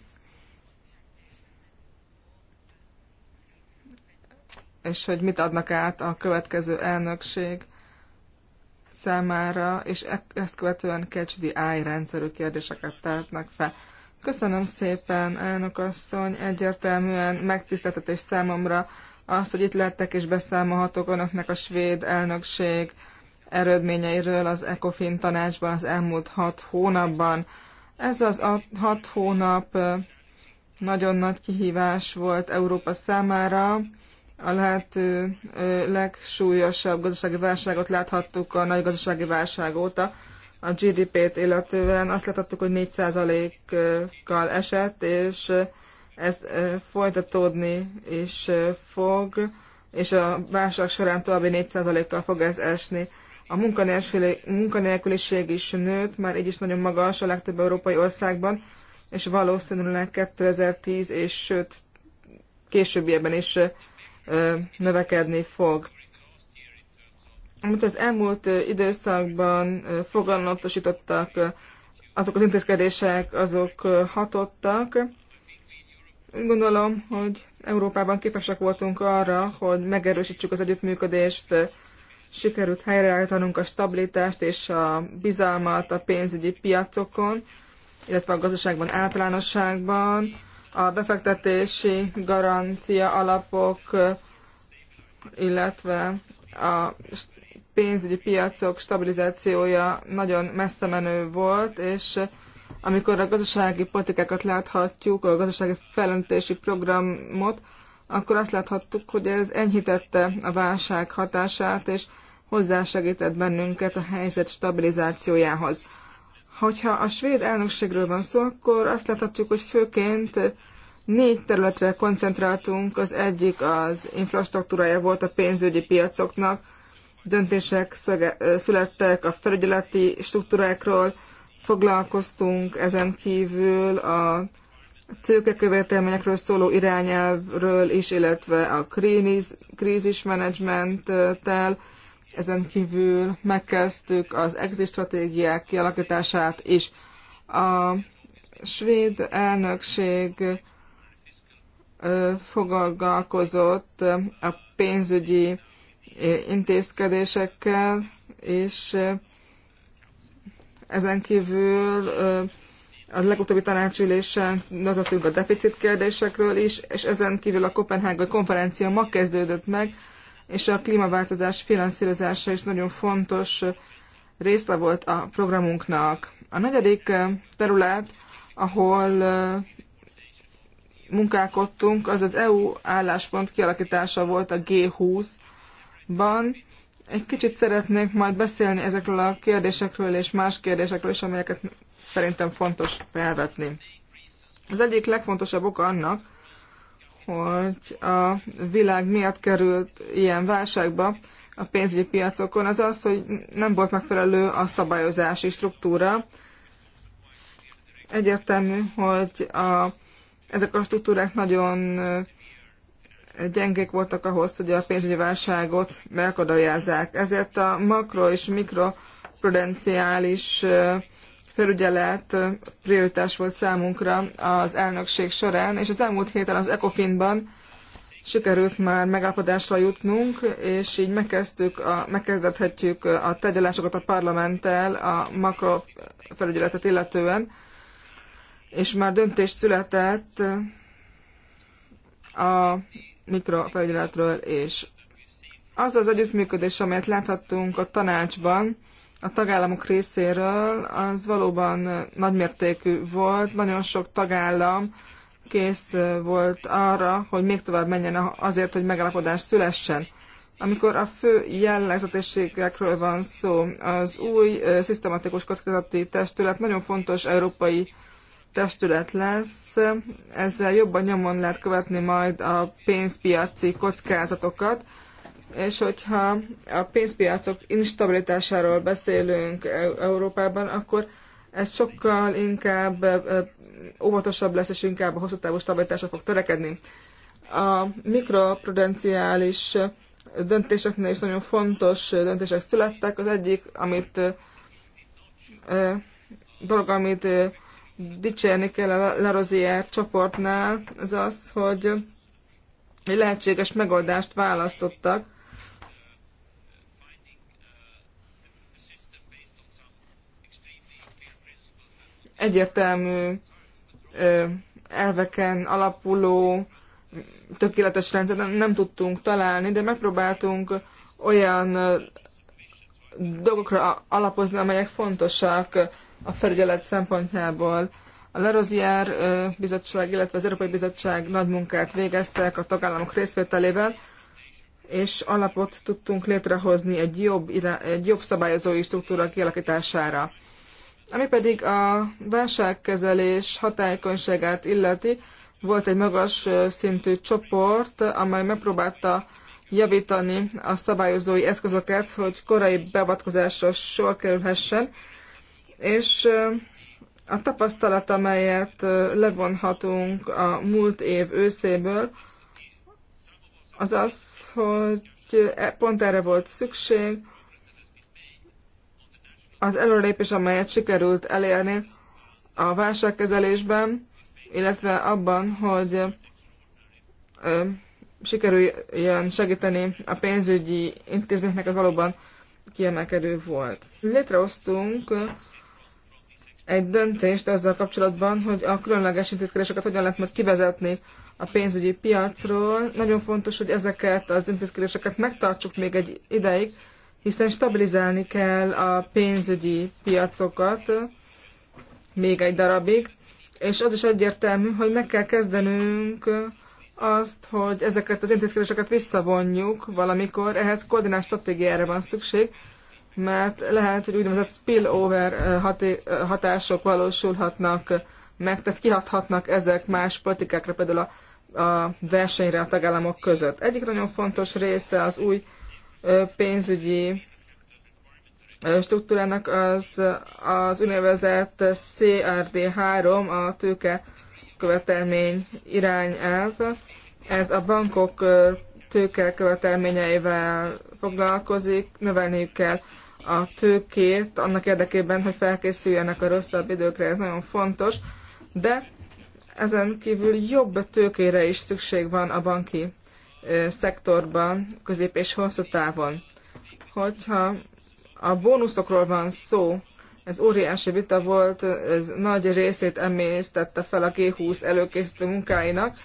és hogy mit adnak át a következő elnökség számára, és e- ezt követően Catch the Eye rendszerű kérdéseket tehetnek fel. Köszönöm szépen, elnök asszony, egyértelműen megtiszteltetés számomra az, hogy itt lettek és beszámolhatok önöknek a svéd elnökség eredményeiről az ECOFIN tanácsban az elmúlt hat hónapban. Ez az hat hónap nagyon nagy kihívás volt Európa számára. A lehető legsúlyosabb gazdasági válságot láthattuk a nagy gazdasági válság óta. A GDP-t illetően azt láthattuk, hogy 4%-kal esett, és ez folytatódni is fog, és a válság során további 4%-kal fog ez esni. A munkanélküliség is nőtt, már így is nagyon magas a legtöbb európai országban, és valószínűleg 2010 és sőt későbbiekben is növekedni fog. Amit az elmúlt időszakban fogalmatosítottak, azok az intézkedések, azok hatottak. Gondolom, hogy Európában képesek voltunk arra, hogy megerősítsük az együttműködést sikerült helyreállítanunk a stabilitást és a bizalmat a pénzügyi piacokon, illetve a gazdaságban általánosságban. A befektetési garancia alapok, illetve a pénzügyi piacok stabilizációja nagyon messze menő volt, és amikor a gazdasági politikákat láthatjuk, a gazdasági felöntési programot, akkor azt láthattuk, hogy ez enyhítette a válság hatását, és hozzásegített bennünket a helyzet stabilizációjához. Hogyha a svéd elnökségről van szó, akkor azt láthatjuk, hogy főként négy területre koncentráltunk. Az egyik az infrastruktúrája volt a pénzügyi piacoknak, döntések szöge, születtek a felügyeleti struktúrákról, foglalkoztunk ezen kívül a tőkekövetelményekről szóló irányelvről is, illetve a krízismenedzsmenttel. Ezen kívül megkezdtük az exit stratégiák kialakítását is. A svéd elnökség foglalkozott a pénzügyi intézkedésekkel, és ezen kívül a legutóbbi tanácsülésen nagyottunk a deficit kérdésekről is, és ezen kívül a Kopenhágai konferencia ma kezdődött meg, és a klímaváltozás finanszírozása is nagyon fontos része volt a programunknak. A negyedik terület, ahol munkálkodtunk, az az EU álláspont kialakítása volt a G20-ban. Egy kicsit szeretnék majd beszélni ezekről a kérdésekről és más kérdésekről is, amelyeket szerintem fontos felvetni. Az egyik legfontosabb oka annak, hogy a világ miatt került ilyen válságba a pénzügyi piacokon, az az, hogy nem volt megfelelő a szabályozási struktúra. Egyértelmű, hogy a, ezek a struktúrák nagyon gyengék voltak ahhoz, hogy a pénzügyi válságot megakadályozzák. Ezért a makro és mikroprudenciális felügyelet prioritás volt számunkra az elnökség során, és az elmúlt héten az ECOFIN-ban sikerült már megállapodásra jutnunk, és így megkezdtük a, megkezdethetjük a tegyelásokat a parlamenttel a makrofelügyeletet illetően, és már döntés született a mikrofelügyeletről és az az együttműködés, amelyet láthattunk a tanácsban, a tagállamok részéről, az valóban nagymértékű volt. Nagyon sok tagállam kész volt arra, hogy még tovább menjen azért, hogy megalapodás szülessen. Amikor a fő jellegzetességekről van szó, az új szisztematikus kockázati testület nagyon fontos európai testület lesz. Ezzel jobban nyomon lehet követni majd a pénzpiaci kockázatokat, és hogyha a pénzpiacok instabilitásáról beszélünk e-, Európában, akkor ez sokkal inkább e, e, óvatosabb lesz, és inkább a hosszú távú stabilitásra fog törekedni. A mikroprudenciális döntéseknél is nagyon fontos döntések születtek. Az egyik, amit dolog, amit dicsérni kell a Larosier csoportnál, az az, hogy egy lehetséges megoldást választottak, egyértelmű elveken alapuló tökéletes rendszer nem, tudtunk találni, de megpróbáltunk olyan dolgokra alapozni, amelyek fontosak a felügyelet szempontjából. A Lerozier Bizottság, illetve az Európai Bizottság nagy munkát végeztek a tagállamok részvételével, és alapot tudtunk létrehozni egy jobb, egy jobb szabályozói struktúra kialakítására. Ami pedig a válságkezelés hatékonyságát illeti, volt egy magas szintű csoport, amely megpróbálta javítani a szabályozói eszközöket, hogy korai beavatkozásra sor kerülhessen, és a tapasztalat, amelyet levonhatunk a múlt év őszéből, az az, hogy pont erre volt szükség, az előrelépés, amelyet sikerült elérni a válságkezelésben, illetve abban, hogy sikerüljön segíteni a pénzügyi intézményeknek, az valóban kiemelkedő volt. Létrehoztunk egy döntést azzal kapcsolatban, hogy a különleges intézkedéseket hogyan lehet majd kivezetni a pénzügyi piacról. Nagyon fontos, hogy ezeket az intézkedéseket megtartsuk még egy ideig, hiszen stabilizálni kell a pénzügyi piacokat még egy darabig, és az is egyértelmű, hogy meg kell kezdenünk azt, hogy ezeket az intézkedéseket visszavonjuk valamikor, ehhez koordinált stratégiára van szükség, mert lehet, hogy úgynevezett spillover hatások valósulhatnak meg, tehát kihathatnak ezek más politikákra, például a, a versenyre a tagállamok között. Egyik nagyon fontos része az új pénzügyi struktúrának az, az úgynevezett CRD3, a tőke követelmény irányelv. Ez a bankok tőke követelményeivel foglalkozik, növelniük kell a tőkét annak érdekében, hogy felkészüljenek a rosszabb időkre, ez nagyon fontos, de ezen kívül jobb tőkére is szükség van a banki szektorban közép és hosszú távon. Hogyha a bónuszokról van szó, ez óriási vita volt, ez nagy részét emésztette fel a G20 előkészítő munkáinak,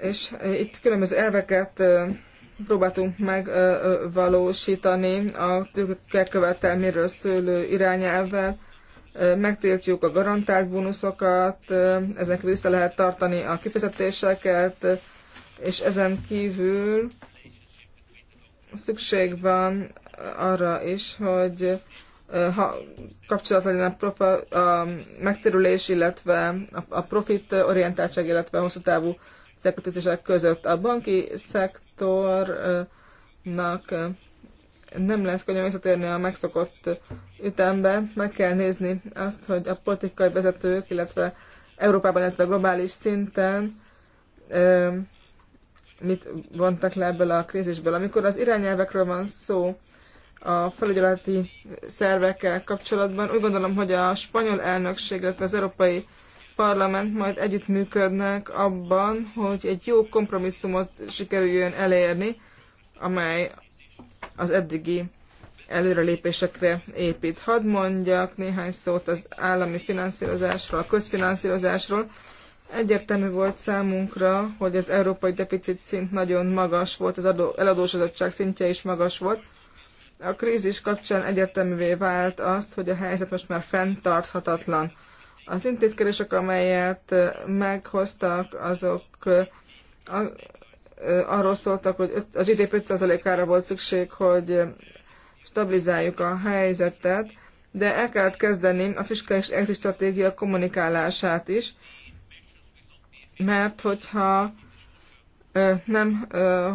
és itt különböző elveket próbáltunk megvalósítani a követelméről szőlő irányelvvel, megtiltjuk a garantált bónuszokat, ezek vissza lehet tartani a kifizetéseket, és ezen kívül szükség van arra is, hogy ha kapcsolat legyen a, profa, a megterülés, illetve a profit orientáltság, illetve a hosszú távú szektőzések között. A banki szektornak nem lesz könnyű visszatérni a megszokott ütembe, meg kell nézni azt, hogy a politikai vezetők, illetve Európában, illetve globális szinten mit vontak le ebből a krízisből. Amikor az irányelvekről van szó a felügyeleti szervekkel kapcsolatban, úgy gondolom, hogy a spanyol elnökség, illetve az Európai Parlament majd együttműködnek abban, hogy egy jó kompromisszumot sikerüljön elérni, amely az eddigi előrelépésekre épít. Hadd mondjak néhány szót az állami finanszírozásról, a közfinanszírozásról. Egyértelmű volt számunkra, hogy az európai deficit szint nagyon magas volt, az adó, eladósodottság szintje is magas volt. A krízis kapcsán egyértelművé vált az, hogy a helyzet most már fenntarthatatlan. Az intézkedések, amelyet meghoztak, azok arról szóltak, hogy az GDP 5%-ára volt szükség, hogy stabilizáljuk a helyzetet, de el kellett kezdeni a fiskális exit stratégia kommunikálását is, mert hogyha nem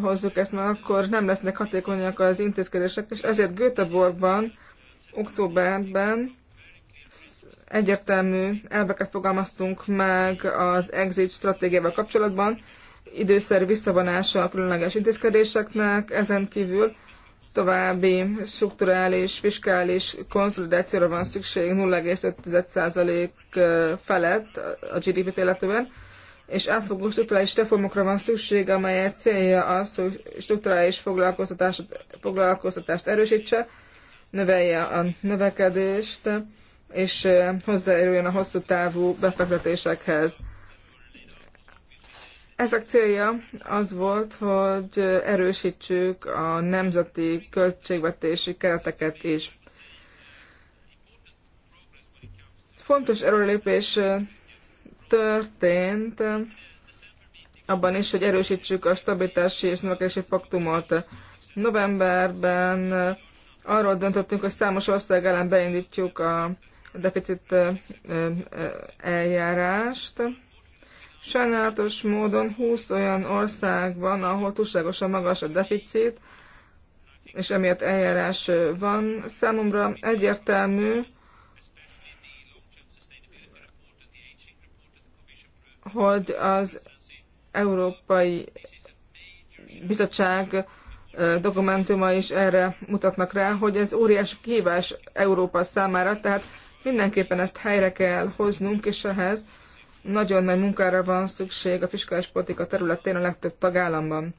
hozzuk ezt meg, akkor nem lesznek hatékonyak az intézkedések, és ezért Göteborgban, októberben egyértelmű elveket fogalmaztunk meg az exit stratégiával kapcsolatban, időszerű visszavonása a különleges intézkedéseknek, ezen kívül további strukturális, fiskális konszolidációra van szükség 0,5% felett a GDP-t illetően, és átfogó struktúrális reformokra van szükség, amelyek célja az, hogy struktúrális foglalkoztatást, foglalkoztatást erősítse, növelje a növekedést, és hozzájáruljon a hosszú távú befektetésekhez. Ezek célja az volt, hogy erősítsük a nemzeti költségvetési kereteket is. Fontos erőlépés történt abban is, hogy erősítsük a stabilitási és növekedési paktumot. Novemberben arról döntöttünk, hogy számos ország ellen beindítjuk a deficit eljárást. Sajnálatos módon 20 olyan ország van, ahol túlságosan magas a deficit, és emiatt eljárás van. Számomra egyértelmű, hogy az Európai Bizottság dokumentuma is erre mutatnak rá, hogy ez óriási kihívás Európa számára, tehát mindenképpen ezt helyre kell hoznunk, és ehhez nagyon nagy munkára van szükség a fiskális politika területén a legtöbb tagállamban.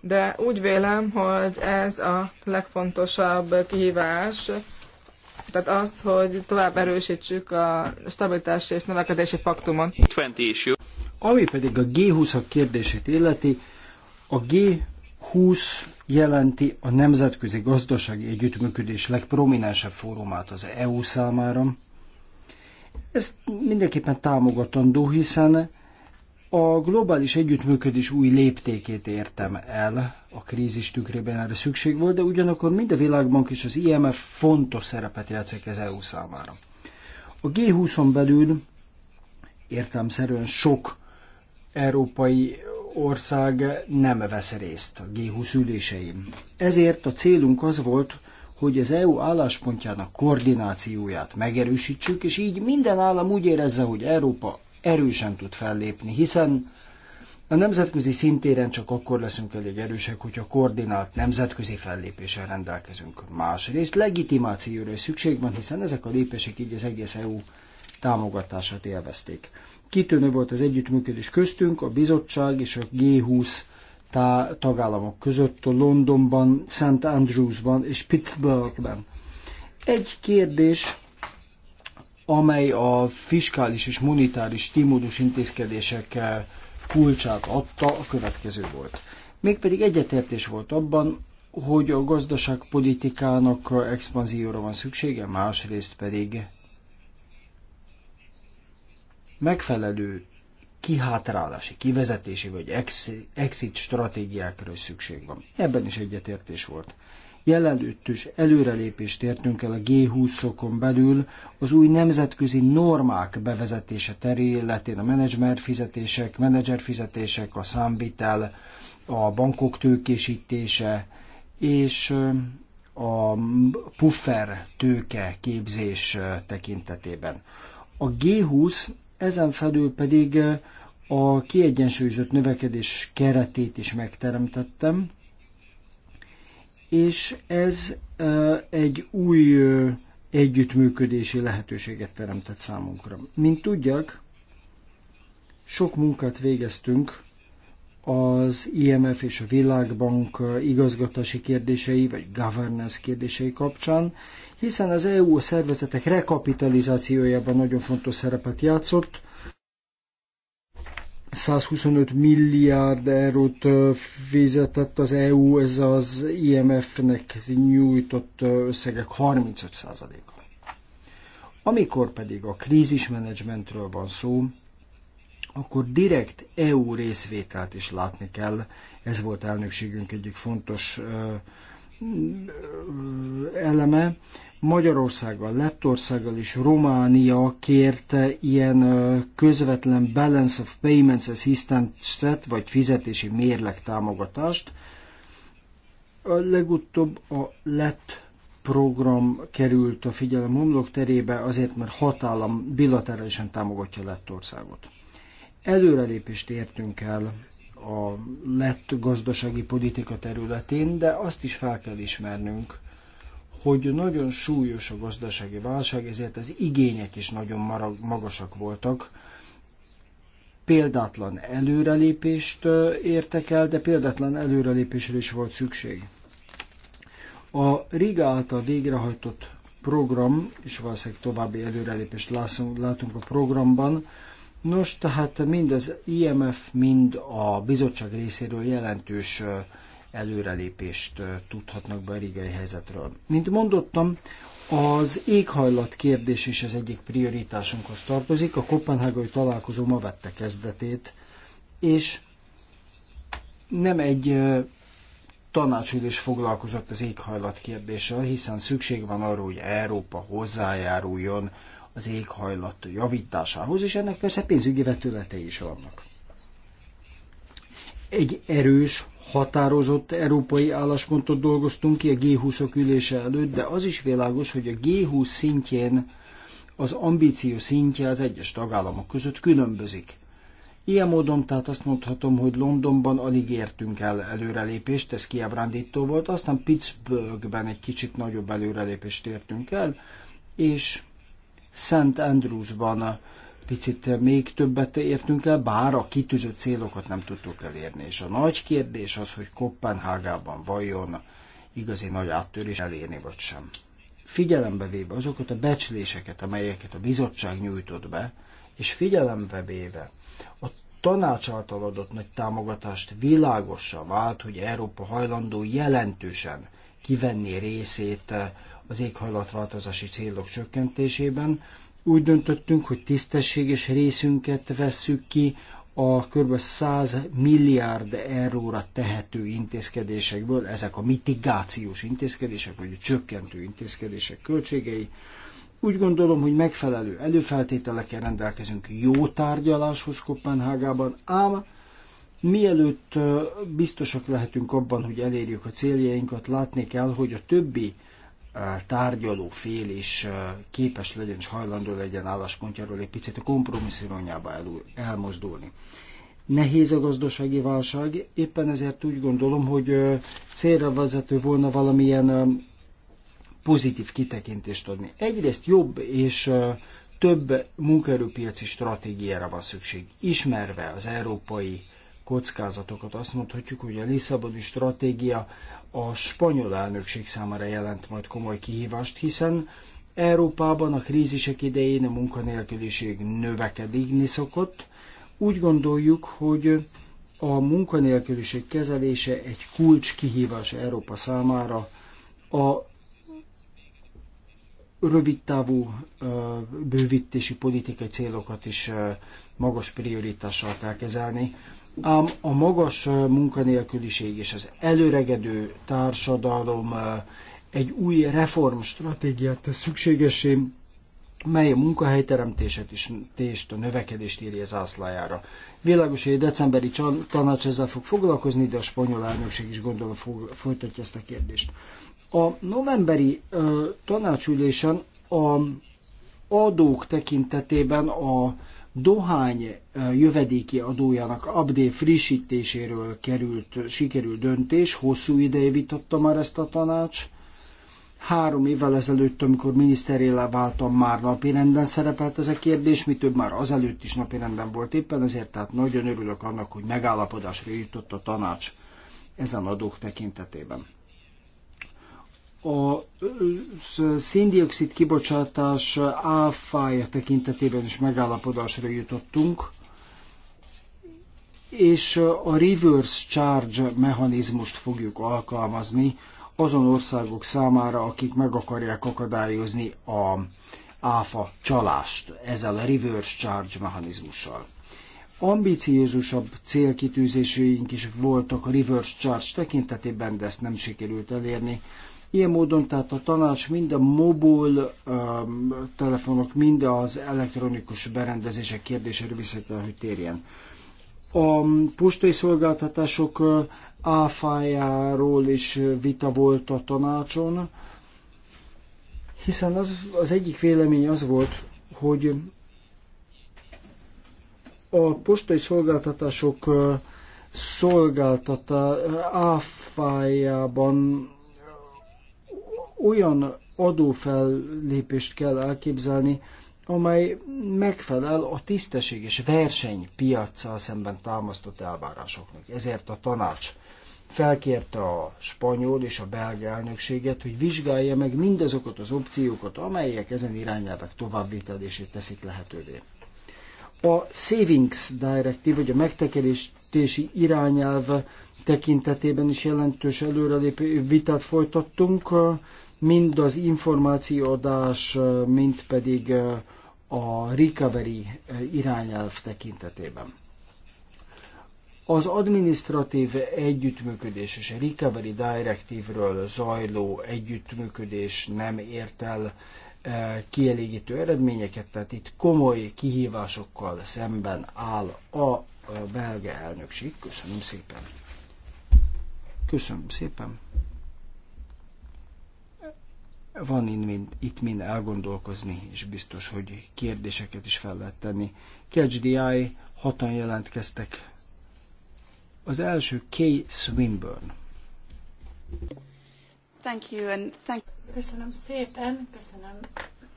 De úgy vélem, hogy ez a legfontosabb kihívás tehát az, hogy tovább erősítsük a stabilitási és növekedési paktumon. Ami pedig a G20-ak kérdését illeti, a G20 jelenti a nemzetközi gazdasági együttműködés legprominensebb fórumát az EU számára. Ez mindenképpen támogatandó, hiszen a globális együttműködés új léptékét értem el, a krízis tükrében erre szükség volt, de ugyanakkor mind a világbank és az IMF fontos szerepet játszik az EU számára. A G20-on belül értelmszerűen sok európai ország nem vesz részt a G20 üléseim. Ezért a célunk az volt, hogy az EU álláspontjának koordinációját megerősítsük, és így minden állam úgy érezze, hogy Európa erősen tud fellépni, hiszen a nemzetközi szintéren csak akkor leszünk elég erősek, hogyha koordinált nemzetközi fellépéssel rendelkezünk. Másrészt legitimációra is szükség van, hiszen ezek a lépések így az egész EU támogatását élvezték. Kitűnő volt az együttműködés köztünk, a bizottság és a G20 tá- tagállamok között, a Londonban, St. Andrewsban és Pittsburghben. Egy kérdés amely a fiskális és monetáris stimulus intézkedések eh, kulcsát adta, a következő volt. Mégpedig egyetértés volt abban, hogy a gazdaságpolitikának expanzióra van szüksége, másrészt pedig megfelelő kihátrálási, kivezetési vagy exit stratégiákra is szükség van. Ebben is egyetértés volt jelenlőttös előrelépést értünk el a G20-okon belül az új nemzetközi normák bevezetése területén, a menedzser fizetések, menedzser fizetések, a számvitel, a bankok tőkésítése és a puffer tőke képzés tekintetében. A G20 ezen felül pedig a kiegyensúlyozott növekedés keretét is megteremtettem, és ez egy új együttműködési lehetőséget teremtett számunkra. Mint tudják, sok munkát végeztünk az IMF és a Világbank igazgatási kérdései, vagy governance kérdései kapcsán, hiszen az EU szervezetek rekapitalizációjában nagyon fontos szerepet játszott, 125 milliárd eurót fizetett az EU, ez az IMF-nek nyújtott összegek 35%-a. Amikor pedig a krízismenedzsmentről van szó, akkor direkt EU részvételt is látni kell. Ez volt elnökségünk egyik fontos eleme. Magyarországgal, Lettországgal és Románia kérte ilyen közvetlen Balance of Payments assistance vagy fizetési mérleg támogatást. A legutóbb a lett program került a figyelem homlok terébe, azért mert hat állam bilaterálisan támogatja Lettországot. Előrelépést értünk el a lett gazdasági politika területén, de azt is fel kell ismernünk, hogy nagyon súlyos a gazdasági válság, ezért az igények is nagyon magasak voltak. Példátlan előrelépést értek el, de példátlan előrelépésre is volt szükség. A Riga által végrehajtott program, és valószínűleg további előrelépést látunk a programban, Nos, tehát mind az IMF, mind a bizottság részéről jelentős előrelépést tudhatnak be a rigai helyzetről. Mint mondottam, az éghajlat kérdés is az egyik prioritásunkhoz tartozik. A kopenhágai találkozó ma vette kezdetét, és nem egy tanácsülés foglalkozott az éghajlat kérdéssel, hiszen szükség van arra, hogy Európa hozzájáruljon az éghajlat javításához, és ennek persze pénzügyi vetülete is vannak. Egy erős, határozott európai álláspontot dolgoztunk ki a G20-ok ülése előtt, de az is világos, hogy a G20 szintjén az ambíció szintje az egyes tagállamok között különbözik. Ilyen módon tehát azt mondhatom, hogy Londonban alig értünk el előrelépést, ez kiábrándító volt, aztán Pittsburghben egy kicsit nagyobb előrelépést értünk el, és St. Andrewsban picit még többet értünk el, bár a kitűzött célokat nem tudtuk elérni. És a nagy kérdés az, hogy Kopenhágában vajon igazi nagy áttörés elérni vagy sem. Figyelembe véve azokat a becsléseket, amelyeket a bizottság nyújtott be, és figyelembe véve a tanács által adott nagy támogatást világosra vált, hogy Európa hajlandó jelentősen kivenni részét az éghajlatváltozási célok csökkentésében, úgy döntöttünk, hogy tisztességes részünket vesszük ki a kb. 100 milliárd euróra tehető intézkedésekből, ezek a mitigációs intézkedések, vagy a csökkentő intézkedések költségei. Úgy gondolom, hogy megfelelő előfeltételekkel rendelkezünk jó tárgyaláshoz Kopenhágában, ám mielőtt biztosak lehetünk abban, hogy elérjük a céljainkat, látni kell, hogy a többi tárgyaló fél is képes legyen és hajlandó legyen álláspontjáról egy picit a kompromisszironyába elmozdulni. Nehéz a gazdasági válság, éppen ezért úgy gondolom, hogy célra vezető volna valamilyen pozitív kitekintést adni. Egyrészt jobb és több munkaerőpiaci stratégiára van szükség. Ismerve az európai kockázatokat, azt mondhatjuk, hogy a Lisszaboni stratégia a spanyol elnökség számára jelent majd komoly kihívást, hiszen Európában a krízisek idején a munkanélküliség növekedni szokott. Úgy gondoljuk, hogy a munkanélküliség kezelése egy kulcs kihívás Európa számára. A rövidtávú bővítési politikai célokat is magas prioritással kell kezelni ám a magas munkanélküliség és az előregedő társadalom egy új reformstratégiát tesz szükségesé, mely a munkahelyteremtéset és tést, a növekedést írja zászlájára. Világos, hogy a decemberi tanács ezzel fog foglalkozni, de a spanyol elnökség is gondolom folytatja ezt a kérdést. A novemberi ö, tanácsülésen a adók tekintetében a dohány jövedéki adójának abdé frissítéséről került, sikerült döntés, hosszú ideje vitatta már ezt a tanács. Három évvel ezelőtt, amikor miniszterélel váltam, már napirenden szerepelt ez a kérdés, mi több már azelőtt is napirenden volt éppen, ezért tehát nagyon örülök annak, hogy megállapodásra jutott a tanács ezen adók tekintetében a széndiokszid kibocsátás áfája tekintetében is megállapodásra jutottunk, és a reverse charge mechanizmust fogjuk alkalmazni azon országok számára, akik meg akarják akadályozni a áfa csalást ezzel a reverse charge mechanizmussal. Ambiciózusabb célkitűzéseink is voltak a reverse charge tekintetében, de ezt nem sikerült elérni Ilyen módon tehát a tanács mind a mobil um, telefonok, mind az elektronikus berendezések kérdésére vissza kell, hogy térjen. A postai szolgáltatások uh, áfájáról is vita volt a tanácson, hiszen az, az egyik vélemény az volt, hogy a postai szolgáltatások uh, szolgáltatá áfájában olyan adófellépést kell elképzelni, amely megfelel a tisztességes versenypiacsal szemben támasztott elvárásoknak. Ezért a tanács felkérte a spanyol és a belga elnökséget, hogy vizsgálja meg mindazokat az opciókat, amelyek ezen irányelvek továbbvételését teszik lehetővé. A Savings Directive, vagy a megtekerítési irányelv tekintetében is jelentős előrelépő vitát folytattunk mind az információadás, mind pedig eh, a recovery eh, irányelv tekintetében. Az administratív együttműködés és a Recovery Directive-ről zajló együttműködés nem ért el eh, kielégítő eredményeket, tehát itt komoly kihívásokkal szemben áll a belga elnökség. Köszönöm szépen! Köszönöm szépen! Van in, mind, itt mind elgondolkozni, és biztos, hogy kérdéseket is fel lehet tenni. Catch the Eye, hatan jelentkeztek. Az első Kay Swinburne. Thank you and thank Köszönöm szépen, köszönöm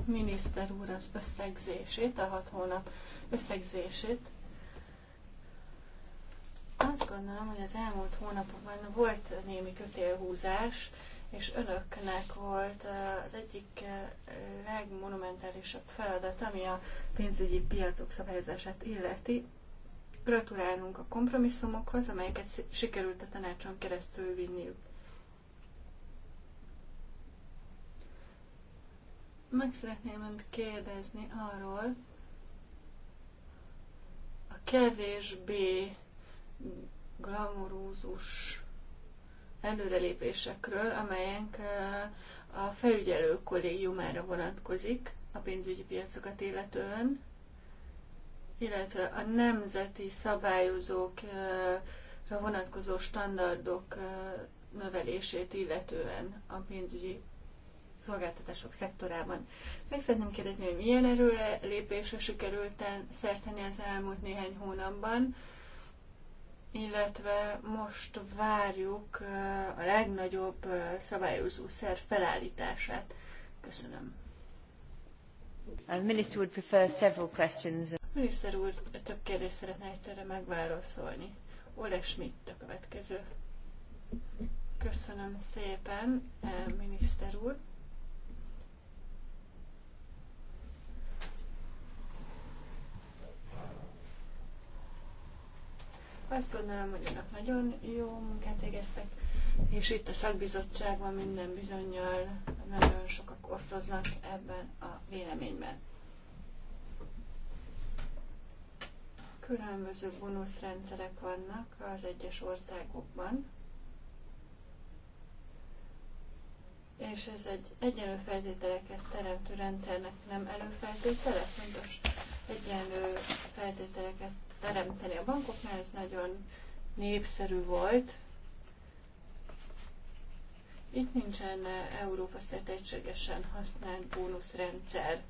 miniszter úr az összegzését, a hat hónap összegzését. Azt gondolom, hogy az elmúlt hónapokban volt némi kötélhúzás és önöknek volt az egyik legmonumentálisabb feladat, ami a pénzügyi piacok szabályozását illeti. Gratulálunk a kompromisszumokhoz, amelyeket sikerült a tanácson keresztül vinniük. Meg szeretném önt kérdezni arról, a kevésbé glamorúzus előrelépésekről, amelyek a felügyelő kollégiumára vonatkozik a pénzügyi piacokat illetően, illetve a nemzeti szabályozókra vonatkozó standardok növelését illetően a pénzügyi szolgáltatások szektorában. Meg szeretném kérdezni, hogy milyen erőre lépésre sikerült szerteni az elmúlt néhány hónapban, illetve most várjuk a legnagyobb szabályozó szer felállítását. Köszönöm. A uh, miniszter prefer several questions. miniszter úr több kérdést szeretne egyszerre megválaszolni. Ole Schmidt a következő. Köszönöm szépen, eh, miniszter úr. Azt gondolom, hogy önök nagyon jó munkát végeztek, és itt a szakbizottságban minden bizonyal nagyon sokak osztoznak ebben a véleményben. Különböző bónuszrendszerek vannak az egyes országokban, és ez egy egyenlő feltételeket teremtő rendszernek nem előfeltétele, fontos egyenlő feltételeket teremteni a bankoknál, ez nagyon népszerű volt. Itt nincsen Európa szerte egységesen használt bónuszrendszer.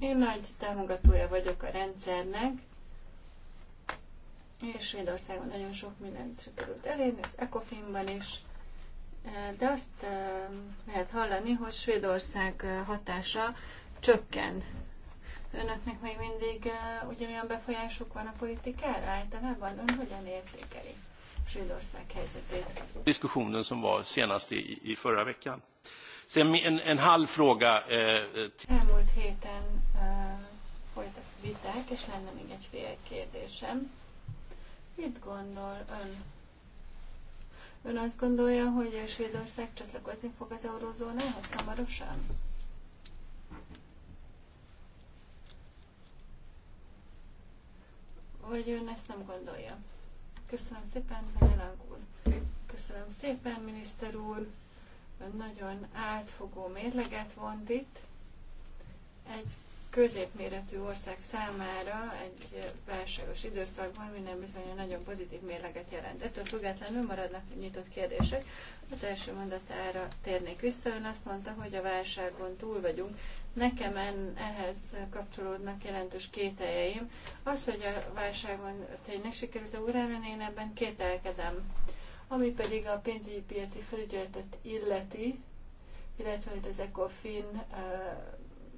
Én nagy támogatója vagyok a rendszernek, és Svédországban nagyon sok mindent sikerült elérni, az ECOFIN-ban is, de azt lehet hallani, hogy Svédország hatása csökkent. Önöknek még mindig ugyanolyan befolyásuk van a politikára? Általában ön hogyan értékeli Svédország helyzetét? Diskussionen som var senast i, i förra veckan. Sen en, en halv fråga. Eh, Elmúlt héten eh, viták, és lenne még egy fél kérdésem. Mit gondol ön? Ön azt gondolja, hogy Svédország csatlakozni fog az eurózónához hamarosan? Vagy ön ezt nem gondolja? Köszönöm szépen, Benelang úr. Köszönöm szépen, miniszter úr. Ön nagyon átfogó mérleget vont itt. Egy középméretű ország számára egy válságos időszakban minden bizony nagyon pozitív mérleget jelent. Ettől függetlenül maradnak nyitott kérdések. Az első mondatára térnék vissza, ön azt mondta, hogy a válságon túl vagyunk. Nekem en, ehhez kapcsolódnak jelentős kételjeim. Az, hogy a válságon tényleg sikerült a urán, én ebben kételkedem. Ami pedig a pénzügyi piaci felügyeletet illeti, illetve hogy az ECOFIN uh,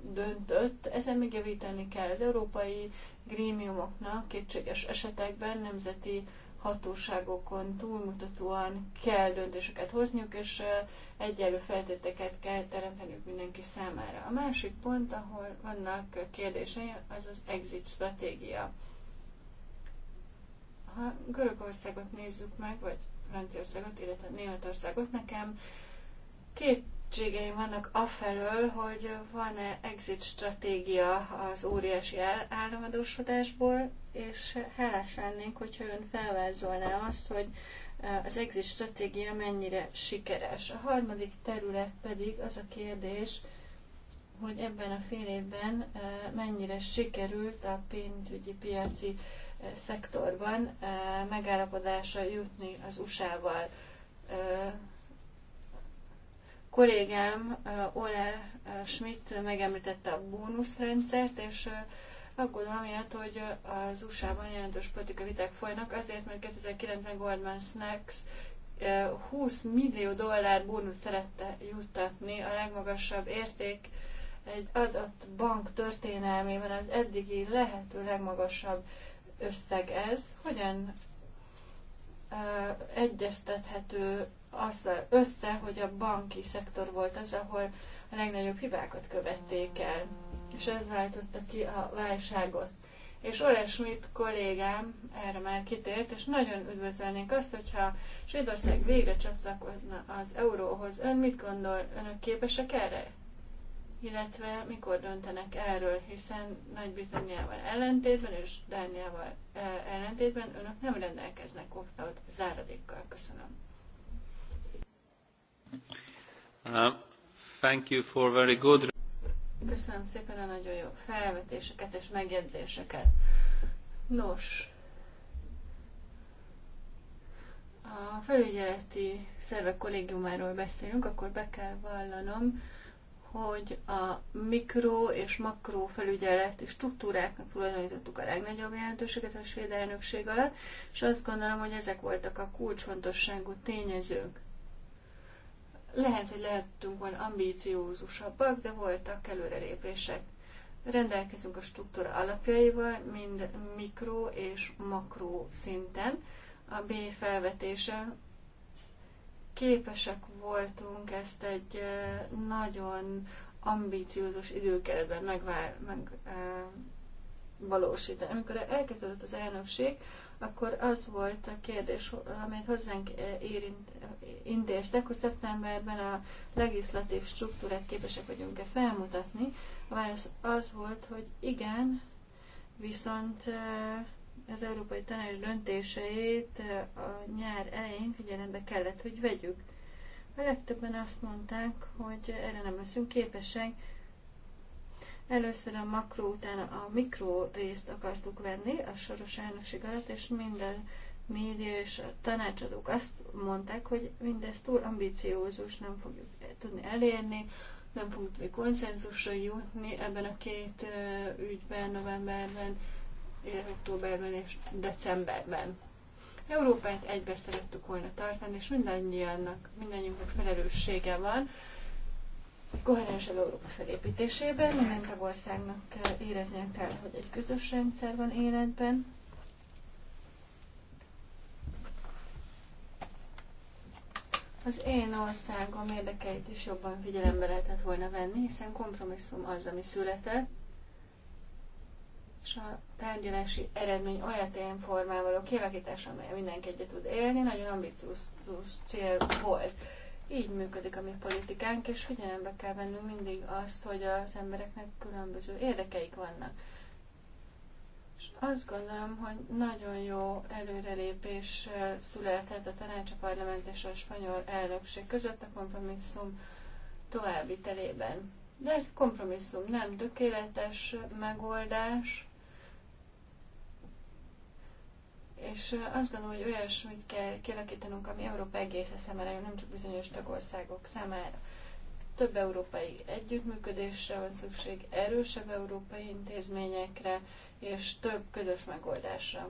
döntött, ezen még javítani kell az európai grémiumoknak kétséges esetekben nemzeti hatóságokon túlmutatóan kell döntéseket hozniuk, és egyenlő feltéteket kell teremteniük mindenki számára. A másik pont, ahol vannak kérdései, az az exit stratégia. Ha Görögországot nézzük meg, vagy Franciaországot, illetve Németországot, nekem két kétségeim vannak afelől, hogy van-e exit stratégia az óriási államadósodásból, és hálás lennénk, hogyha ön felvázolná azt, hogy az exit stratégia mennyire sikeres. A harmadik terület pedig az a kérdés, hogy ebben a fél évben mennyire sikerült a pénzügyi piaci szektorban megállapodásra jutni az USA-val kollégám eh, Ole eh, Schmidt megemlítette a bónuszrendszert, és eh, aggódom amiatt, hogy az USA-ban jelentős politikai viták folynak, azért, mert 2009-ben Goldman Sachs 20 millió dollár bónusz szerette juttatni, a legmagasabb érték egy adott bank történelmében az eddigi lehető legmagasabb összeg ez. Hogyan egyeztethető azt össze, hogy a banki szektor volt az, ahol a legnagyobb hibákat követték el, és ez váltotta ki a válságot. És Ole Schmidt kollégám erre már kitért, és nagyon üdvözölnénk azt, hogyha Svédország végre csatlakozna az euróhoz. Ön mit gondol, önök képesek erre? Illetve mikor döntenek erről, hiszen Nagy-Britanniával ellentétben és Dániával eh, ellentétben önök nem rendelkeznek opt záradékkal. Köszönöm. Uh, thank you for very good... Köszönöm szépen a nagyon jó felvetéseket és megjegyzéseket. Nos, a felügyeleti szervek kollégiumáról beszélünk, akkor be kell vallanom, hogy a mikro és makro felügyeleti struktúráknak tulajdonítottuk a legnagyobb jelentőséget a svéd elnökség alatt, és azt gondolom, hogy ezek voltak a kulcsfontosságú tényezők. Lehet, hogy lehettünk volna ambíciózusabbak, de voltak előrelépések. Rendelkezünk a struktúra alapjaival, mind mikro és makro szinten. A B felvetése képesek voltunk ezt egy nagyon ambíciózus időkeretben megvár, meg, valósítani. Amikor elkezdődött az elnökség, akkor az volt a kérdés, amit hozzánk e, érint, e, intéztek, hogy szeptemberben a legislatív struktúrát képesek vagyunk-e felmutatni. A válasz az volt, hogy igen, viszont e, az Európai Tanács döntéseit a nyár elején figyelembe kellett, hogy vegyük. A legtöbben azt mondták, hogy erre nem leszünk képesek, Először a makró, utána a mikro részt akartuk venni, a soros elnökség alatt, és minden média és a tanácsadók azt mondták, hogy mindez túl ambiciózus, nem fogjuk tudni elérni, nem fogunk tudni konszenzusra jutni ebben a két ügyben, novemberben, illetve októberben és decemberben. Európát egybe szerettük volna tartani, és mindannyiannak, mindannyiunknak felelőssége van, koherensebb Európa felépítésében. Minden tagországnak kell éreznie kell, hogy egy közös rendszer van életben. Az én országom érdekeit is jobban figyelembe lehetett volna venni, hiszen kompromisszum az, ami született, és a tárgyalási eredmény olyat ilyen formával a kialakítás, amely mindenki egyet tud élni, nagyon ambiciózus cél volt. Így működik a mi politikánk, és figyelembe kell vennünk mindig azt, hogy az embereknek különböző érdekeik vannak. És azt gondolom, hogy nagyon jó előrelépés született a tanács, a parlament és a spanyol elnökség között a kompromisszum további telében. De ez kompromisszum, nem tökéletes megoldás, És azt gondolom, hogy olyasmit kell kialakítanunk, ami Európa egész számára, nem csak bizonyos tagországok számára. Több európai együttműködésre van szükség, erősebb európai intézményekre, és több közös megoldásra.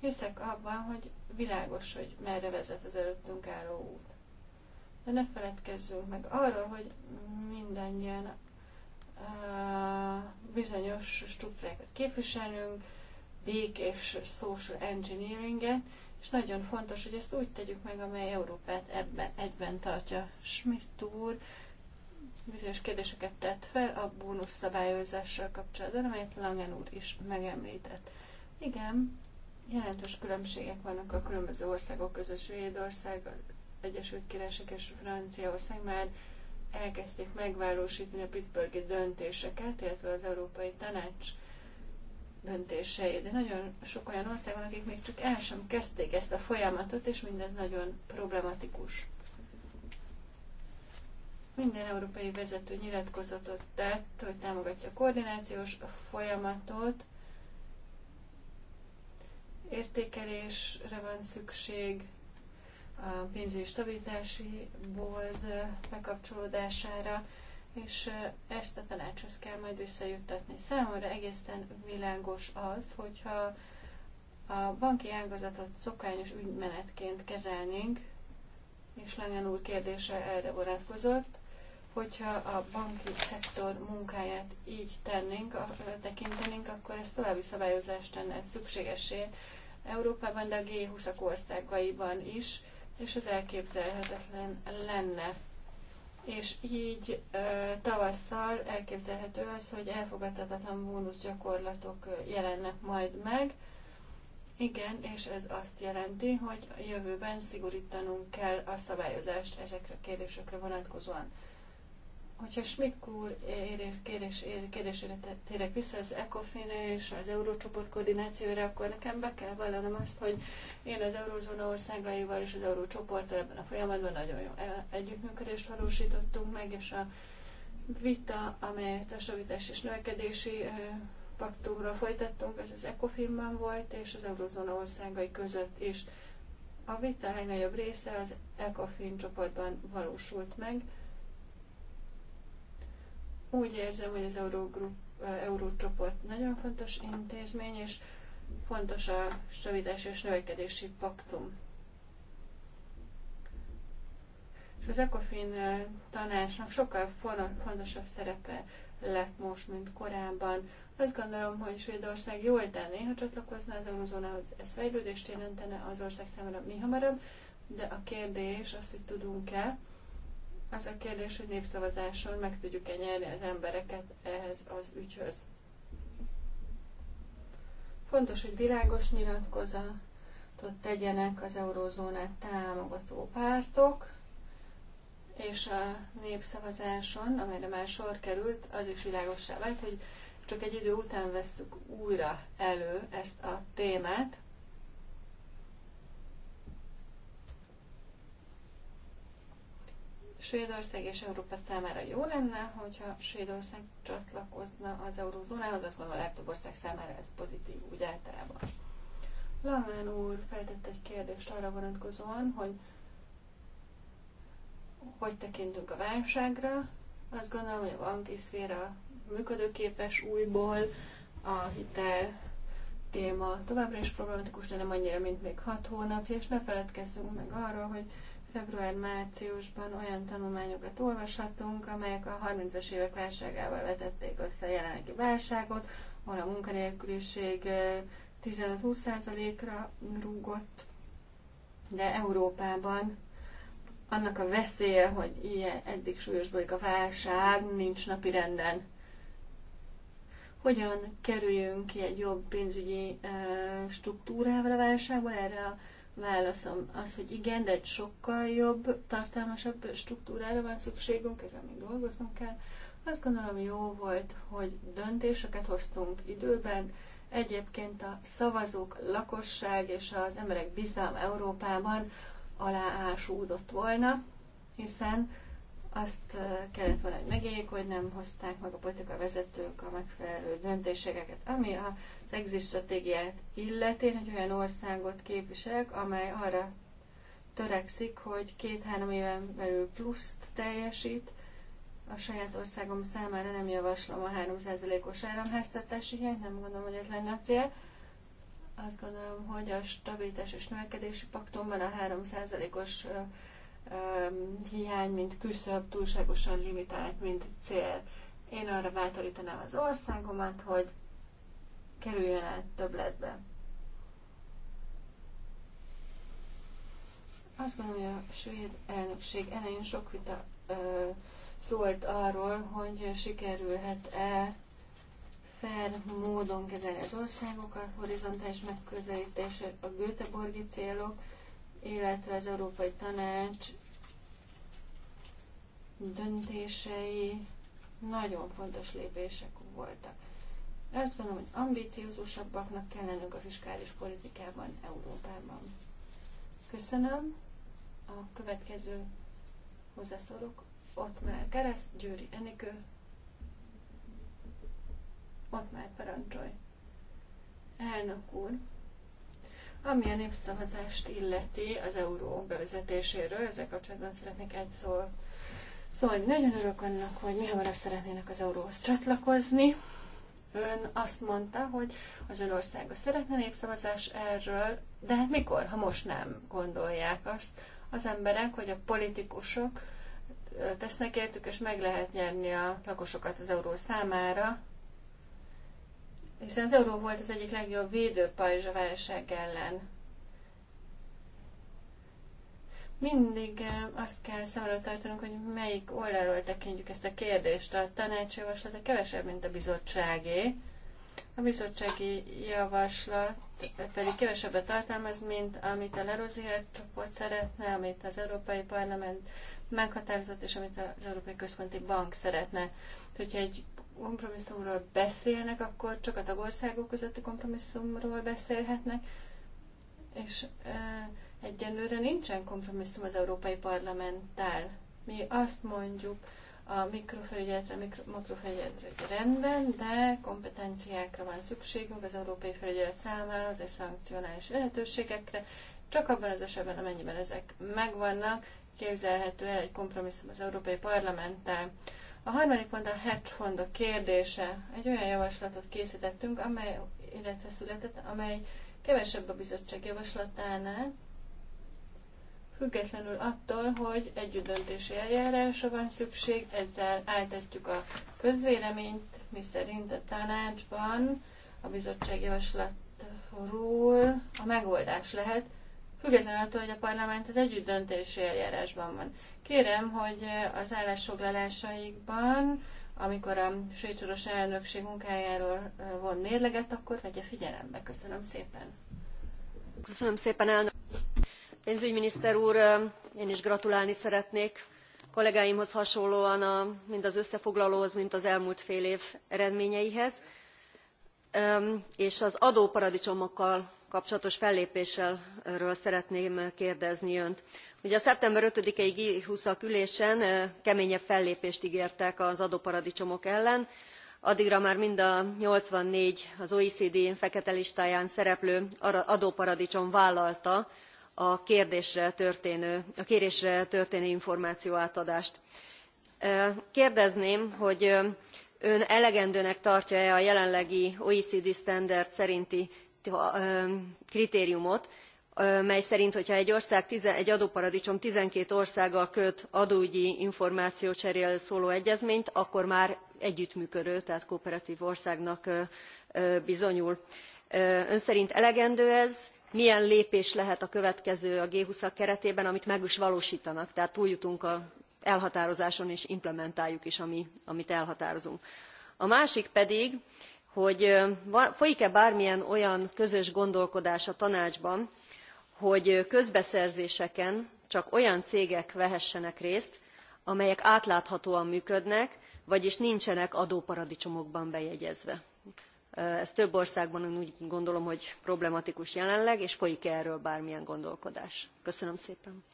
Hiszek abban, hogy világos, hogy merre vezet az előttünk álló út. De ne feledkezzünk meg arról, hogy mindannyian uh, bizonyos struktúrákat képviselünk, békés social engineeringet, és nagyon fontos, hogy ezt úgy tegyük meg, amely Európát ebben egyben tartja. Schmidt úr bizonyos kérdéseket tett fel a bónusz szabályozással kapcsolatban, amelyet Langen úr is megemlített. Igen, jelentős különbségek vannak a különböző országok között. Svédország, Egyesült Királyság és Franciaország már elkezdték megvalósítani a Pittsburghi döntéseket, illetve az Európai Tanács döntései. De nagyon sok olyan ország van, akik még csak el sem kezdték ezt a folyamatot, és mindez nagyon problematikus. Minden európai vezető nyilatkozatot tett, hogy támogatja a koordinációs folyamatot, értékelésre van szükség, a pénzügyi stabilitási bold bekapcsolódására, és ezt a tanácshoz kell majd visszajuttatni. Számomra egészen világos az, hogyha a banki ágazatot szokányos ügymenetként kezelnénk, és Langen úr kérdése erre vonatkozott, hogyha a banki szektor munkáját így tennénk, a, tekintenénk, akkor ez további szabályozást tenne szükségesé Európában, de a G20-ak országaiban is, és az elképzelhetetlen lenne és így tavasszal elképzelhető az, hogy elfogadhatatlan bónusz gyakorlatok jelennek majd meg. Igen, és ez azt jelenti, hogy a jövőben szigorítanunk kell a szabályozást ezekre a kérdésekre vonatkozóan. Hogyha Schmidt úr kérdésére térek vissza az ecofin és az eurócsoport koordinációra, akkor nekem be kell vallanom azt, hogy én az eurózóna országaival és az eurócsoporttal ebben a folyamatban nagyon jó e- együttműködést valósítottunk meg, és a vita, amelyet a savítás és növekedési paktumra folytattunk, ez az ECOFIN-ban volt, és az Eurózóna országai között is. A vita legnagyobb része az ECOFIN csoportban valósult meg, úgy érzem, hogy az Eurogroup, eh, Eurócsoport nagyon fontos intézmény, és fontos a stabilitási és növekedési paktum. És az ECOFIN eh, tanácsnak sokkal fontosabb szerepe lett most, mint korábban. Azt gondolom, hogy Svédország jól tenné, ha csatlakozna az eurozónához, ez fejlődést jelentene az ország számára mi hamarabb, de a kérdés az, hogy tudunk-e az a kérdés, hogy népszavazáson meg tudjuk-e nyerni az embereket ehhez az ügyhöz. Fontos, hogy világos nyilatkozatot tegyenek az eurózónát támogató pártok, és a népszavazáson, amelyre már sor került, az is világossá vált, hogy csak egy idő után veszük újra elő ezt a témát, Svédország és Európa számára jó lenne, hogyha Svédország csatlakozna az eurózónához, azt gondolom a legtöbb ország számára ez pozitív úgy általában. Langán úr feltett egy kérdést arra vonatkozóan, hogy hogy tekintünk a válságra. Azt gondolom, hogy a banki szféra működőképes újból, a hitel téma továbbra is problematikus, de nem annyira, mint még hat hónapja, és ne feledkezzünk meg arról, hogy február-márciusban olyan tanulmányokat olvashatunk, amelyek a 30-as évek válságával vetették össze a jelenlegi válságot, ahol a munkanélküliség 15-20%-ra rúgott, de Európában annak a veszélye, hogy ilyen eddig súlyosbodik a válság, nincs napi renden. Hogyan kerüljünk ki egy jobb pénzügyi struktúrával a válságból? Erre a Válaszom az, hogy igen, de egy sokkal jobb, tartalmasabb struktúrára van szükségünk, ezzel még dolgoznunk kell. Azt gondolom jó volt, hogy döntéseket hoztunk időben, Egyébként a szavazók, lakosság és az emberek bizalma Európában aláásúdott volna, hiszen azt kellett hogy megéljék, hogy nem hozták meg a politika vezetők a megfelelő döntéseket, ami az exit stratégiát illetén egy olyan országot képviselek, amely arra törekszik, hogy két-három éven belül pluszt teljesít, a saját országom számára nem javaslom a 3%-os államháztartási hiányt, nem gondolom, hogy ez lenne a cél. Azt gondolom, hogy a stabilitás és növekedési paktumban a 3%-os hiány, mint küszöb túlságosan limitált, mint cél. Én arra bátorítanám az országomat, hogy kerüljön el többletbe. Azt gondolom, hogy a svéd elnökség elején sok vita ö, szólt arról, hogy sikerülhet-e fair módon kezelni az országokat, horizontális megközelítés, a Göteborgi célok, illetve az Európai Tanács döntései nagyon fontos lépések voltak. Azt gondolom, hogy ambíciózusabbaknak kell lennünk a fiskális politikában Európában. Köszönöm. A következő hozzászólók ott már Kereszt, Győri Enikő, ott már parancsolj. Elnök úr, ami a népszavazást illeti az euró bevezetéséről, ezzel kapcsolatban szeretnék egy szót Szóval nagyon örök annak, hogy mi hamarabb szeretnének az euróhoz csatlakozni. Ön azt mondta, hogy az ön országa szeretne népszavazás erről, de hát mikor, ha most nem gondolják azt az emberek, hogy a politikusok tesznek értük, és meg lehet nyerni a lakosokat az euró számára, hiszen az euró volt az egyik legjobb védőpajzs a válság ellen. Mindig eh, azt kell szem előtt tartanunk, hogy melyik oldalról tekintjük ezt a kérdést. A a kevesebb, mint a bizottságé. A bizottsági javaslat pedig kevesebbet tartalmaz, mint amit a Lerozier csoport szeretne, amit az Európai Parlament meghatározott, és amit az Európai Központi Bank szeretne. Hogyha egy kompromisszumról beszélnek, akkor csak a tagországok közötti kompromisszumról beszélhetnek, és eh, Egyenlőre nincsen kompromisszum az Európai Parlamenttel. Mi azt mondjuk, a mikrofelügyeletre, makrofelügyeletre rendben, de kompetenciákra van szükségünk az európai felügyelet az és szankcionális lehetőségekre, csak abban az esetben, amennyiben ezek megvannak, képzelhető el egy kompromisszum az Európai Parlamenttel. A harmadik pont a hedge fondok kérdése. Egy olyan javaslatot készítettünk, amely, illetve született, amely kevesebb a bizottság javaslatánál, függetlenül attól, hogy együttdöntési eljárásra van szükség, ezzel áltatjuk a közvéleményt, szerint a tanácsban a bizottság javaslatról a megoldás lehet, függetlenül attól, hogy a parlament az együttdöntési eljárásban van. Kérem, hogy az állásfoglalásaikban, amikor a svédsoros elnökség munkájáról von mérleget, akkor vegye figyelembe. Köszönöm szépen. Köszönöm szépen, elnök pénzügyminiszter úr én is gratulálni szeretnék kollégáimhoz hasonlóan a, mind az összefoglalóhoz mind az elmúlt fél év eredményeihez és az adóparadicsomokkal kapcsolatos fellépésről szeretném kérdezni önt. ugye a szeptember five i g twenty ak ülésen keményebb fellépést gértek az adóparadicsomok ellen addigra már mind a eighty four az oecd fekete listáján szereplő adóparadicsom vállalta a, kérdésre történő, a kérésre történő információátadást. kérdezném hogy ön elegendőnek tartja e a jelenlegi oecd standard szerinti kritériumot mely szerint hogyha egy ország egy adóparadicsom twelve országgal köt adóügyi információcseréről szóló egyezményt akkor már együttműködő tehát kooperatv országnak bizonyul. ön szerint elegendő ez? milyen lépés lehet a következő a g twenty ak keretében amit meg is valóstanak tehát túljutunk az elhatározáson és implementáljuk is ami, amit elhatározunk. a másik pedig hogy folyik e bármilyen olyan közös gondolkodás a tanácsban hogy közbeszerzéseken csak olyan cégek vehessenek részt amelyek átláthatóan működnek vagyis nincsenek adóparadicsomokban bejegyezve ez több országban úgy gondolom hogy problematikus jelenleg és folyik e erről bármilyen gondolkodás? köszönöm szépen.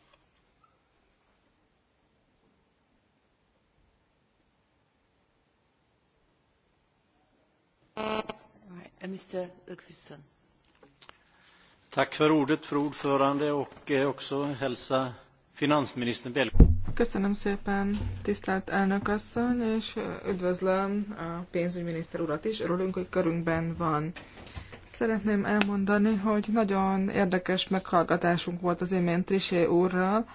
tack för ordet fru ordförande och eh, också hälsa finansministern välkommen. Köszönöm szépen, tisztelt elnök asszony, és üdvözlöm a pénzügyminiszter urat is. Örülünk, hogy körünkben van. Szeretném elmondani, hogy nagyon érdekes meghallgatásunk volt az imént Trisé úrral.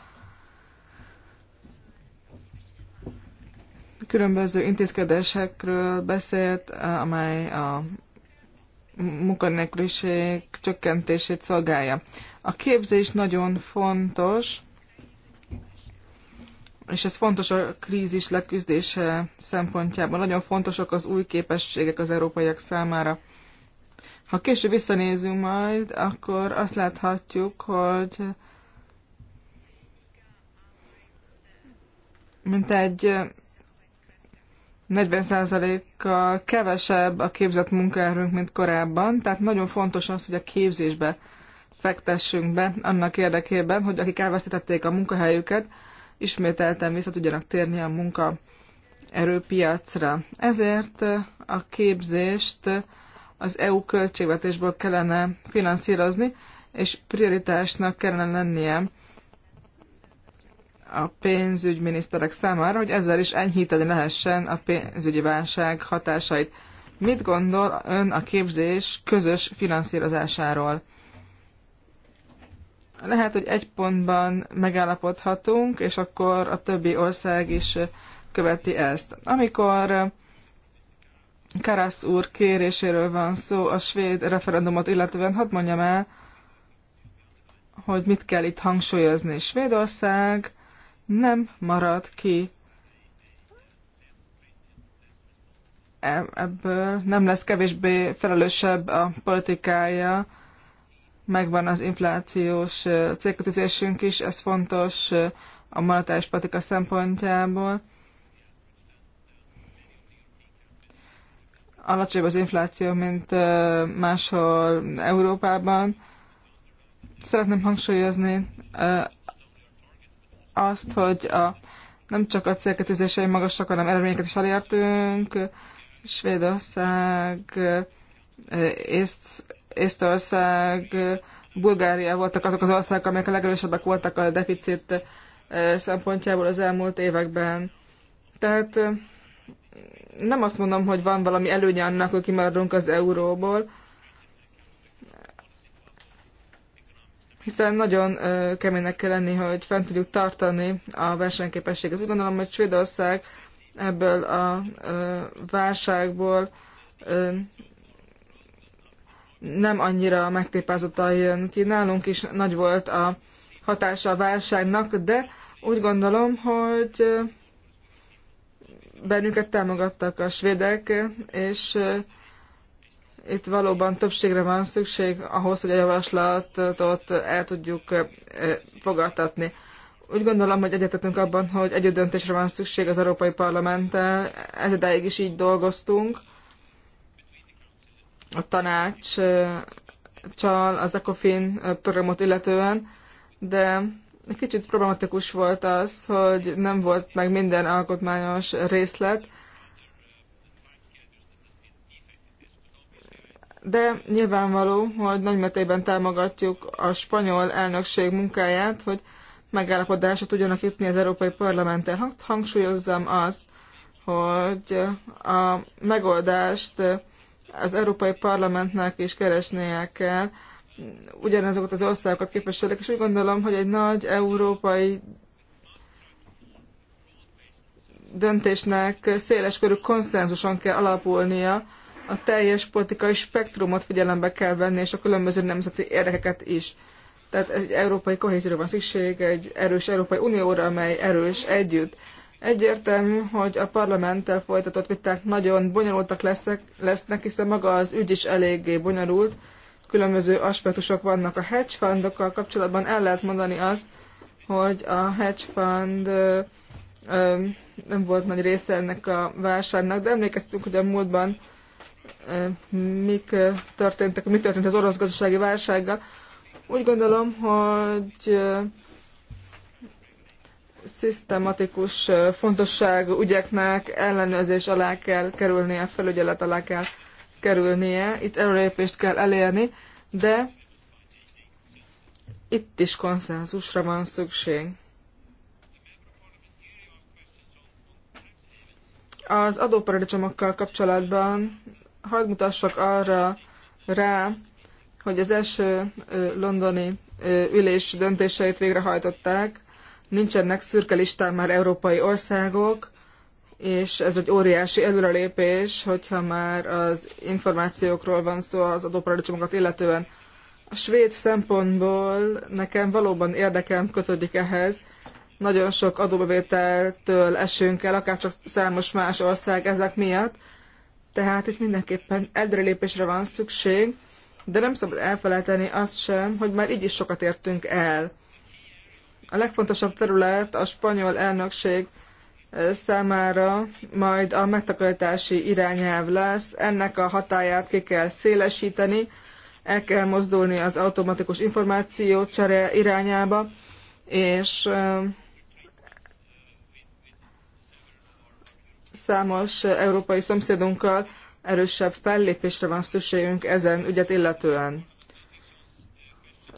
Különböző intézkedésekről beszélt, amely a munkanélküliség csökkentését szolgálja. A képzés nagyon fontos, és ez fontos a krízis leküzdése szempontjából. Nagyon fontosak az új képességek az európaiak számára. Ha később visszanézünk majd, akkor azt láthatjuk, hogy mint egy 40%-kal kevesebb a képzett munkaerőnk, mint korábban, tehát nagyon fontos az, hogy a képzésbe fektessünk be annak érdekében, hogy akik elvesztették a munkahelyüket, ismételten vissza tudjanak térni a munka erőpiacra. Ezért a képzést az EU költségvetésből kellene finanszírozni, és prioritásnak kellene lennie a pénzügyminiszterek számára, hogy ezzel is enyhíteni lehessen a pénzügyi válság hatásait. Mit gondol ön a képzés közös finanszírozásáról? Lehet, hogy egy pontban megállapodhatunk, és akkor a többi ország is követi ezt. Amikor Karasz úr kéréséről van szó a svéd referendumot, illetően hadd mondjam el, hogy mit kell itt hangsúlyozni. Svédország nem marad ki e- ebből, nem lesz kevésbé felelősebb a politikája, megvan az inflációs célkötözésünk is, ez fontos a monetáris politika szempontjából. Alacsonyabb az infláció, mint máshol Európában. Szeretném hangsúlyozni azt, hogy a, nem csak a célkötőzései magasak, hanem eredményeket is elértünk. Svédország, Észtország, Bulgária voltak azok az országok, amelyek a legerősebbek voltak a deficit eh, szempontjából az elmúlt években. Tehát eh, nem azt mondom, hogy van valami előnye annak, hogy kimaradunk az euróból, hiszen nagyon eh, keménynek kell lenni, hogy fent tudjuk tartani a versenyképességet. Úgy gondolom, hogy Svédország ebből a válságból nem annyira megtépázottan jön ki. Nálunk is nagy volt a hatása a válságnak, de úgy gondolom, hogy bennünket támogattak a svédek, és itt valóban többségre van szükség ahhoz, hogy a javaslatot el tudjuk fogadtatni. Úgy gondolom, hogy egyetetünk abban, hogy döntésre van szükség az Európai Parlamenttel. Ez is így dolgoztunk a tanács az ECOFIN programot illetően, de egy kicsit problematikus volt az, hogy nem volt meg minden alkotmányos részlet, de nyilvánvaló, hogy nagymetében támogatjuk a spanyol elnökség munkáját, hogy megállapodásra tudjanak jutni az Európai Parlamenttel. Hangsúlyozzam azt, hogy a megoldást az Európai Parlamentnek is keresnie kell ugyanazokat az országokat képviselik, és úgy gondolom, hogy egy nagy európai döntésnek körű konszenzuson kell alapulnia, a teljes politikai spektrumot figyelembe kell venni, és a különböző nemzeti érdekeket is. Tehát egy európai kohézióra van szükség, egy erős Európai Unióra, amely erős együtt. Egyértelmű, hogy a parlamenttel folytatott viták nagyon bonyolultak leszek, lesznek, hiszen maga az ügy is eléggé bonyolult, különböző aspektusok vannak a hedge fundokkal kapcsolatban, el lehet mondani azt, hogy a hedge fund ö, ö, nem volt nagy része ennek a válságnak, de emlékeztünk, hogy a múltban ö, mik történtek, mi történt az orosz gazdasági válsággal. Úgy gondolom, hogy szisztematikus fontosságú ügyeknek ellenőrzés alá kell kerülnie, felügyelet alá kell kerülnie, itt előrépést kell elérni, de itt is konszenzusra van szükség. Az adóparadicsomokkal kapcsolatban hadd mutassak arra rá, hogy az első londoni ülés döntéseit végrehajtották, nincsenek szürke listán már európai országok, és ez egy óriási előrelépés, hogyha már az információkról van szó az adóparadicsomokat illetően. A svéd szempontból nekem valóban érdekem kötődik ehhez. Nagyon sok adóbevételtől esünk el, akár csak számos más ország ezek miatt. Tehát itt mindenképpen előrelépésre van szükség, de nem szabad elfelejteni azt sem, hogy már így is sokat értünk el a legfontosabb terület a spanyol elnökség számára majd a megtakarítási irányelv lesz. Ennek a hatáját ki kell szélesíteni, el kell mozdulni az automatikus információ csere irányába, és számos európai szomszédunkkal erősebb fellépésre van szükségünk ezen ügyet illetően.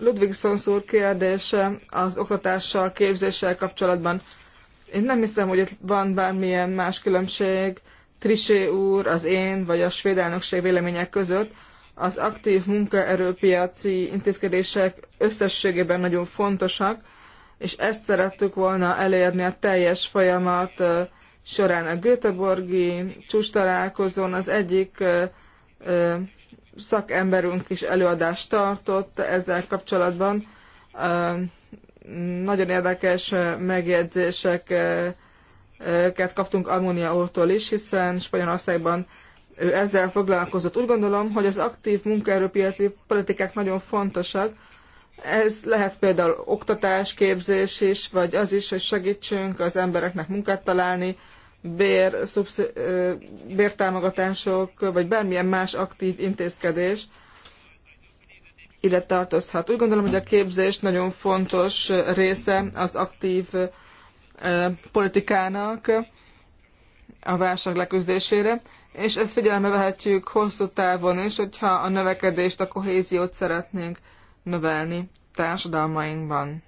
Ludwigson úr kérdése az oktatással, képzéssel kapcsolatban. Én nem hiszem, hogy itt van bármilyen más különbség Trisé úr, az én vagy a svéd elnökség vélemények között. Az aktív munkaerőpiaci intézkedések összességében nagyon fontosak, és ezt szerettük volna elérni a teljes folyamat során a Göteborgi csúcs találkozón az egyik szakemberünk is előadást tartott ezzel kapcsolatban. Nagyon érdekes megjegyzéseket kaptunk Almunia úrtól is, hiszen Spanyolországban ő ezzel foglalkozott. Úgy gondolom, hogy az aktív munkaerőpiaci politikák nagyon fontosak. Ez lehet például oktatás, képzés is, vagy az is, hogy segítsünk az embereknek munkát találni, bér, szubszi, bértámogatások, vagy bármilyen más aktív intézkedés ide tartozhat. Úgy gondolom, hogy a képzés nagyon fontos része az aktív politikának a válság leküzdésére, és ezt figyelembe vehetjük hosszú távon is, hogyha a növekedést, a kohéziót szeretnénk növelni társadalmainkban.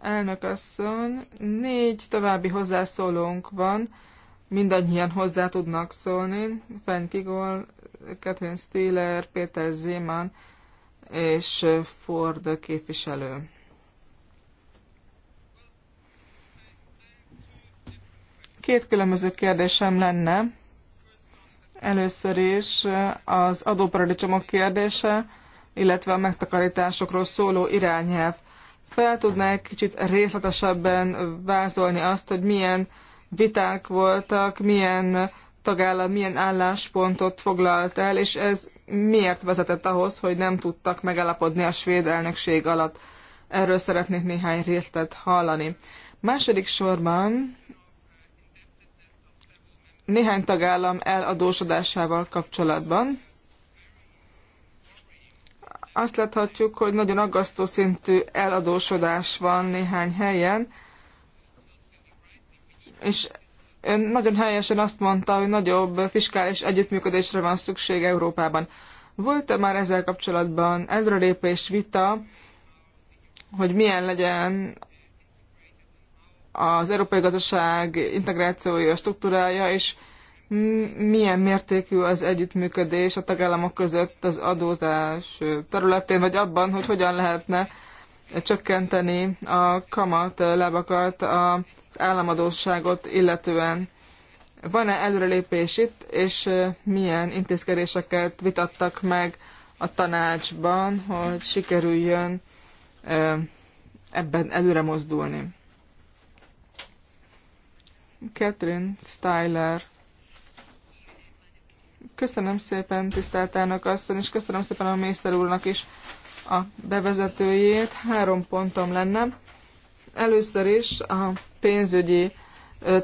Elnök asszony, négy további hozzászólónk van, mindannyian hozzá tudnak szólni. Fenn Kigol, Catherine Steeler, Péter Zéman és Ford képviselő. Két különböző kérdésem lenne. Először is az adóparadicsomok kérdése, illetve a megtakarításokról szóló irányelv. Fel tudnák kicsit részletesebben vázolni azt, hogy milyen viták voltak, milyen tagállam milyen álláspontot foglalt el, és ez miért vezetett ahhoz, hogy nem tudtak megállapodni a svéd elnökség alatt. Erről szeretnék néhány részletet hallani. Második sorban néhány tagállam eladósodásával kapcsolatban azt láthatjuk, hogy nagyon aggasztó szintű eladósodás van néhány helyen, és ön nagyon helyesen azt mondta, hogy nagyobb fiskális együttműködésre van szükség Európában. Volt-e már ezzel kapcsolatban előrelépés vita, hogy milyen legyen az európai gazdaság integrációja, struktúrája, és milyen mértékű az együttműködés a tagállamok között az adózás területén, vagy abban, hogy hogyan lehetne csökkenteni a kamat lábakat az államadóságot illetően. Van-e előrelépés itt, és milyen intézkedéseket vitattak meg a tanácsban, hogy sikerüljön ebben előre mozdulni? Catherine Styler Köszönöm szépen, tisztelt elnök asszony, és köszönöm szépen a miniszter úrnak is a bevezetőjét. Három pontom lenne. Először is a pénzügyi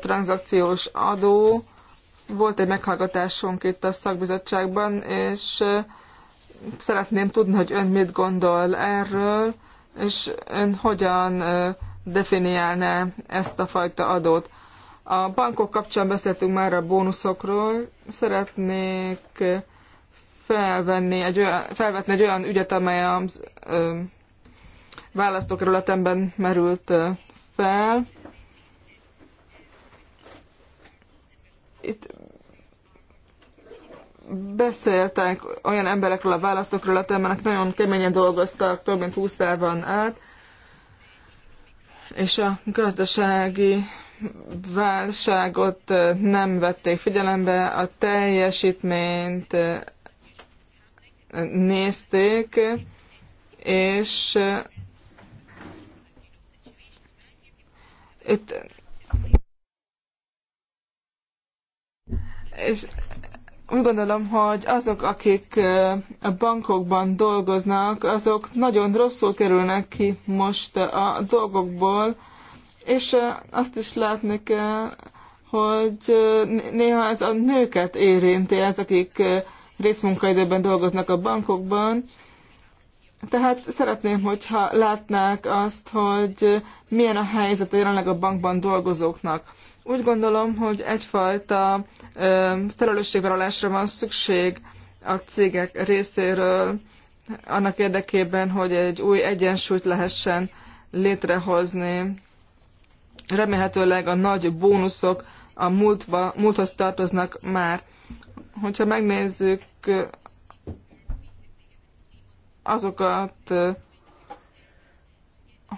tranzakciós adó. Volt egy meghallgatásunk itt a szakbizottságban, és szeretném tudni, hogy ön mit gondol erről, és ön hogyan definiálná ezt a fajta adót. A bankok kapcsán beszéltünk már a bónuszokról. Szeretnék felvenni egy olyan, felvetni egy olyan ügyet, amely a választókerületemben merült fel. Itt beszéltek olyan emberekről a választókerületemben, akik nagyon keményen dolgoztak, több mint 20 van át, és a gazdasági válságot nem vették figyelembe, a teljesítményt nézték, és itt és úgy gondolom, hogy azok, akik a bankokban dolgoznak, azok nagyon rosszul kerülnek ki most a dolgokból, és azt is látni kell, hogy néha ez a nőket érinti, ez akik részmunkaidőben dolgoznak a bankokban. Tehát szeretném, hogyha látnák azt, hogy milyen a helyzet jelenleg a bankban dolgozóknak. Úgy gondolom, hogy egyfajta felelősségvállalásra van szükség a cégek részéről annak érdekében, hogy egy új egyensúlyt lehessen létrehozni remélhetőleg a nagy bónuszok a múltba, múlthoz tartoznak már. Hogyha megnézzük azokat,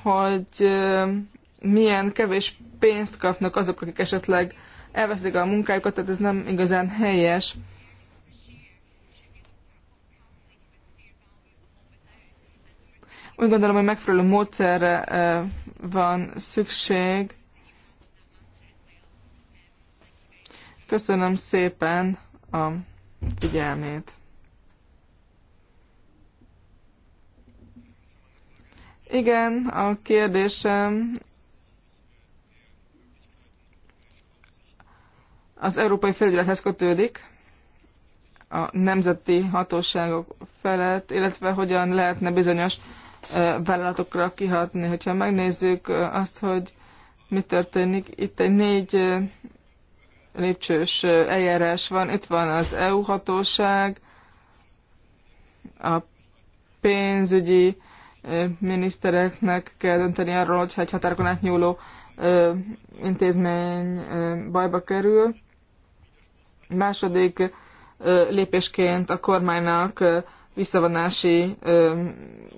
hogy milyen kevés pénzt kapnak azok, akik esetleg elveszik a munkájukat, tehát ez nem igazán helyes. Úgy gondolom, hogy megfelelő módszerre van szükség. Köszönöm szépen a figyelmét. Igen, a kérdésem az európai felügyelethez kötődik a nemzeti hatóságok felett, illetve hogyan lehetne bizonyos vállalatokra kihatni. Hogyha megnézzük azt, hogy mi történik, itt egy négy lépcsős eljárás van, itt van az EU hatóság, a pénzügyi minisztereknek kell dönteni arról, hogyha egy határokon átnyúló intézmény bajba kerül. Második lépésként a kormánynak visszavonási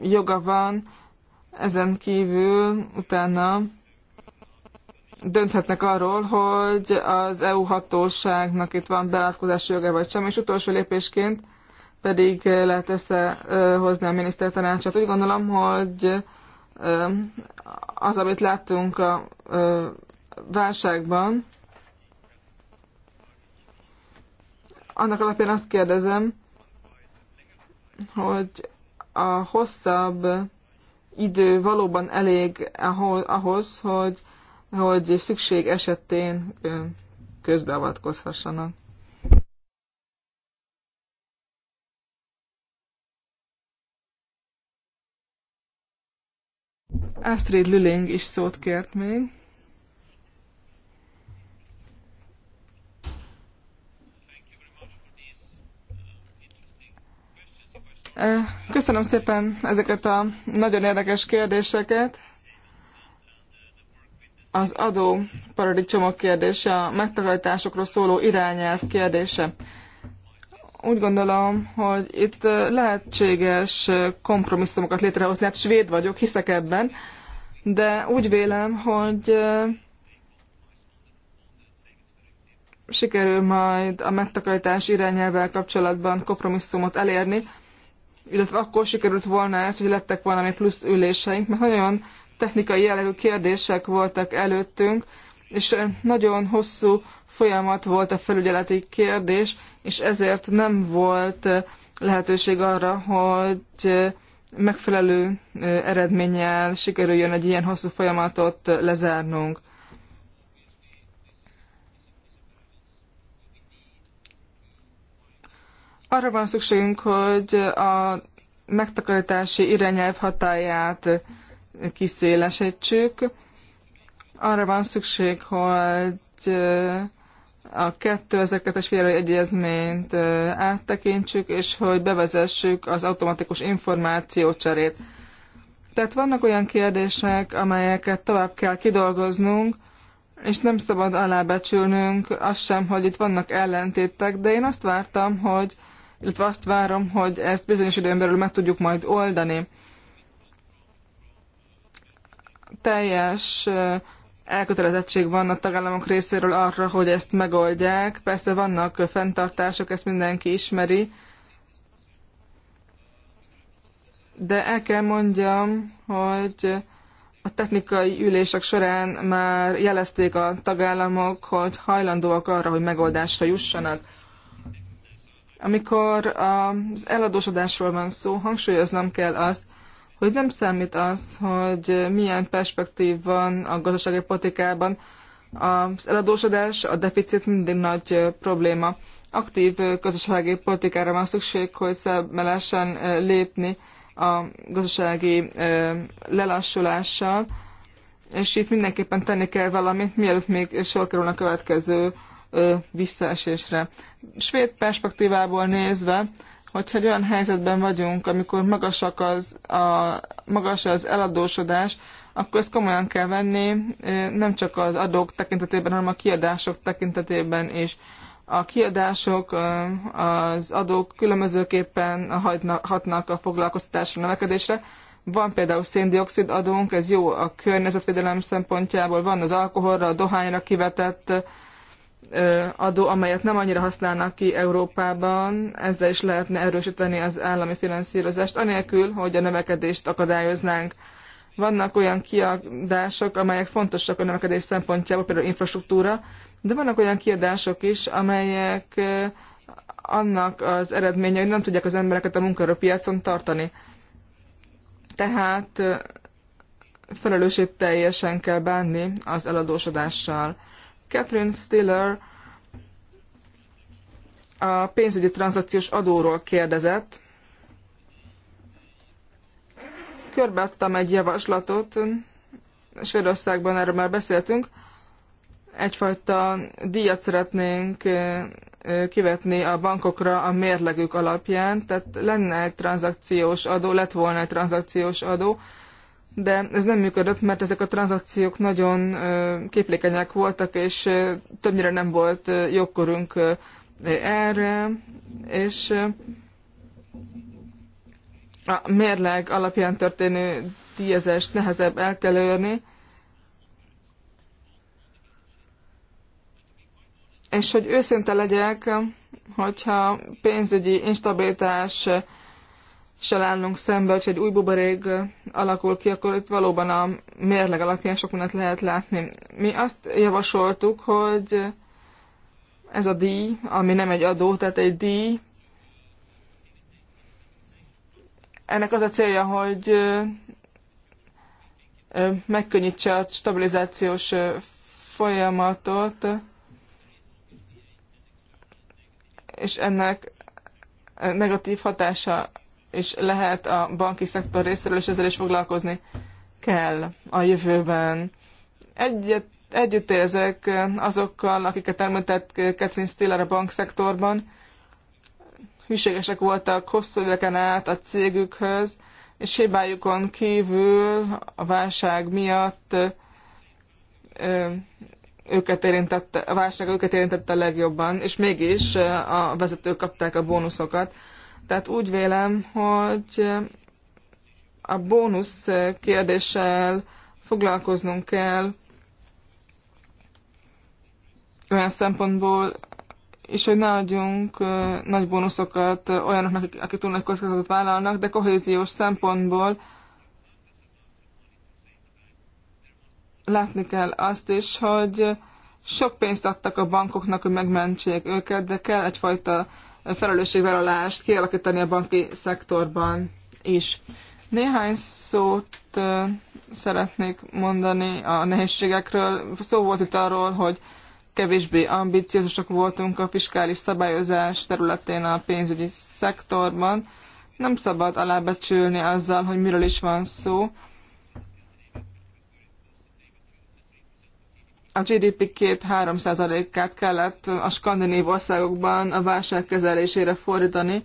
joga van, ezen kívül utána dönthetnek arról, hogy az EU hatóságnak itt van belátkozási joga vagy sem, és utolsó lépésként pedig lehet összehozni a minisztertanácsát. Úgy gondolom, hogy az, amit láttunk a válságban, annak alapján azt kérdezem, hogy a hosszabb idő valóban elég ahhoz, hogy, hogy szükség esetén közbeavatkozhassanak. Astrid Lüling is szót kért még. Köszönöm szépen ezeket a nagyon érdekes kérdéseket. Az adó paradicsomok kérdése, a megtakarításokról szóló irányelv kérdése. Úgy gondolom, hogy itt lehetséges kompromisszumokat létrehozni. Hát svéd vagyok, hiszek ebben, de úgy vélem, hogy sikerül majd a megtakarítás irányelvvel kapcsolatban kompromisszumot elérni, illetve akkor sikerült volna ez, hogy lettek volna még plusz üléseink, mert nagyon technikai jellegű kérdések voltak előttünk, és nagyon hosszú folyamat volt a felügyeleti kérdés, és ezért nem volt lehetőség arra, hogy megfelelő eredménnyel sikerüljön egy ilyen hosszú folyamatot lezárnunk. Arra van szükségünk, hogy a megtakarítási irányelv hatáját kiszélesítsük. Arra van szükség, hogy a 2002-es félre egyezményt áttekintsük, és hogy bevezessük az automatikus információcserét. Tehát vannak olyan kérdések, amelyeket tovább kell kidolgoznunk, és nem szabad alábecsülnünk azt sem, hogy itt vannak ellentétek, de én azt vártam, hogy illetve azt várom, hogy ezt bizonyos időn belül meg tudjuk majd oldani. Teljes elkötelezettség van a tagállamok részéről arra, hogy ezt megoldják. Persze vannak fenntartások, ezt mindenki ismeri. De el kell mondjam, hogy a technikai ülések során már jelezték a tagállamok, hogy hajlandóak arra, hogy megoldásra jussanak. Amikor az eladósodásról van szó, hangsúlyoznom kell azt, hogy nem számít az, hogy milyen perspektív van a gazdasági politikában. Az eladósodás, a deficit mindig nagy probléma. Aktív gazdasági politikára van szükség, hogy szemmelesen lépni a gazdasági lelassulással, és itt mindenképpen tenni kell valamit, mielőtt még sor kerül a következő visszaesésre. Svéd perspektívából nézve, hogyha egy olyan helyzetben vagyunk, amikor magasak az, a, magas az eladósodás, akkor ezt komolyan kell venni, nem csak az adók tekintetében, hanem a kiadások tekintetében is. A kiadások, az adók különbözőképpen hatnak a foglalkoztatásra, növekedésre. Van például széndiokszid adónk, ez jó a környezetvédelem szempontjából, van az alkoholra, a dohányra kivetett adó, amelyet nem annyira használnak ki Európában, ezzel is lehetne erősíteni az állami finanszírozást, anélkül, hogy a növekedést akadályoznánk. Vannak olyan kiadások, amelyek fontosak a növekedés szempontjából, például infrastruktúra, de vannak olyan kiadások is, amelyek annak az eredménye, hogy nem tudják az embereket a munkaerőpiacon tartani. Tehát felelősség teljesen kell bánni az eladósodással. Catherine Stiller a pénzügyi tranzakciós adóról kérdezett. Körbeadtam egy javaslatot, Svédországban erről már beszéltünk, egyfajta díjat szeretnénk eh, eh, kivetni a bankokra a mérlegük alapján, tehát lenne egy tranzakciós adó, lett volna egy tranzakciós adó, de ez nem működött, mert ezek a tranzakciók nagyon képlékenyek voltak, és többnyire nem volt jogkorunk erre, és a mérleg alapján történő díjazást nehezebb el kell őrni, és hogy őszinte legyek, hogyha pénzügyi instabilitás sel állnunk szembe, hogyha egy új buborék alakul ki, akkor itt valóban a mérleg alapján sok mindent lehet látni. Mi azt javasoltuk, hogy ez a díj, ami nem egy adó, tehát egy díj, ennek az a célja, hogy megkönnyítse a stabilizációs folyamatot, és ennek negatív hatása és lehet a banki szektor részéről, és ezzel is foglalkozni kell a jövőben. Egyet, együtt érzek azokkal, akiket említett Catherine Stiller a bankszektorban. Hűségesek voltak hosszú éveken át a cégükhöz, és hibájukon kívül a válság miatt őket érintette, a válság őket érintette a legjobban, és mégis a vezetők kapták a bónuszokat tehát úgy vélem, hogy a bónusz kérdéssel foglalkoznunk kell olyan szempontból, és hogy ne adjunk nagy bónuszokat olyanoknak, akik, túl nagy kockázatot vállalnak, de kohéziós szempontból látni kell azt is, hogy sok pénzt adtak a bankoknak, hogy megmentsék őket, de kell egyfajta felelősségvállalást kialakítani a banki szektorban is. Néhány szót szeretnék mondani a nehézségekről. Szó volt itt arról, hogy kevésbé ambiciózusak voltunk a fiskális szabályozás területén a pénzügyi szektorban. Nem szabad alábecsülni azzal, hogy miről is van szó. a GDP 2-3 százalékát kellett a skandinév országokban a válság kezelésére fordítani.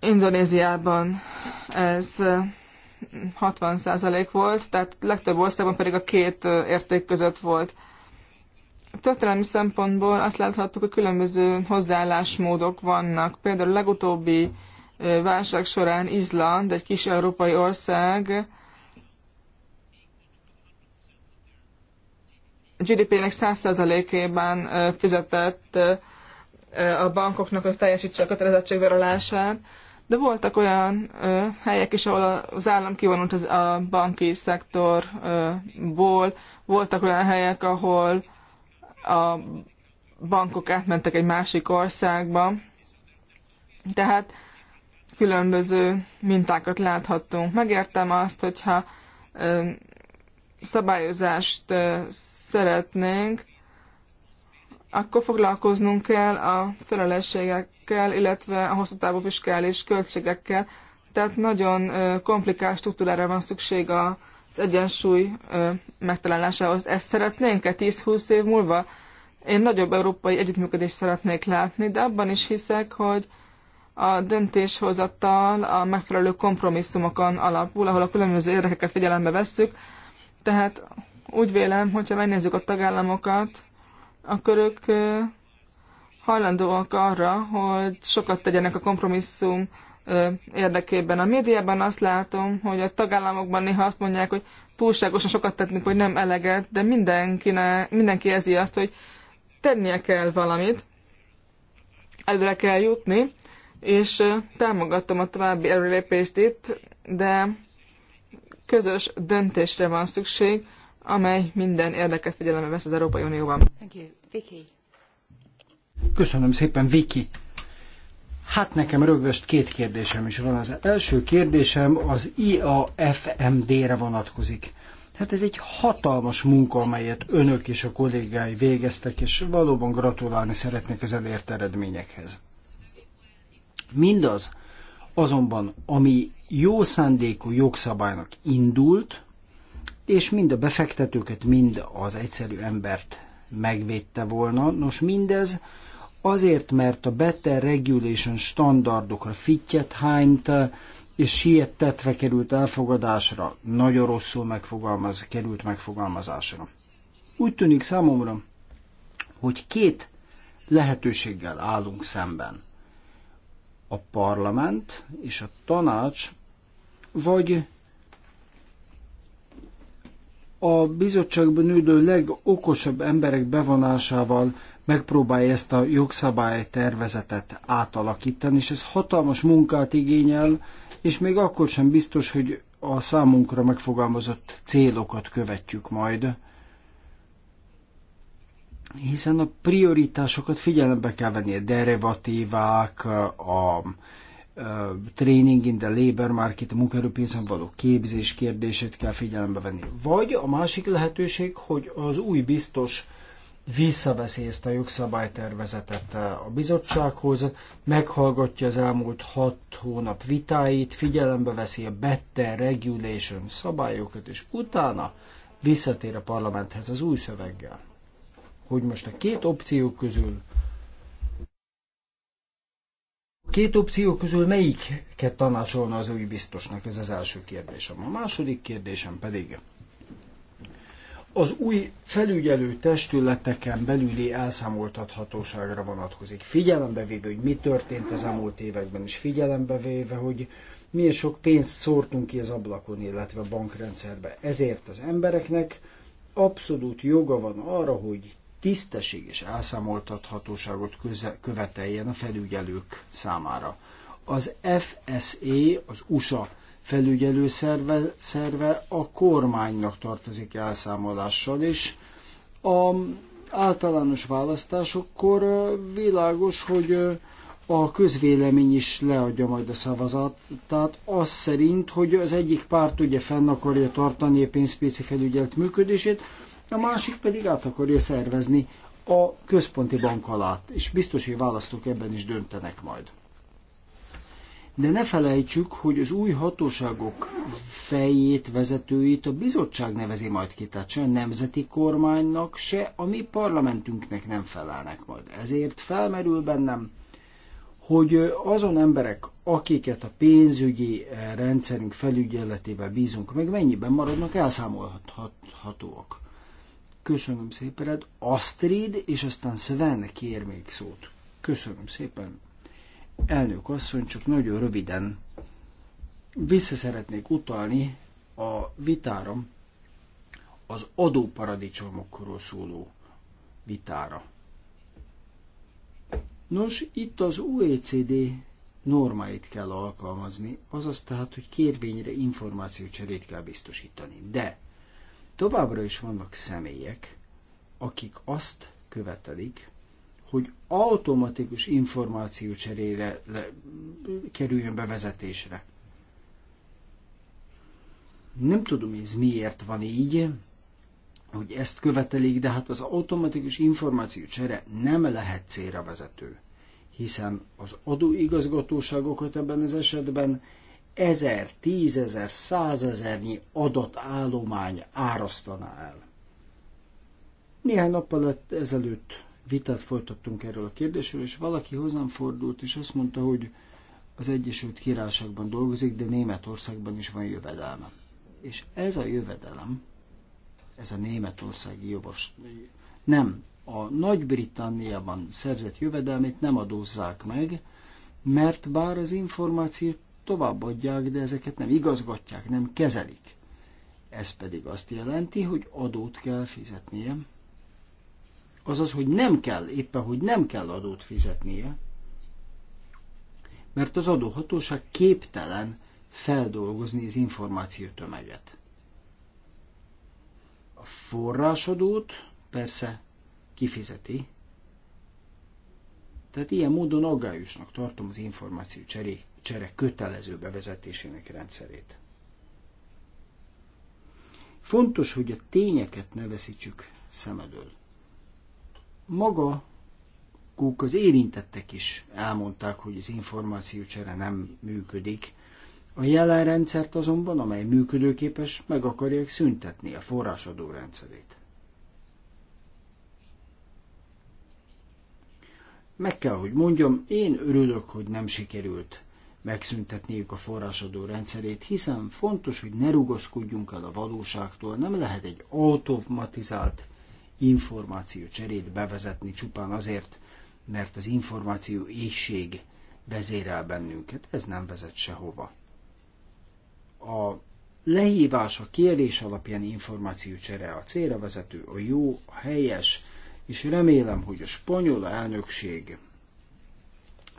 Indonéziában ez 60 eh, százalék volt, tehát legtöbb országban pedig a két eh, érték között volt. Történelmi szempontból azt láthattuk, hogy különböző hozzáállásmódok vannak. Például a legutóbbi eh, válság során Izland, egy kis európai ország, GDP-nek 100%-ében fizetett a bankoknak, hogy teljesítse a kötelezettségvállalását, de voltak olyan ö, helyek is, ahol az állam kivonult az, a banki szektorból, voltak olyan helyek, ahol a bankok átmentek egy másik országba, tehát különböző mintákat láthattunk. Megértem azt, hogyha ö, szabályozást szeretnénk, akkor foglalkoznunk kell a felelősségekkel, illetve a hosszú távú fiskális költségekkel. Tehát nagyon komplikált struktúrára van szükség az egyensúly megtalálásához. Ezt szeretnénk-e 10-20 év múlva? Én nagyobb európai együttműködést szeretnék látni, de abban is hiszek, hogy a döntéshozattal a megfelelő kompromisszumokon alapul, ahol a különböző érdekeket figyelembe vesszük. Tehát úgy vélem, hogyha megnézzük a tagállamokat, akkor ők hajlandóak arra, hogy sokat tegyenek a kompromisszum érdekében. A médiában azt látom, hogy a tagállamokban néha azt mondják, hogy túlságosan sokat tettünk, hogy nem eleget, de ne, mindenki ezi azt, hogy tennie kell valamit, előre kell jutni, és támogatom a további előrelépést itt, de közös döntésre van szükség, amely minden érdeket figyelembe vesz az Európai Unióban. Köszönöm szépen, Viki. Hát nekem rögvöst két kérdésem is van. Az első kérdésem az IAFMD-re vonatkozik. Hát ez egy hatalmas munka, amelyet önök és a kollégái végeztek, és valóban gratulálni szeretnék az elért eredményekhez. Mindaz azonban, ami jó szándékú jogszabálynak indult, és mind a befektetőket, mind az egyszerű embert megvédte volna. Nos, mindez azért, mert a Better Regulation standardokra fittyet hányt, és siettetve került elfogadásra, nagyon rosszul megfogalmaz, került megfogalmazásra. Úgy tűnik számomra, hogy két lehetőséggel állunk szemben. A parlament és a tanács, vagy a bizottságban ülő legokosabb emberek bevonásával megpróbálja ezt a jogszabálytervezetet átalakítani, és ez hatalmas munkát igényel, és még akkor sem biztos, hogy a számunkra megfogalmazott célokat követjük majd, hiszen a prioritásokat figyelembe kell venni, a derivatívák, a training in the labor market, a munkaerőpénzen való képzés kérdését kell figyelembe venni. Vagy a másik lehetőség, hogy az új biztos visszaveszi ezt a jogszabálytervezetet a bizottsághoz, meghallgatja az elmúlt hat hónap vitáit, figyelembe veszi a better regulation szabályokat, és utána visszatér a parlamenthez az új szöveggel. Hogy most a két opció közül két opció közül melyiket tanácsolna az új biztosnak? Ez az első kérdésem. A második kérdésem pedig az új felügyelő testületeken belüli elszámoltathatóságra vonatkozik. Figyelembe véve, hogy mi történt az elmúlt években, és figyelembe véve, hogy milyen sok pénzt szórtunk ki az ablakon, illetve a bankrendszerbe. Ezért az embereknek abszolút joga van arra, hogy tisztességes elszámoltathatóságot követeljen a felügyelők számára. Az FSA, az USA felügyelő szerve, szerve a kormánynak tartozik elszámolással is. A általános választásokkor világos, hogy a közvélemény is leadja majd a Tehát az szerint, hogy az egyik párt ugye fenn akarja tartani a pénzpiaci felügyelt működését, a másik pedig át akarja szervezni a központi bank alatt, és biztos, hogy választók ebben is döntenek majd. De ne felejtsük, hogy az új hatóságok fejét, vezetőit a bizottság nevezi majd ki, tehát se a nemzeti kormánynak, se a mi parlamentünknek nem felelnek majd. Ezért felmerül bennem, hogy azon emberek, akiket a pénzügyi rendszerünk felügyeletével bízunk meg, mennyiben maradnak elszámolhatóak. Köszönöm szépen, Ed. Astrid, és aztán Sven kér még szót. Köszönöm szépen. Elnök asszony, csak nagyon röviden vissza szeretnék utalni a vitára, az adóparadicsomokról szóló vitára. Nos, itt az OECD normáit kell alkalmazni, azaz tehát, hogy kérvényre információcserét kell biztosítani. De Továbbra is vannak személyek, akik azt követelik, hogy automatikus cserére le, kerüljön bevezetésre. Nem tudom, ez miért van így, hogy ezt követelik, de hát az automatikus csere nem lehet célra vezető, hiszen az adóigazgatóságokat ebben az esetben ezer, tízezer, százezernyi adott állomány árasztaná el. Néhány nappal ezelőtt vitát folytattunk erről a kérdésről, és valaki hozzám fordult, és azt mondta, hogy az Egyesült Királyságban dolgozik, de Németországban is van jövedelme. És ez a jövedelem, ez a németországi jogos, nem, a Nagy-Britanniában szerzett jövedelmét nem adózzák meg, mert bár az információ továbbadják, de ezeket nem igazgatják, nem kezelik. Ez pedig azt jelenti, hogy adót kell fizetnie. Azaz, hogy nem kell, éppen, hogy nem kell adót fizetnie, mert az adóhatóság képtelen feldolgozni az információ tömeget. A forrásadót persze kifizeti, tehát ilyen módon aggályosnak tartom az információ cserék csere kötelező bevezetésének rendszerét. Fontos, hogy a tényeket ne veszítsük szem elől. Maga kúk az érintettek is elmondták, hogy az információcsere nem működik. A jelen rendszert azonban, amely működőképes, meg akarják szüntetni a forrásadó rendszerét. Meg kell, hogy mondjam, én örülök, hogy nem sikerült megszüntetniük a forrásadó rendszerét, hiszen fontos, hogy ne rugaszkodjunk el a valóságtól, nem lehet egy automatizált információ cserét bevezetni csupán azért, mert az információ éjség vezérel bennünket, ez nem vezet sehova. A lehívás, a kérés alapján csere a célra vezető, a jó, a helyes, és remélem, hogy a spanyol elnökség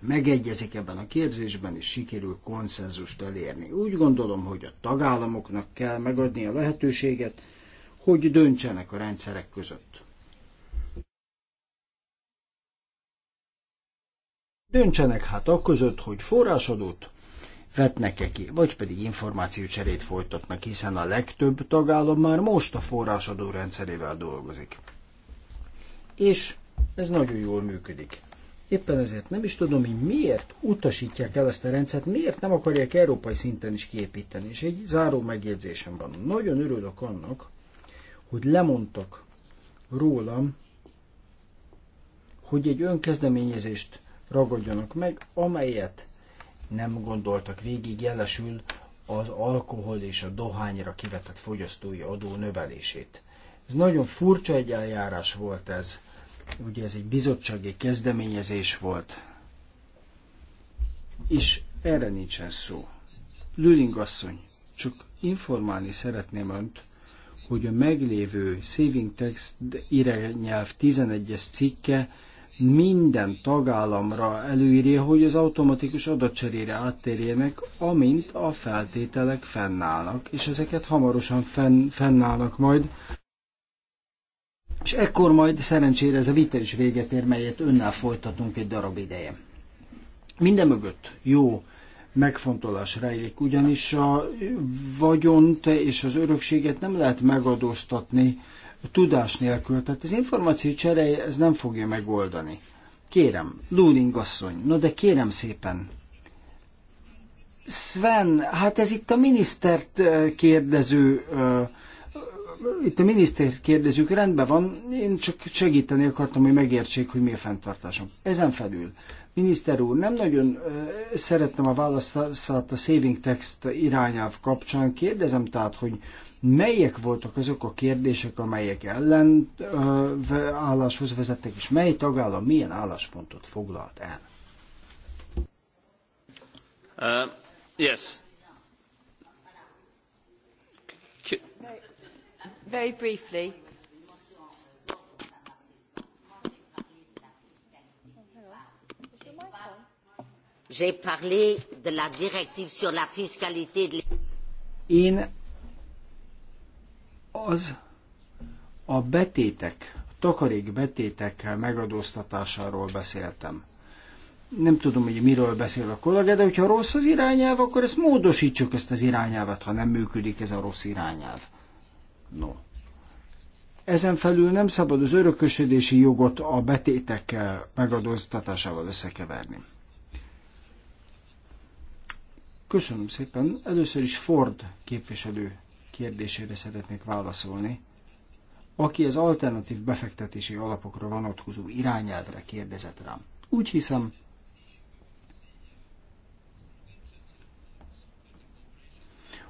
megegyezik ebben a kérdésben, és sikerül konszenzust elérni. Úgy gondolom, hogy a tagállamoknak kell megadni a lehetőséget, hogy döntsenek a rendszerek között. Döntsenek hát a között, hogy forrásadót vetnek-e ki, vagy pedig információcserét folytatnak, hiszen a legtöbb tagállam már most a forrásadó rendszerével dolgozik. És ez nagyon jól működik. Éppen ezért nem is tudom, hogy miért utasítják el ezt a rendszert, miért nem akarják európai szinten is kiépíteni. És egy záró megjegyzésem van. Nagyon örülök annak, hogy lemondtak rólam, hogy egy önkezdeményezést ragadjanak meg, amelyet nem gondoltak végig jelesül az alkohol és a dohányra kivetett fogyasztói adó növelését. Ez nagyon furcsa egy eljárás volt ez Ugye ez egy bizottsági kezdeményezés volt, és erre nincsen szó. Lüling asszony, csak informálni szeretném önt, hogy a meglévő Saving Text irányelv 11-es cikke minden tagállamra előírja, hogy az automatikus adatcserére áttérjenek, amint a feltételek fennállnak, és ezeket hamarosan fenn, fennállnak majd. És ekkor majd szerencsére ez a vita is véget ér, melyet önnel folytatunk egy darab ideje. Minden mögött jó megfontolás rejlik, ugyanis a vagyont és az örökséget nem lehet megadóztatni tudás nélkül, tehát az információ csereje ez nem fogja megoldani. Kérem, Lúling asszony, no de kérem szépen, Sven, hát ez itt a minisztert eh, kérdező uh, itt a miniszter kérdezők rendben van, én csak segíteni akartam, hogy megértsék, hogy mi a fenntartásom. Ezen felül, miniszter úr, nem nagyon szerettem a választását a saving text irányáv kapcsán. Kérdezem tehát, hogy melyek voltak azok a kérdések, amelyek ellen álláshoz vezettek, és mely tagállam milyen álláspontot foglalt el? Uh, yes, Very briefly. J'ai parlé de la directive sur la fiscalité Én az a betétek, a takarék betétek megadóztatásáról beszéltem. Nem tudom, hogy miről beszél a kollega, de hogyha rossz az irányelv, akkor ezt módosítsuk ezt az irányelvet, ha nem működik ez a rossz irányelv. No. Ezen felül nem szabad az örökösödési jogot a betétek eh, megadóztatásával összekeverni. Köszönöm szépen. Először is Ford képviselő kérdésére szeretnék válaszolni, aki az alternatív befektetési alapokra vonatkozó irányelvre kérdezett rám. Úgy hiszem,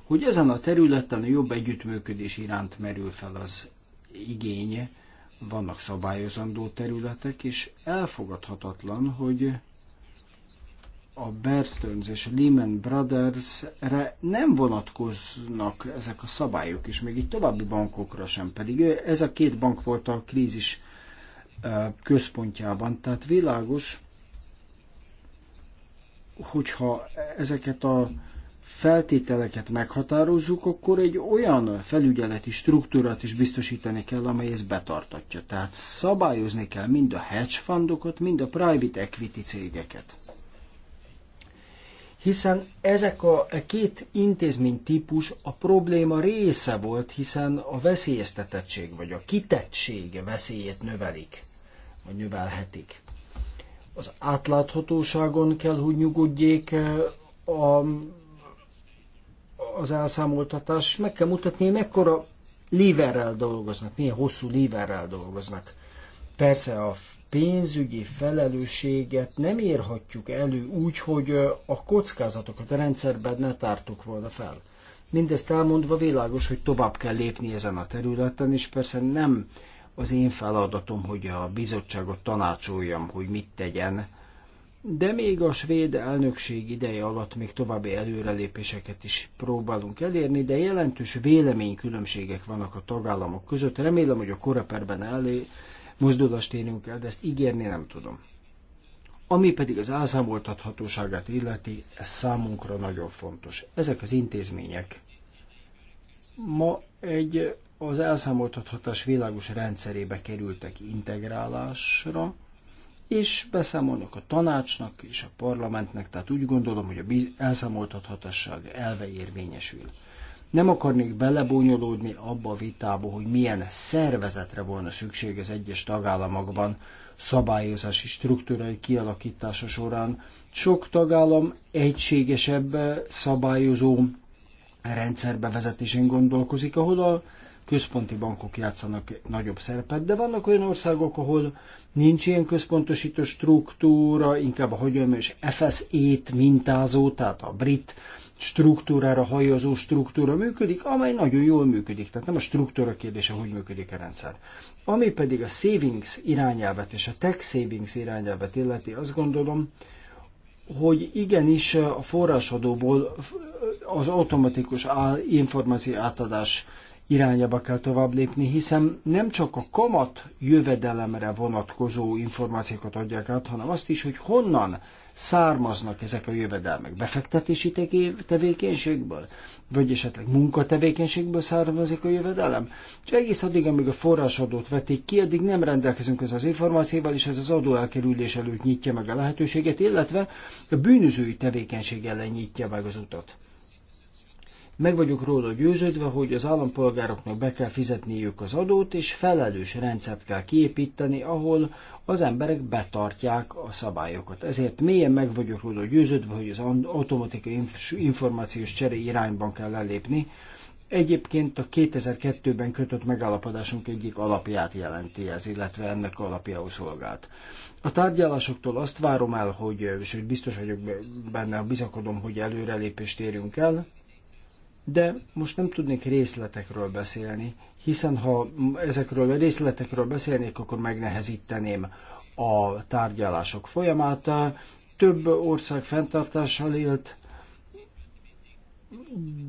hogy ezen a területen a jobb együttműködés iránt merül fel az igény, vannak szabályozandó területek, és elfogadhatatlan, hogy a Bear Stearns és a Lehman Brothers-re nem vonatkoznak ezek a szabályok, és még így további bankokra sem, pedig ez a két bank volt a krízis központjában, tehát világos, hogyha ezeket a feltételeket meghatározzuk, akkor egy olyan felügyeleti struktúrát is biztosítani kell, amely ezt betartatja. Tehát szabályozni kell mind a hedge fundokat, mind a private equity cégeket. Hiszen ezek a e két intézmény típus a probléma része volt, hiszen a veszélyeztetettség vagy a kitettség veszélyét növelik, vagy növelhetik. Az átláthatóságon kell, hogy nyugodjék e, a az elszámoltatás, és meg kell mutatni, mekkora léverrel dolgoznak, milyen hosszú léverrel dolgoznak. Persze a pénzügyi felelősséget nem érhatjuk elő úgy, hogy a kockázatokat a rendszerben ne tártuk volna fel. Mindezt elmondva világos, hogy tovább kell lépni ezen a területen, és persze nem az én feladatom, hogy a bizottságot tanácsoljam, hogy mit tegyen, de még a svéd elnökség ideje alatt még további előrelépéseket is próbálunk elérni, de jelentős véleménykülönbségek vannak a tagállamok között. Remélem, hogy a koreperben elé mozdulást érünk el, de ezt ígérni nem tudom. Ami pedig az elszámoltathatóságát illeti, ez számunkra nagyon fontos. Ezek az intézmények ma egy az elszámoltathatás világos rendszerébe kerültek integrálásra, és beszámolnak a tanácsnak és a parlamentnek, tehát úgy gondolom, hogy a elszámoltathatasság elve érvényesül. Nem akarnék belebonyolódni abba a vitába, hogy milyen szervezetre volna szükség az egyes tagállamokban szabályozási struktúrai kialakítása során. Sok tagállam egységesebb eh, szabályozó rendszerbevezetésén gondolkozik, ahol a központi bankok játszanak nagyobb szerepet, de vannak olyan országok, ahol nincs ilyen központosító struktúra, inkább a hagyományos FSE-t mintázó, tehát a brit struktúrára hajazó struktúra működik, amely nagyon jól működik. Tehát nem a struktúra kérdése, hogy működik a rendszer. Ami pedig a savings irányelvet és a tech savings irányelvet illeti, azt gondolom, hogy igenis a forrásadóból az automatikus információ átadás irányába kell tovább lépni, hiszen nem csak a kamat jövedelemre vonatkozó információkat adják át, hanem azt is, hogy honnan származnak ezek a jövedelmek. Befektetési tevékenységből? Vagy esetleg munkatevékenységből származik a jövedelem? És egész addig, amíg a forrásadót vették ki, addig nem rendelkezünk ez az információval, és ez az adó elkerülés előtt nyitja meg a lehetőséget, illetve a bűnözői tevékenység ellen nyitja meg az utat. Meg vagyok róla győződve, hogy az állampolgároknak be kell fizetniük az adót, és felelős rendszert kell kiépíteni, ahol az emberek betartják a szabályokat. Ezért mélyen meg vagyok róla győződve, hogy az automatikai információs csere irányban kell lelépni. Egyébként a 2002-ben kötött megállapodásunk egyik alapját jelenti ez, illetve ennek alapjául szolgált. A tárgyalásoktól azt várom el, hogy, és hogy biztos vagyok benne, bizakodom, hogy előrelépést érjünk el, de most nem tudnék részletekről beszélni, hiszen ha ezekről a részletekről beszélnék, akkor megnehezíteném a tárgyalások folyamát. Több ország fenntartással élt,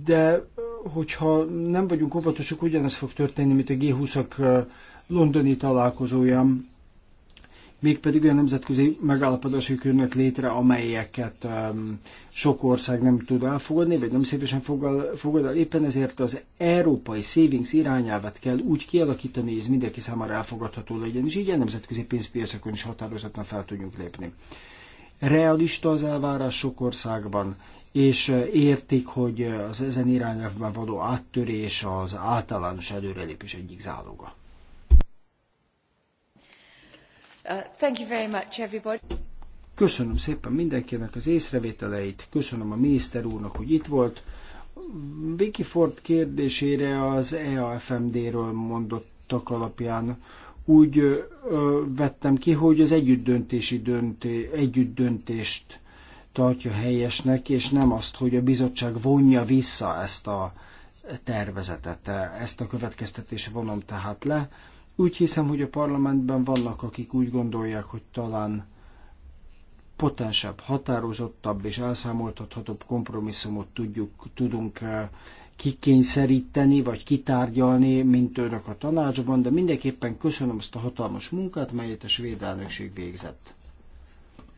de hogyha nem vagyunk óvatosok, ugyanez fog történni, mint a G20-ak londoni találkozóján mégpedig olyan nemzetközi megállapodások jönnek létre, amelyeket um, sok ország nem tud elfogadni, vagy nem szívesen fogad, fogad el. Éppen ezért az európai savings irányelvet kell úgy kialakítani, hogy ez mindenki számára elfogadható legyen, és így a nemzetközi pénzpiacokon is határozottan fel tudjunk lépni. Realista az elvárás sok országban, és uh, értik, hogy az ezen irányelvben való áttörés az általános előrelépés egyik záloga. Uh, köszönöm szépen mindenkinek az észrevételeit, köszönöm a miniszter úrnak, hogy itt volt. Vicky Ford kérdésére az EAFMD-ről mondottak alapján úgy ö, vettem ki, hogy az együttdöntési dönté, együttdöntést tartja helyesnek, és nem azt, hogy a bizottság vonja vissza ezt a tervezetet. Ezt a következtetés vonom tehát le. Úgy hiszem, hogy a parlamentben vannak, akik úgy gondolják, hogy talán potensebb, határozottabb és elszámoltathatóbb kompromisszumot tudjuk, tudunk eh, kikényszeríteni, vagy kitárgyalni, mint önök a tanácsban, de mindenképpen köszönöm ezt a hatalmas munkát, melyet a svéd elnökség végzett.